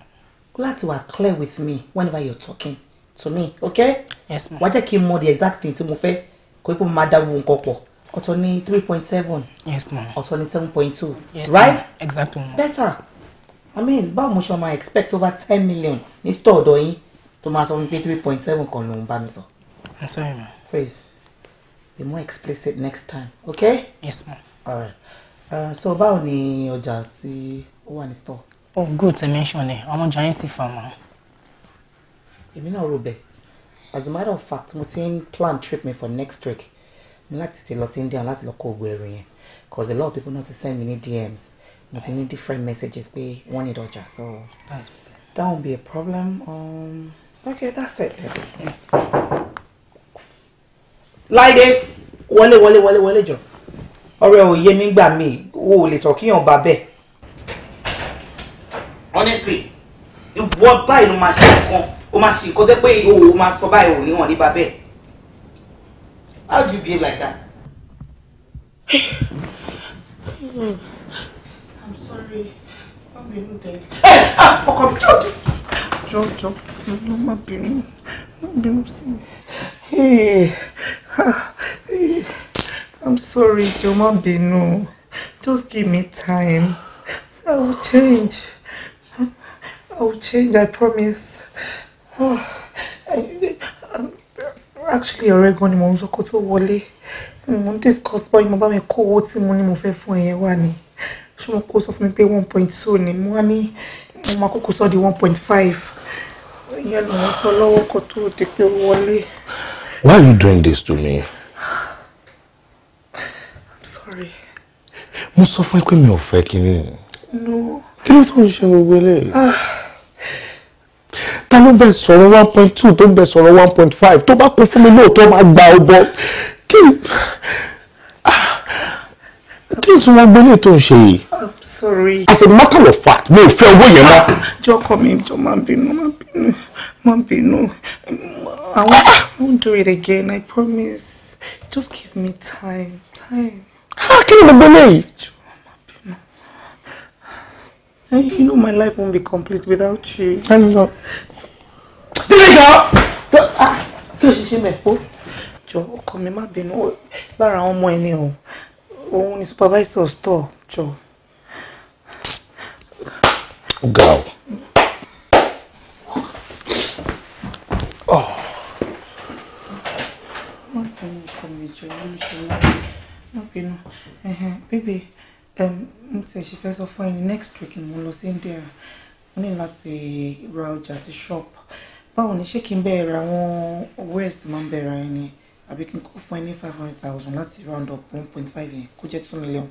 S6: you are clear with me whenever you're talking to me okay. yes ma. wàá jẹ́ kí n mọ the exact thing tí mo fẹ́ kó ipò máa dá gbogbo nǹkan pọ̀ ọ̀tọ̀ ni three point seven. yes ma. ọ̀tọ̀ ni seven point two. yes right exactly ma. better i mean báwo mo ṣe máa expect over ten million ní store ọ̀dọ̀ yín tó máa sọ fún three point seven kan lòún bá mi sọ. i'm sorry ma. please be more explicit next time okay. yes ma. all right uh, so báwo ni ọjà tí ó wà ní store. oh good I mention it. àwọn ọjà yẹn ti èmi náà rò bẹ́ẹ̀ as a matter of fact mo ti ń plan trip mi for next week mi láti tètè lọ sí India láti lọ kó gbogbo ẹrù yẹn cause a lot of people náà ti send me ní DMs mo ti ní different messages pé wọ́n ní ìdọ̀jà so that won't be a problem um, okay that's it. Yes. Láìdé wọlé wọlé wọlé wọlé jọ ọ̀rẹ́ ò yé mi gbà mí o ò lè sọ kíyàn bá bẹ́ẹ̀. honestly ìwọ báyìí ló máa ṣe nǹkan o máa ṣe nǹkan tẹ́ pé o máa sọ báyìí ò níwọ̀n nípa bẹ́ẹ̀ how do you behave like that.
S4: i'm
S2: sorry má bínú tẹ. ẹ ah ọkọ mi jọjọ
S6: jọjọ ló má bínú má bínú sí mi. i'm sorry jọ̀ọ́ má bínú just give me time i will change i will change i promise. Oh, actually ọ̀rẹ́ gan ni mò ń sọ kó tó wọlé mo ń discuss báyìí mo bá mi kó owó tí mo ní mo fẹ́ fún ẹ̀yẹ wà ní ṣé mo kó sọ fún mi pé one point two ni mo wá ní mo máa kókó sọ di one point five ìyẹn ló ń sọ lọ́wọ́ kó tó di pé ó wọlé.
S2: Why are you doing this to me?
S6: I'm sorry.
S2: mo sọ fún ẹ pé mi ò fẹ́ kí ni. no. kí ló tó ń ṣe gbogbo eléyìí. Ah ta ló bẹ̀ sọ̀rọ̀ one point two tó bẹ̀ sọ̀rọ̀ one point five tó bá kún fún mi lóòótọ́ máa gba ọbọ kí ni ah, kí ni tí wọ́n gbé ní ètò ìṣe yìí.
S6: i'm sorry. as a matter
S2: of fact mi ò fẹ́ owó yẹn mọ́.
S6: jọkọ mi jọ
S2: máa bínú
S4: máa bínú
S6: máa bínú i won't, do it again i promise just give me time time. kí ni gbogbo eléyìí. Eh, you know my life won't be complete without you. I'm not dídì gan. kí o ṣe ṣe mẹ́pọ̀. jọ ọkọ mi má bínú lára àwọn ọmọ ẹni o òun ni supervisor store jọ. ó ga o. má bínú ọkọ mi jọ olùṣòwò má bínú bíbí mo ti ṣe fẹ́ sọ fún ẹni next week ni mo lọ sí India mo ní láti ra ọjà sí shop báwo ni ṣé kí n bẹ̀rẹ̀ àwọn west máa ń bẹ̀rẹ̀ ẹ̀ ni àbí kí n kó fún ẹ ní five hundred thousand láti round up one point five yẹn kó jẹ́ two million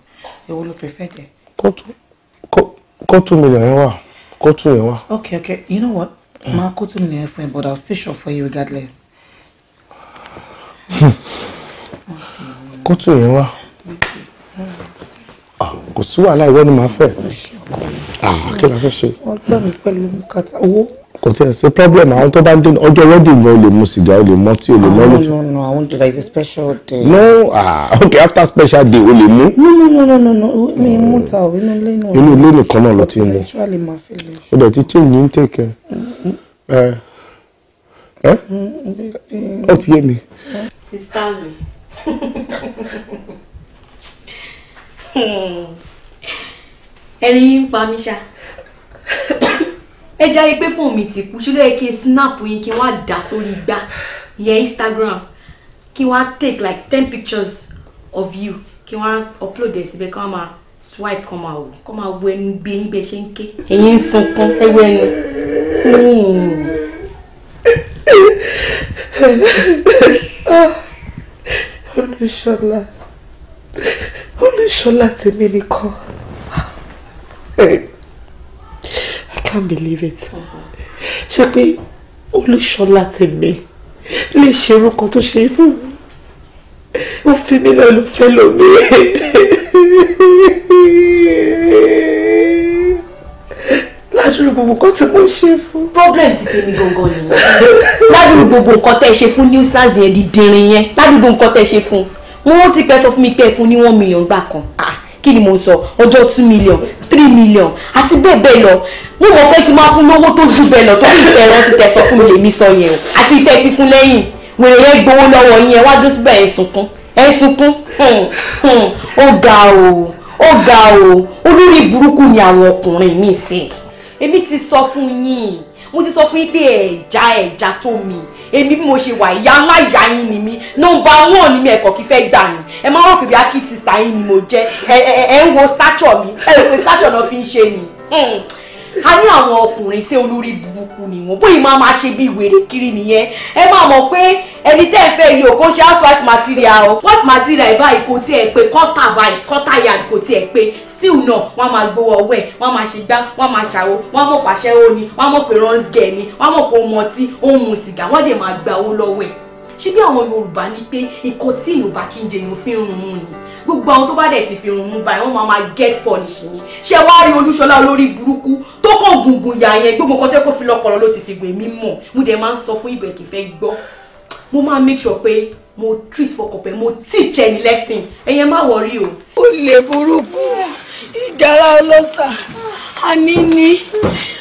S6: èwo ló prefer dẹ̀.
S2: kó two million yẹn wà kó two yẹn wà.
S6: okay okay you know what hmm. máa kó two million yẹn fún ẹ but i will still shop for you regardless. Hmm. kó two yẹn wà ah, kò
S2: sí wàhálà ìwọ ni màá fẹ́ ah, kí la fẹ́ ṣe.
S6: wọ́n gbà mí pẹ̀lú kàtà owó
S2: kò tiẹ̀ sí problem àwọn tó bá ń dé ọjọ́ wedding yẹn o lè mu sìgá o lè mu ọtí o lè mu ọlọ́tí. no
S6: no no I want to that it's a special day. no
S2: ah okay after special day o lè mu.
S6: no no no no no no mi mú ta o inú ilé náà. inú ilé nìkan náà lọ ti mu.
S2: o dẹ̀ ti change ní take ẹ ẹ
S6: ọ ti yé mi.
S1: sista mi [LAUGHS] hmm. ẹni yín pa mi ṣá ẹ jáde pé fóònù mi ti kú ṣílẹ̀ kí n snap yín kí n wá dà sórí igbá ìyẹn Instagram kí n wá take like ten pictures of you kí n wá upload ẹ̀ síbẹ̀ kí wọ́n máa swipe kọ́ máa wò kọ́ máa wo ẹnu gbé yín bẹ́ẹ̀ ṣe ń ké. ẹ̀yin ń sunkún ẹwọ ẹnu.
S6: Hmm. Olúṣọlá Olúṣọlá tèmi nìkan can't believe it ṣé pé olúṣọlá tèmi lè ṣe irun kan tó ṣe fún mi ó fi mí náà ló fẹ́ lómi.
S2: ládùúrú gbogbo nǹkan tí mo ṣe fún.
S1: problem ti tèmi gangan nìyẹn ládùúrú gbogbo nǹkan tẹ́ ẹ ṣe fún new sars yẹn di dirin yẹn ládùúgbò nǹkan tẹ́ ẹ ṣe fún wọn ti pẹ́ sọ fún mi pé ẹ ní one million gbà kan. Ah, kí ni mo sọ ọjọ́ two million three million àti bẹ́ẹ̀ bẹ́ẹ̀ lọ mo mọ̀ pé ti máa fún lówó tó jù bẹ́ẹ̀ lọ torí ìtẹ̀rán ti tẹ̀sán fún mi lèmi sọ yẹn o àti ìtẹ̀ ti fún lẹ́yìn wèrè yẹn gbowó lọ́wọ́ yín ẹ wá dúró síbẹ̀ ẹ̀ sunkún ẹ̀ sunkún hmm, hmm. ó ga o ó ga o olórí burúkú ni àwọn ọkùnrin mi sí. èmi ti sọ fún yín mo ti sọ fún yín pé ẹ̀já ẹ̀já tó mi èmi bí mo ṣe wà ìyá ńlá ìyá yín ni mí nọ́mbà one ni mi ẹ̀kọ́ kí fẹ́ gbà mí ẹ máa rò pé bí akit sista ni mo jẹ́ ẹ ẹ ń wo stature mi ẹ rò pé stature náà fi ń ṣe ni hmm a ní àwọn ọkùnrin ṣé olórí burúkú ni wọn bóyá máa máa ṣe bí wèrè kiri nìyẹn ẹ máa mọ̀ pé ẹni tẹ́ ẹ fẹ́ yìí ò kó ṣe housewife material o wife material báyìí kò tiẹ̀ pé kọ́tà báyìí kọ́tà yard kò tiẹ̀ pé still náà wọ́n máa gbowó ọwọ́ ẹ̀ wọ́n máa ṣe gbá wọ́n máa ṣàwo wọ́n mọ̀ pàṣẹ ó wọ́n mọ̀ pé runs ni wọ́n mọ̀ pé ó mọtí ó mu sìgá wọ́n dẹ̀ máa gba owó lọ́wọ́ ẹ̀ ṣé bí àwọn Yorùbá ní pé nǹkan tí èèyàn bá kí n jẹyàn fi ń rún mú ni gbogbo àwọn tó bá dẹ̀ ti fi rún mú báyìí wọ́n máa máa get punish ni ṣé wàá rí Olúṣọlá olórí burúkú tó kàn gungun yà yẹn gbogbo nǹkan tó kó fi lọ́pọ̀lọ́ ló ti fi gbè mí mọ̀ mo dẹ̀ máa ń sọ fún ibẹ̀ kì í fẹ́ gbọ́ mo máa make sure pé mo treat for pé mo teach ẹni lesson ẹ̀yẹn má wọrí o. ó lè burúkú ìgárá ọlọ́sà àní ni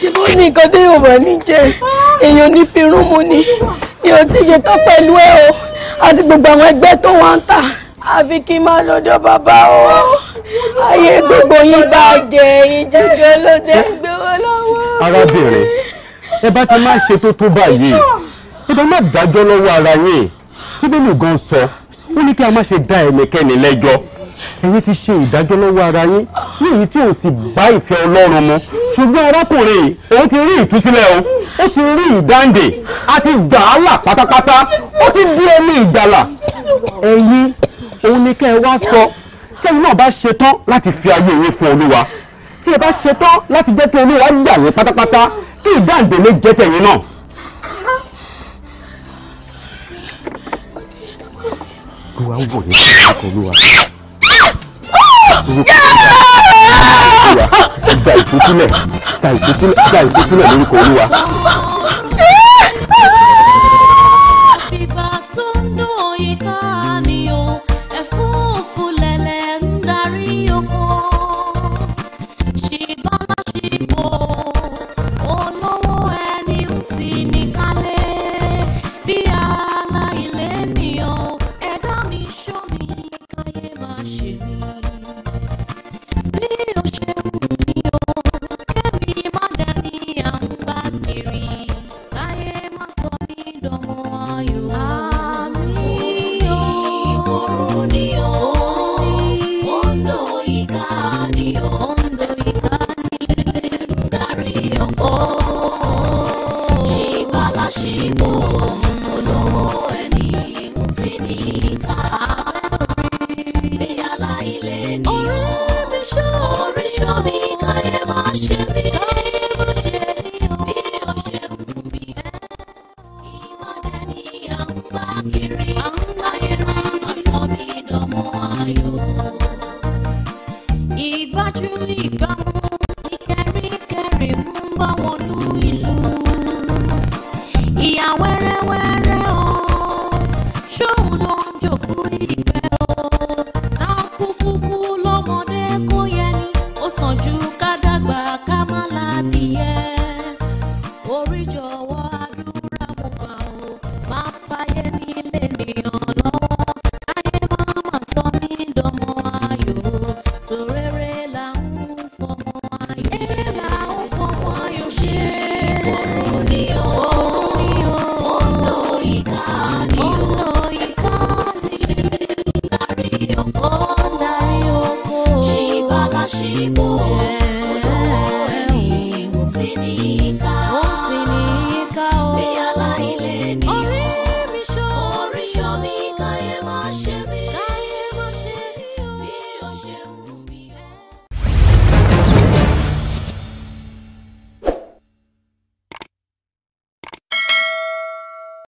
S1: ṣebó ní nǹkan tó yóò wà ní jẹ èèyàn ní firún mu ni mi ò ti ṣetán pẹ̀lú ẹ o àti gbogbo àwọn ẹgbẹ́ tó wà ń tà àfi kí n máa lọ́dọ̀ bàbá o ayé gbogbo yín bá jẹ ìjọba ọlọ́dẹ gbowó lọ́wọ́.
S4: arábìnrin ẹ bá
S2: ti máa ṣe tó tó báyìí ẹ bá má dájọ́ lọ́wọ́ ara yín bíbélì gan sọ ó ní kí a má ṣe dá ẹnikẹ́ni lẹ́jọ́ ẹ̀yin ti ṣe ìdájọ́ lọ́wọ́ ara yín ní èyí tí ò sì bá ìfẹ́ ọlọ́run mu ṣùgbọ́n arákùnrin yìí òun ti rí ìtúsílẹ̀ o ó ti rí ìdáǹdè àti gbàálà pátápátá ó ti di ẹni ìgbàlà ẹ̀yin òun ni kẹ́ ẹ wá sọ tẹ́yìn náà bá ṣetán láti fi ayé yín fún olúwa tí ẹ bá ṣetán láti jẹ́ kí olúwa gbà yín pátápátá kí ìdáǹdè lè jẹ́
S4: tẹ̀yìn náà. wàá wò ní kí olúwa
S2: gba ìtúsílẹ̀ gba ìtúsílẹ̀ gba ìtúsílẹ̀ lórúkọ olúwa.